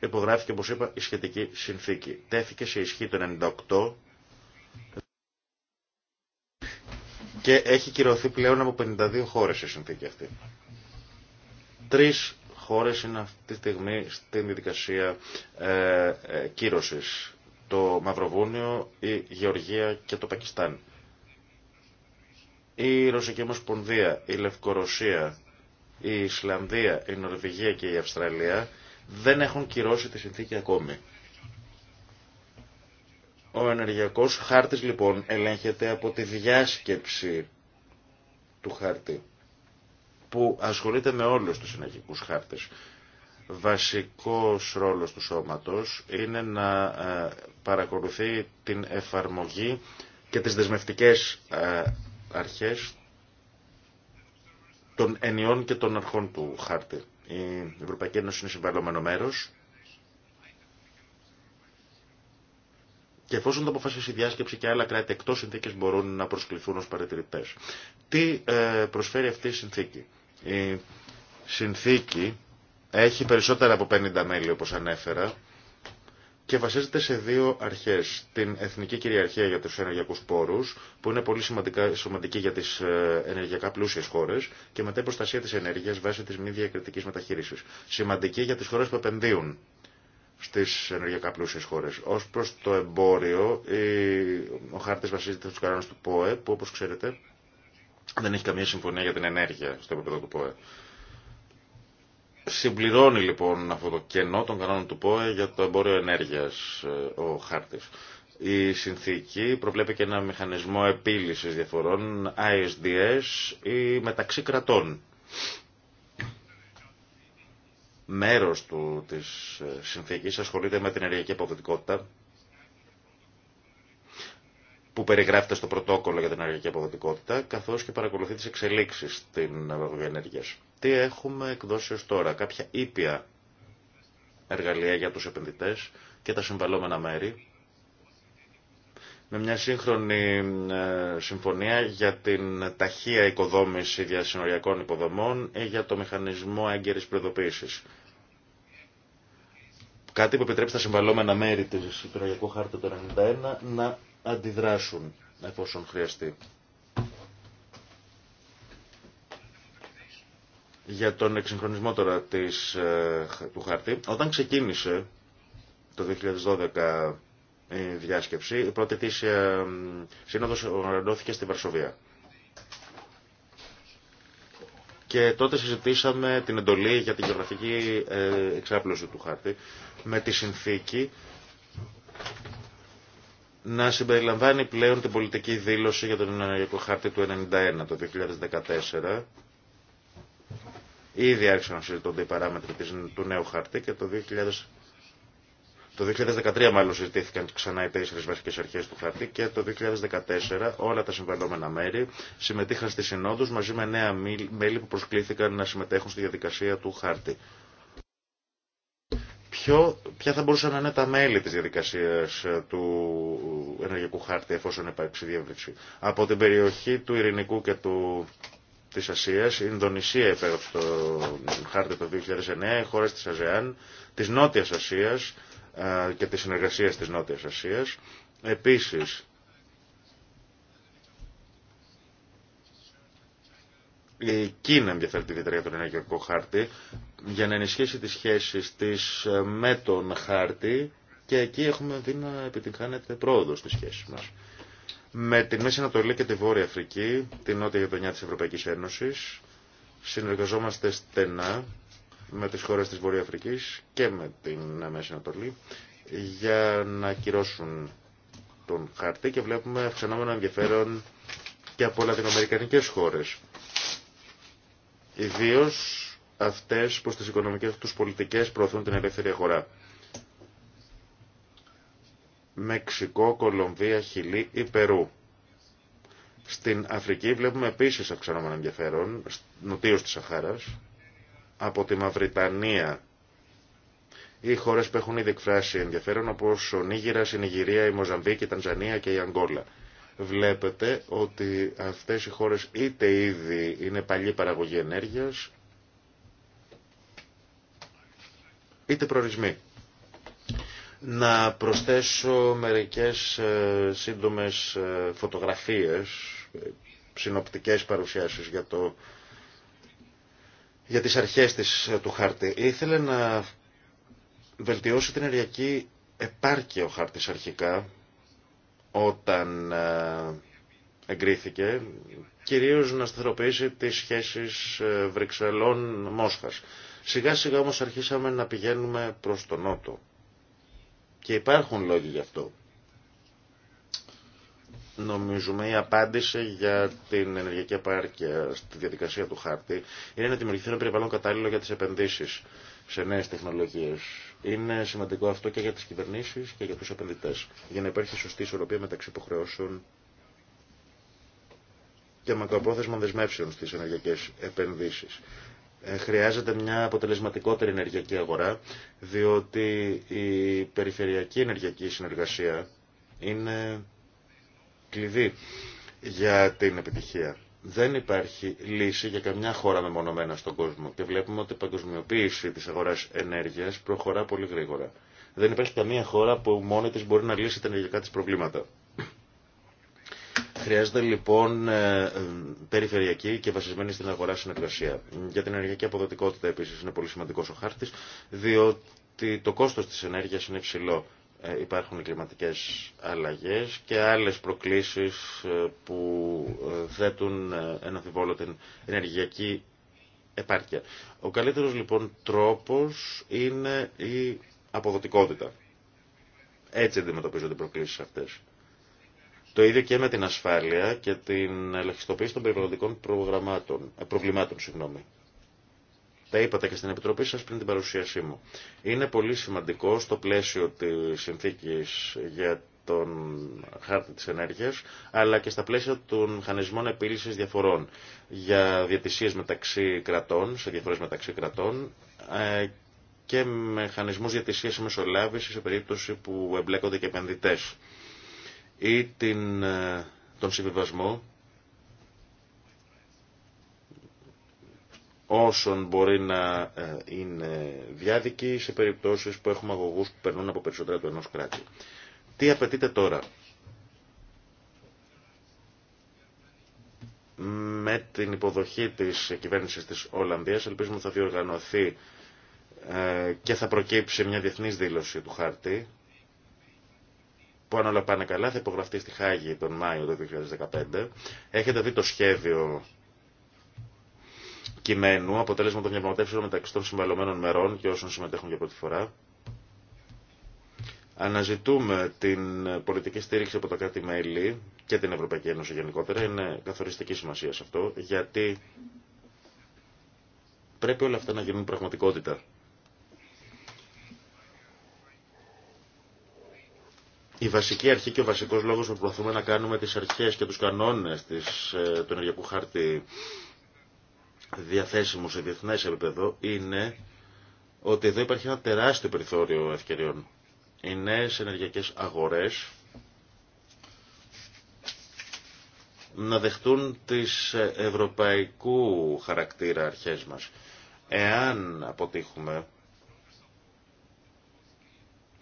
υπογράφηκε όπως είπα η σχετική συνθήκη. Τέθηκε σε ισχύ το 1998 και έχει κυρωθεί πλέον από 52 χώρες η συνθήκη αυτή. Τρεις χώρες είναι αυτή τη στιγμή στην διαδικασία ε, ε, κύρωσης. Το Μαυροβούνιο, η Γεωργία και το Πακιστάν. Η Ρωσική Ομοσπονδία, η Λευκορωσία, η Ισλανδία, η Νορβηγία και η Αυστραλία δεν έχουν κυρώσει τη συνθήκη ακόμη. Ο ενεργειακός χάρτης λοιπόν ελέγχεται από τη διάσκεψη του χάρτη που ασχολείται με όλους τους ενεργειακούς χάρτες. Βασικός ρόλος του σώματος είναι να ε, παρακολουθεί την εφαρμογή και τις δεσμευτικές ε, αρχές των ενιών και των αρχών του χάρτη. Η Ευρωπαϊκή Ένωση είναι συμβαλλόμενο μέρος και εφόσον το αποφασίσει η διάσκεψη και άλλα κράτη εκτό συνθήκη μπορούν να προσκληθούν ω παρατηρητέ. Τι ε, προσφέρει αυτή η συνθήκη. Η συνθήκη έχει περισσότερα από 50 μέλη όπω ανέφερα και βασίζεται σε δύο αρχέ. Την εθνική κυριαρχία για του ενεργειακού πόρου, που είναι πολύ σημαντική για τις ε, ενεργειακά πλούσιε χώρε και μετά η προστασία τη ενέργεια βάσει τη μη διακριτικής μεταχείρισης. Σημαντική για τι χώρε που επενδύουν στις ενεργειακά πλούσιες χώρες. Ως προς το εμπόριο, ο χάρτης βασίζεται στους κανόνες του ΠΟΕ, που όπως ξέρετε δεν έχει καμία συμφωνία για την ενέργεια στο επίπεδο του ΠΟΕ. Συμπληρώνει λοιπόν αυτό το κενό των κανόνων του ΠΟΕ για το εμπόριο ενέργειας ε, ο χάρτης. Η συνθήκη προβλέπει και ένα μηχανισμό επίλυσης διαφορών ISDS ή μεταξύ κρατών μέρος του, της ε, συνθήκης ασχολείται με την ενεργειακή αποδοτικότητα που περιγράφεται στο πρωτόκολλο για την ενεργειακή αποδοτικότητα καθώς και παρακολουθεί τις εξελίξεις στην αγωγή ενέργειας. Τι έχουμε εκδώσει ως τώρα, κάποια ήπια εργαλεία για τους επενδυτές και τα συμβαλόμενα μέρη με μια σύγχρονη ε, συμφωνία για την ταχεία οικοδόμηση διασυνοριακών υποδομών ή για το μηχανισμό έγκαιρης προειδοποίησης. Κάτι που επιτρέπει στα συμβαλόμενα μέρη της Υπηρεογειακού Χάρτη του 1991 να αντιδράσουν εφόσον χρειαστεί. Για τον εξυγχρονισμό τώρα της, ε, του χάρτη, όταν ξεκίνησε το 2012 ε, διάσκεψη. Η πρώτη της ε, σύνοδος οργανώθηκε στη Βαρσοβία. Και τότε συζητήσαμε την εντολή για την γεωγραφική ε, εξάπλωση του χάρτη με τη συνθήκη να συμπεριλαμβάνει πλέον την πολιτική δήλωση για τον ενεργειακό χάρτη του 1991, το 2014. Ήδη άρχισαν να συζητώνται οι παράμετροι του νέου χάρτη και το 2014. Το 2013 μάλλον συζητήθηκαν ξανά οι τέσσερις βασικές αρχές του χάρτη και το 2014 όλα τα συμβαλόμενα μέρη συμμετείχαν στις συνόδους μαζί με νέα μέλη που προσκλήθηκαν να συμμετέχουν στη διαδικασία του χάρτη. Ποιο, ποια θα μπορούσαν να είναι τα μέλη της διαδικασίας του ενεργειακού χάρτη εφόσον υπάρξει διεύρυνση. Από την περιοχή του Ειρηνικού και του της Ασίας, η Ινδονησία υπέγραψε το χάρτη το 2009, οι χώρες της ΑΖΕΑΝ, της Νότιας Ασίας, ε, και της συνεργασίας της Νότιας Ασίας. Επίσης, η Κίνα τη τη για τον ενεργειακό χάρτη για να ενισχύσει τις σχέσεις της ε, με τον χάρτη και εκεί έχουμε δει να επιτυγχάνεται πρόοδος στις σχέσεις μας. Με τη Μέση Ανατολή και τη Βόρεια Αφρική, την νότια γειτονιά της Ευρωπαϊκής Ένωσης, συνεργαζόμαστε στενά με τις χώρες της Αφρικής και με την Μέση Ανατολή για να κυρώσουν τον χάρτη και βλέπουμε αυξανόμενο ενδιαφέρον και από λατινοαμερικανικές χώρες. Ιδίως αυτές που στις οικονομικές τους πολιτικές προωθούν την ελεύθερη αγορά. Μεξικό, Κολομβία, Χιλή ή Περού. Στην Αφρική βλέπουμε επίσης αυξανόμενο ενδιαφέρον, νοτίως της Σαχάρας, από τη Μαυριτανία ή χώρες που έχουν ήδη εκφράσει ενδιαφέρον όπως ο Νίγηρας, η Νιγηρία, η Μοζαμβίκη, η Τανζανία και η Αγγόλα. Βλέπετε ότι αυτές οι χώρες είτε ήδη είναι παλιή παραγωγή ενέργειας είτε προορισμοί. Να προσθέσω μερικές ε, σύντομες ε, φωτογραφίες, ε, συνοπτικές παρουσιάσεις για το για τις αρχές της ε, του χάρτη. Ήθελε να βελτιώσει την ενεργειακή επάρκεια ο χάρτης αρχικά όταν ε, εγκρίθηκε, κυρίως να σταθεροποιήσει τις σχέσεις ε, Βρυξελών-Μόσχας. Σιγά σιγά όμως αρχίσαμε να πηγαίνουμε προς τον Νότο. Και υπάρχουν λόγοι γι' αυτό. Νομίζουμε η απάντηση για την ενεργειακή επάρκεια στη διαδικασία του χάρτη είναι να δημιουργηθεί ένα περιβάλλον κατάλληλο για τις επενδύσεις σε νέες τεχνολογίες. Είναι σημαντικό αυτό και για τις κυβερνήσεις και για τους επενδυτές, για να υπάρχει σωστή ισορροπία μεταξύ υποχρεώσεων και μακροπρόθεσμων δεσμεύσεων στις ενεργειακές επενδύσεις. Ε, χρειάζεται μια αποτελεσματικότερη ενεργειακή αγορά, διότι η περιφερειακή ενεργειακή συνεργασία είναι κλειδί για την επιτυχία. Δεν υπάρχει λύση για καμιά χώρα μεμονωμένα στον κόσμο και βλέπουμε ότι η παγκοσμιοποίηση της αγοράς ενέργειας προχωρά πολύ γρήγορα. Δεν υπάρχει καμία χώρα που μόνη της μπορεί να λύσει τα ενεργειακά της προβλήματα. Χρειάζεται λοιπόν ε, περιφερειακή και βασισμένη στην αγορά συνεργασία. Για την ενεργειακή αποδοτικότητα επίσης είναι πολύ σημαντικός ο χάρτης, διότι το κόστος της ενέργειας είναι υψηλό ε, υπάρχουν κλιματικές αλλαγές και άλλες προκλήσεις ε, που ε, θέτουν ένα την ενεργειακή επάρκεια. Ο καλύτερος λοιπόν τρόπος είναι η αποδοτικότητα. Έτσι αντιμετωπίζονται οι προκλήσεις αυτές. Το ίδιο και με την ασφάλεια και την ελαχιστοποίηση των περιβαλλοντικών προβλημάτων. Συγγνώμη. Τα είπατε και στην Επιτροπή σας πριν την παρουσίασή μου. Είναι πολύ σημαντικό στο πλαίσιο της συνθήκης για τον χάρτη της ενέργειας, αλλά και στα πλαίσια των μηχανισμών επίλυσης διαφορών για διατησίες μεταξύ κρατών, σε διαφορές μεταξύ κρατών ε, και μηχανισμούς διατησίας μεσολάβηση σε περίπτωση που εμπλέκονται και επενδυτές ή την, ε, τον συμβιβασμό όσων μπορεί να ε, είναι διάδικοι σε περιπτώσεις που έχουμε αγωγούς που περνούν από περισσότερα του ενός κράτη. Τι απαιτείται τώρα. Με την υποδοχή της κυβέρνησης της Ολλανδίας ελπίζουμε ότι θα διοργανωθεί ε, και θα προκύψει μια διεθνής δήλωση του χάρτη που αν όλα πάνε καλά θα υπογραφτεί στη Χάγη τον Μάιο του 2015. Έχετε δει το σχέδιο κειμένου, αποτέλεσμα των διαπραγματεύσεων μεταξύ των συμβαλωμένων μερών και όσων συμμετέχουν για πρώτη φορά. Αναζητούμε την πολιτική στήριξη από τα κράτη-μέλη και την Ευρωπαϊκή Ένωση γενικότερα. Είναι καθοριστική σημασία σε αυτό, γιατί πρέπει όλα αυτά να γίνουν πραγματικότητα. Η βασική αρχή και ο βασικός λόγος που προσπαθούμε να κάνουμε τις αρχές και τους κανόνες της, ε, του ενεργειακού χάρτη διαθέσιμο σε διεθνέ επίπεδο είναι ότι εδώ υπάρχει ένα τεράστιο περιθώριο ευκαιριών. Οι νέε ενεργειακές αγορές να δεχτούν τις ευρωπαϊκού χαρακτήρα αρχές μας. Εάν αποτύχουμε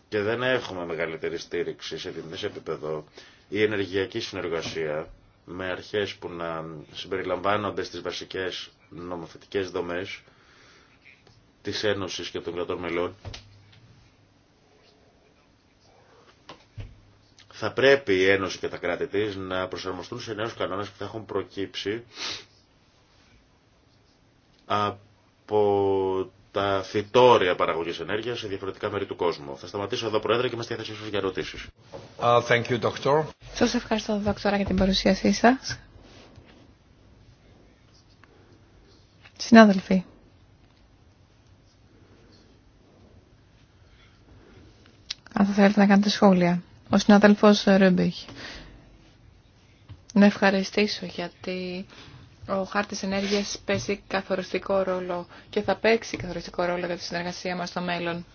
και δεν έχουμε μεγαλύτερη στήριξη σε διεθνές επίπεδο, η ενεργειακή συνεργασία με αρχές που να συμπεριλαμβάνονται στις βασικές νομοθετικές δομές της Ένωσης και των κρατών μελών, θα πρέπει η Ένωση και τα κράτη της να προσαρμοστούν σε νέους κανόνες που θα έχουν προκύψει από τα φυτόρια παραγωγής ενέργειας σε διαφορετικά μέρη του κόσμου. Θα σταματήσω εδώ, Πρόεδρε, και είμαστε διαθέσιμοι για ερωτήσεις. Uh, thank you, Σας ευχαριστώ, Δόκτωρα, για την παρουσίασή σας. Συνάδελφοι. Αν θα θέλετε να κάνετε σχόλια. Ο συνάδελφος Ρούμπιχ. Να ευχαριστήσω γιατί ο χάρτη ενέργειας παίζει καθοριστικό ρόλο και θα παίξει καθοριστικό ρόλο για τη συνεργασία μας στο μέλλον.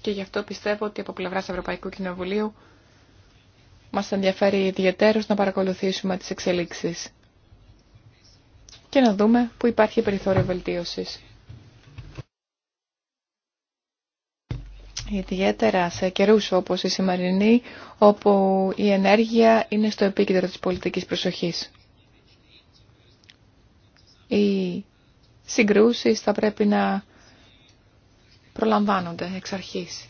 Και γι' αυτό πιστεύω ότι από πλευρά Ευρωπαϊκού Κοινοβουλίου μας ενδιαφέρει ιδιαίτερω να παρακολουθήσουμε τις εξελίξεις και να δούμε που υπάρχει περιθώριο βελτίωσης. Ιδιαίτερα σε καιρούς όπως η σημερινή, όπου η ενέργεια είναι στο επίκεντρο της πολιτικής προσοχής οι συγκρούσεις θα πρέπει να προλαμβάνονται εξ αρχής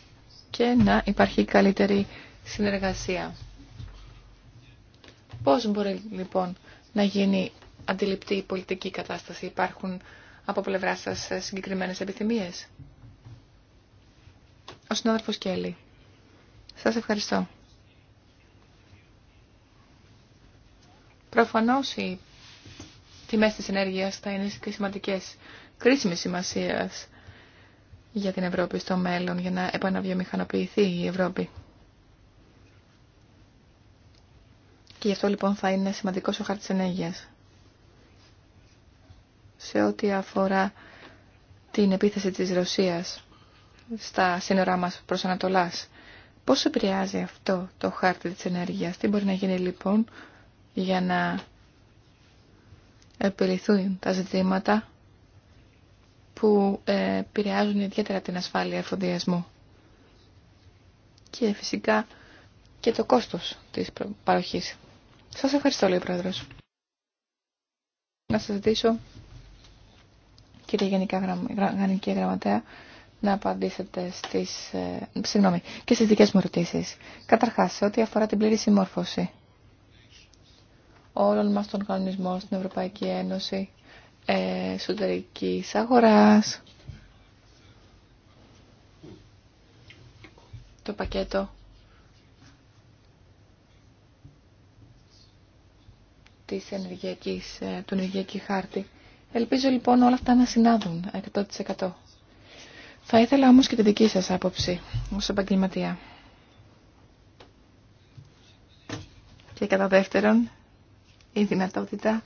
και να υπάρχει καλύτερη συνεργασία. Πώς μπορεί λοιπόν να γίνει αντιληπτή η πολιτική κατάσταση, υπάρχουν από πλευρά σας συγκεκριμένες επιθυμίες. Ο συνάδελφος Κέλλη. Σας ευχαριστώ. Προφανώς η τιμέ της ενέργειας θα είναι και σημαντικές, σημασία σημασίας για την Ευρώπη στο μέλλον, για να επαναβιομηχανοποιηθεί η Ευρώπη. Και γι' αυτό λοιπόν θα είναι σημαντικός ο χάρτης ενέργειας. Σε ό,τι αφορά την επίθεση της Ρωσίας στα σύνορά μας προς Ανατολάς, πώς επηρεάζει αυτό το χάρτη της ενέργειας, τι μπορεί να γίνει λοιπόν για να επιληθούν τα ζητήματα που ε, επηρεάζουν ιδιαίτερα την ασφάλεια εφοδιασμού και φυσικά και το κόστος της παροχής. Σας ευχαριστώ, λέει ο Πρόεδρος. Να σας ζητήσω, κύριε Γενικά Γραμματέα, να απαντήσετε στις, ε, συγγνώμη, και στις δικές μου ερωτήσεις. Καταρχάς, σε ό,τι αφορά την πλήρη συμμόρφωση όλων μας των κανονισμών στην Ευρωπαϊκή Ένωση εσωτερική αγοράς. Το πακέτο της ενεργειακής, ε, του ενεργειακή χάρτη. Ελπίζω λοιπόν όλα αυτά να συνάδουν 100%. Θα ήθελα όμως και τη δική σας άποψη ως επαγγελματία. Και κατά δεύτερον, η δυνατότητα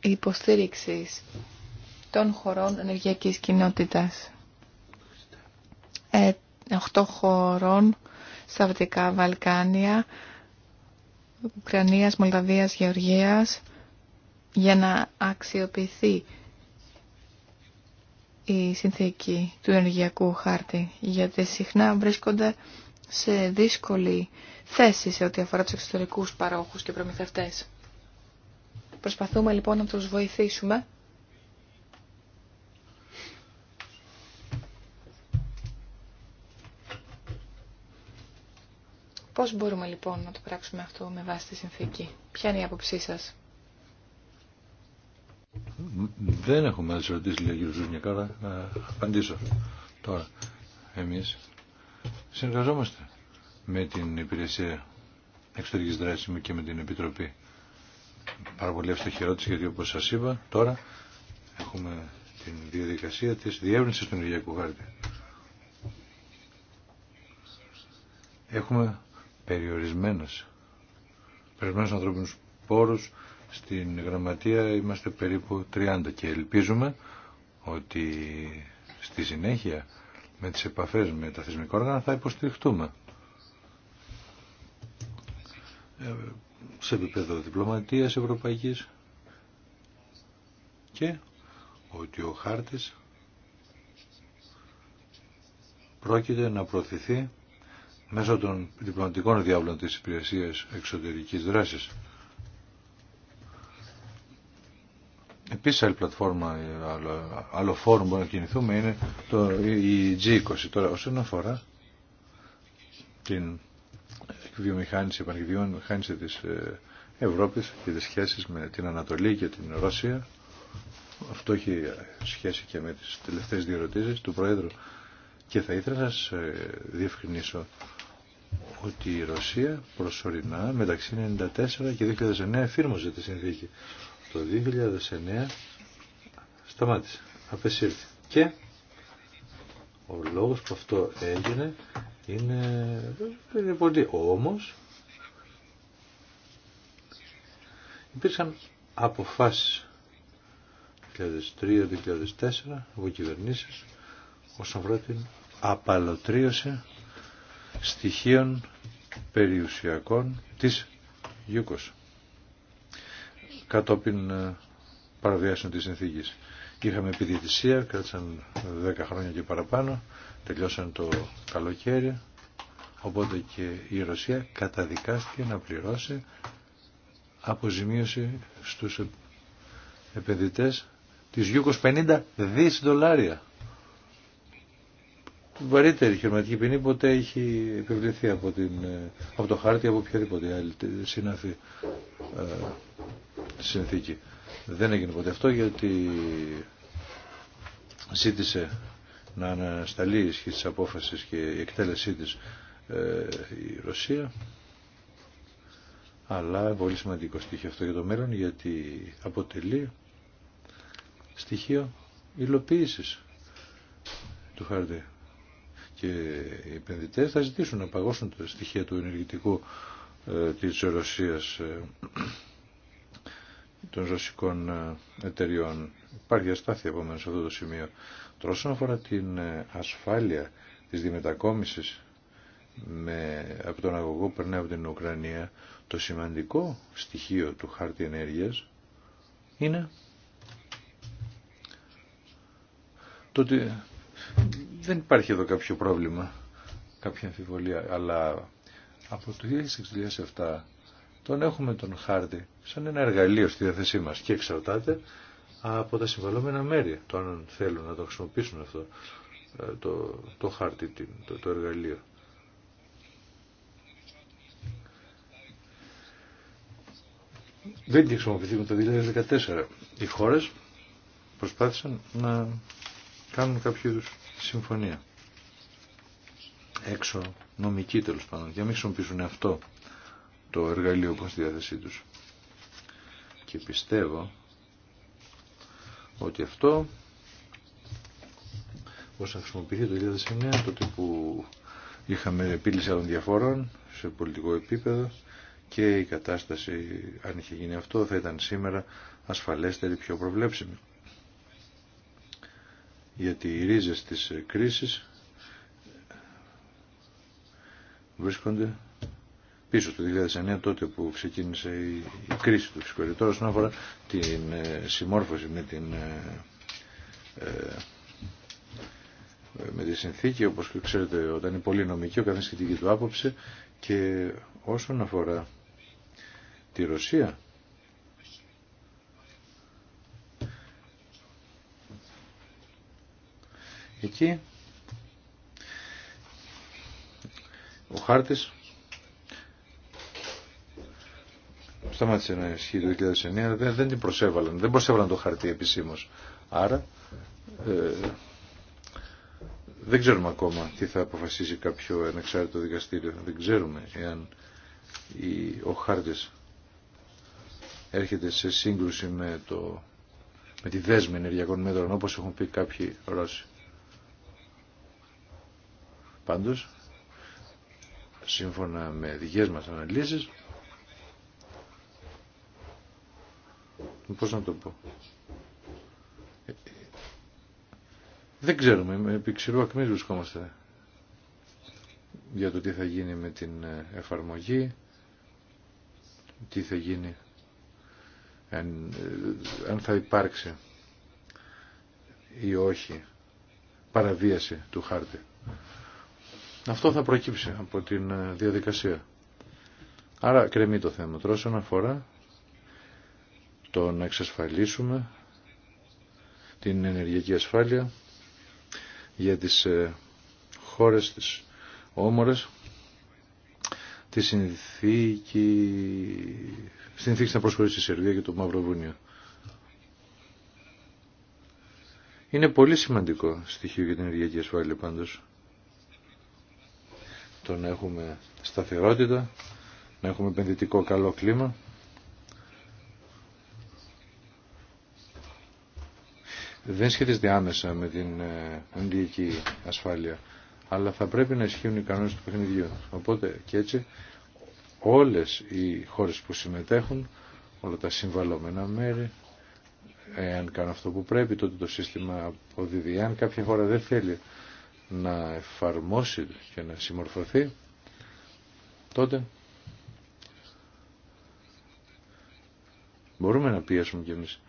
υποστήριξης των χωρών ενεργειακής κοινότητας. Ε, 8 χωρών, Σαββατικά Βαλκάνια, Ουκρανίας, Μολδαβίας, Γεωργίας, για να αξιοποιηθεί η συνθήκη του ενεργειακού χάρτη, γιατί συχνά βρίσκονται σε δύσκολη θέση σε ό,τι αφορά τους εξωτερικούς παρόχους και προμηθευτές. Προσπαθούμε λοιπόν να τους βοηθήσουμε. Πώς μπορούμε λοιπόν να το πράξουμε αυτό με βάση τη συνθήκη. Ποια είναι η άποψή σας. Δεν έχουμε άλλες ερωτήσεις, λέει ο κ. να απαντήσω τώρα. Εμείς συνεργαζόμαστε με την υπηρεσία εξωτερικής δράσης και με την Επιτροπή. Πάρα πολύ εύστοχη ερώτηση γιατί όπως σας είπα τώρα έχουμε τη διαδικασία της διεύρυνσης του ενεργειακού χάρτη. Έχουμε περιορισμένες, περιορισμένους ανθρώπινους πόρους στην γραμματεία είμαστε περίπου 30 και ελπίζουμε ότι στη συνέχεια με τις επαφές με τα θεσμικά όργανα θα υποστηριχτούμε. Ε, σε επίπεδο διπλωματίας ευρωπαϊκής και ότι ο χάρτης πρόκειται να προωθηθεί μέσω των διπλωματικών διάβλων της υπηρεσίας εξωτερικής δράσης. Επίσης άλλη πλατφόρμα, άλλο, άλλο φόρουμ που να κινηθούμε είναι το, η G20. Τώρα όσον αφορά την βιομηχάνηση, μηχάνηση της ε, Ευρώπης και τις σχέσεις με την Ανατολή και την Ρωσία, αυτό έχει σχέση και με τις τελευταίες ερωτήσεις του Προέδρου και θα ήθελα να σας ε, διευκρινίσω ότι η Ρωσία προσωρινά μεταξύ 1994 και 2009 εφήρμοζε τη συνθήκη το 2009 σταμάτησε, απεσύρθη. Και ο λόγος που αυτό έγινε είναι, είναι πολύ. Όμως υπήρξαν αποφάσεις 2003-2004 από κυβερνήσεις όσον αφορά την απαλωτρίωση στοιχείων περιουσιακών της Γιούκος κατόπιν ε, παραβιάσεων της συνθήκης. Είχαμε επιδιαιτησία, κράτησαν 10 χρόνια και παραπάνω, τελειώσαν το καλοκαίρι, οπότε και η Ρωσία καταδικάστηκε να πληρώσει αποζημίωση στους επενδυτές της Γιούκος 50 δις δολάρια. Βαρύτερη χειρματική ποινή ποτέ έχει επιβληθεί από, ε, από το χάρτη από οποιαδήποτε άλλη συνάφη ε, συνθήκη. Δεν έγινε ποτέ αυτό γιατί ζήτησε να ανασταλεί η ισχύ της απόφασης και η εκτέλεσή της ε, η Ρωσία. Αλλά πολύ σημαντικό στοιχείο αυτό για το μέλλον γιατί αποτελεί στοιχείο υλοποίησης του χάρτη. Και οι επενδυτέ θα ζητήσουν να παγώσουν τα στοιχεία του ενεργητικού ε, της Ρωσίας ε, των ρωσικών ε, εταιριών. Υπάρχει αστάθεια επομένως σε αυτό το σημείο. Τώρα όσον αφορά την ε, ασφάλεια της διμετακόμισης με, από τον αγωγό που περνάει από την Ουκρανία, το σημαντικό στοιχείο του χάρτη ενέργειας είναι το ότι δεν υπάρχει εδώ κάποιο πρόβλημα, κάποια αμφιβολία, αλλά από το 2006-2007 τον έχουμε τον χάρτη σαν ένα εργαλείο στη διάθεσή μας και εξαρτάται από τα συμβαλόμενα μέρη, το αν θέλουν να το χρησιμοποιήσουν αυτό ε, το, το χάρτη, το, το εργαλείο. Δεν είχε χρησιμοποιηθεί με το 2014. Οι χώρες προσπάθησαν να κάνουν κάποιο είδου συμφωνία. Έξω νομική τέλος πάντων. Για να μην χρησιμοποιήσουν αυτό το εργαλείο που έχουν στη διάθεσή τους και πιστεύω ότι αυτό όσο θα χρησιμοποιηθεί το 2009 τότε που είχαμε επίλυση άλλων διαφόρων σε πολιτικό επίπεδο και η κατάσταση αν είχε γίνει αυτό θα ήταν σήμερα ασφαλέστερη πιο προβλέψιμη γιατί οι ρίζες της κρίσης βρίσκονται πίσω στο 2009 τότε που ξεκίνησε η, κρίση του φυσικού Τώρα όσον αφορά την ε, συμμόρφωση με την ε, ε, με τη συνθήκη όπως ξέρετε όταν είναι πολύ νομική ο καθένας και του άποψη και όσον αφορά τη Ρωσία εκεί ο χάρτης σταμάτησε να ισχύει το 2009, δεν, δεν την προσέβαλαν, δεν προσέβαλαν το χαρτί επισήμω. Άρα ε, δεν ξέρουμε ακόμα τι θα αποφασίσει κάποιο ανεξάρτητο δικαστήριο. Δεν ξέρουμε εάν η, ο χάρτης έρχεται σε σύγκρουση με, το, με τη δέσμη ενεργειακών μέτρων όπως έχουν πει κάποιοι Ρώσοι. Πάντως, σύμφωνα με δικές μας αναλύσεις, πώς να το πω. Δεν ξέρουμε, επί ξηρού ακμής βρισκόμαστε για το τι θα γίνει με την ε, εφαρμογή, τι θα γίνει, ε, αν, θα υπάρξει ή όχι παραβίαση του χάρτη. Αυτό θα προκύψει από την ε, διαδικασία. Άρα κρεμεί το θέμα. Τώρα όσον αφορά το να εξασφαλίσουμε την ενεργειακή ασφάλεια για τις ε, χώρες της όμορες τη συνθήκη συνθήκη να προσχωρήσει στη Σερβία και το Μαυροβούνιο. Είναι πολύ σημαντικό στοιχείο για την ενεργειακή ασφάλεια πάντως το να έχουμε σταθερότητα, να έχουμε επενδυτικό καλό κλίμα δεν σχετίζεται άμεσα με την ε, ενδιακή ασφάλεια, αλλά θα πρέπει να ισχύουν οι κανόνες του παιχνιδιού. Οπότε και έτσι όλες οι χώρες που συμμετέχουν, όλα τα συμβαλώμενα μέρη, εάν κάνουν αυτό που πρέπει, τότε το σύστημα αποδίδει. Εάν κάποια χώρα δεν θέλει να εφαρμόσει και να συμμορφωθεί, τότε μπορούμε να πιέσουμε κι εμείς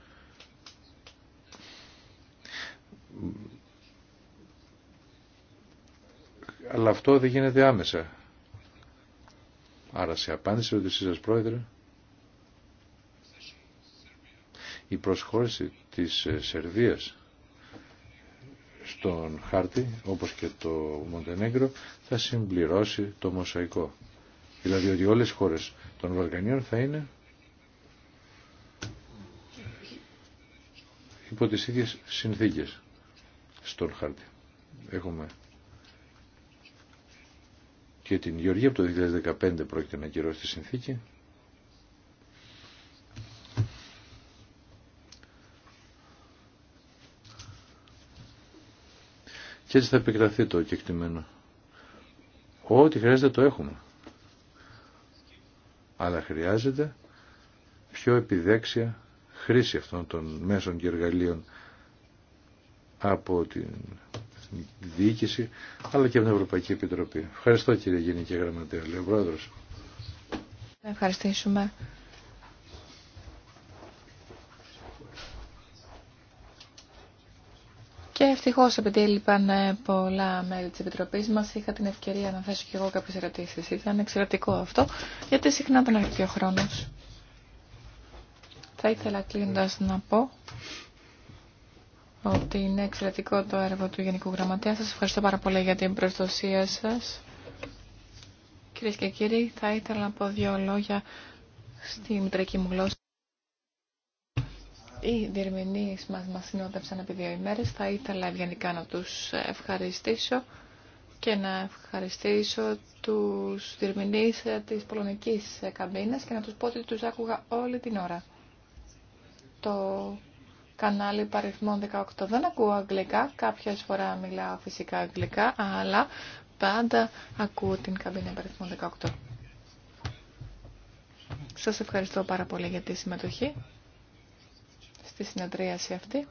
Αλλά αυτό δεν γίνεται άμεσα. Άρα σε απάντηση ότι σας πρόεδρε, η προσχώρηση της ε, Σερβίας στον χάρτη, όπως και το Μοντενέγκρο, θα συμπληρώσει το μοσαϊκό. Δηλαδή ότι όλες οι χώρες των Βαλκανίων θα είναι υπό τις ίδιες συνθήκες στον χάρτη. Έχουμε και την Γεωργία από το 2015 πρόκειται να κυρώσει τη συνθήκη. Και έτσι θα επικραθεί το κεκτημένο. Ό,τι χρειάζεται το έχουμε. Αλλά χρειάζεται πιο επιδέξια χρήση αυτών των μέσων και εργαλείων από την διοίκηση αλλά και από την Ευρωπαϊκή Επιτροπή. Ευχαριστώ κύριε Γενική Γραμματέα, λέει ο Ευχαριστήσουμε. Και ευτυχώ, επειδή έλειπαν ε, πολλά μέλη τη Επιτροπή μα, είχα την ευκαιρία να θέσω και εγώ κάποιε ερωτήσει. Ήταν εξαιρετικό αυτό, γιατί συχνά τον έρχεται ο χρόνο. Θα ήθελα κλείνοντα να πω ότι είναι εξαιρετικό το έργο του Γενικού Γραμματέα. Σας ευχαριστώ πάρα πολύ για την προστοσία σας. Κυρίε και κύριοι, θα ήθελα να πω δύο λόγια στη μητρική μου γλώσσα. Οι διερμηνείς μας μας συνόδευσαν επί δύο ημέρες. Θα ήθελα ευγενικά να τους ευχαριστήσω και να ευχαριστήσω τους διερμηνείς της πολωνικής καμπίνας και να τους πω ότι τους άκουγα όλη την ώρα. Το κανάλι παριθμών 18. Δεν ακούω αγγλικά, κάποια φορά μιλάω φυσικά αγγλικά, αλλά πάντα ακούω την καμπίνα παριθμών 18. Σας ευχαριστώ πάρα πολύ για τη συμμετοχή στη συνεδρίαση αυτή.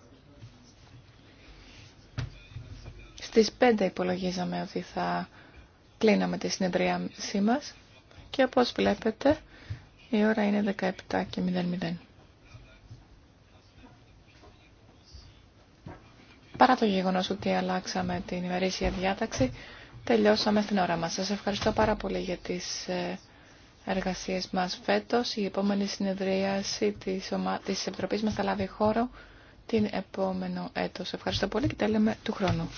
Στις 5 υπολογίζαμε ότι θα κλείναμε τη συνεδρίασή μας και όπως βλέπετε η ώρα είναι 17.00. Παρά το γεγονός ότι αλλάξαμε την ημερήσια διάταξη, τελειώσαμε στην ώρα μας. Σας ευχαριστώ πάρα πολύ για τις ε, εργασίες μας φέτος. Η επόμενη συνεδρίαση της, ομα... της Επιτροπής μας θα λάβει χώρο την επόμενο έτος. Ευχαριστώ πολύ και τα του χρόνου.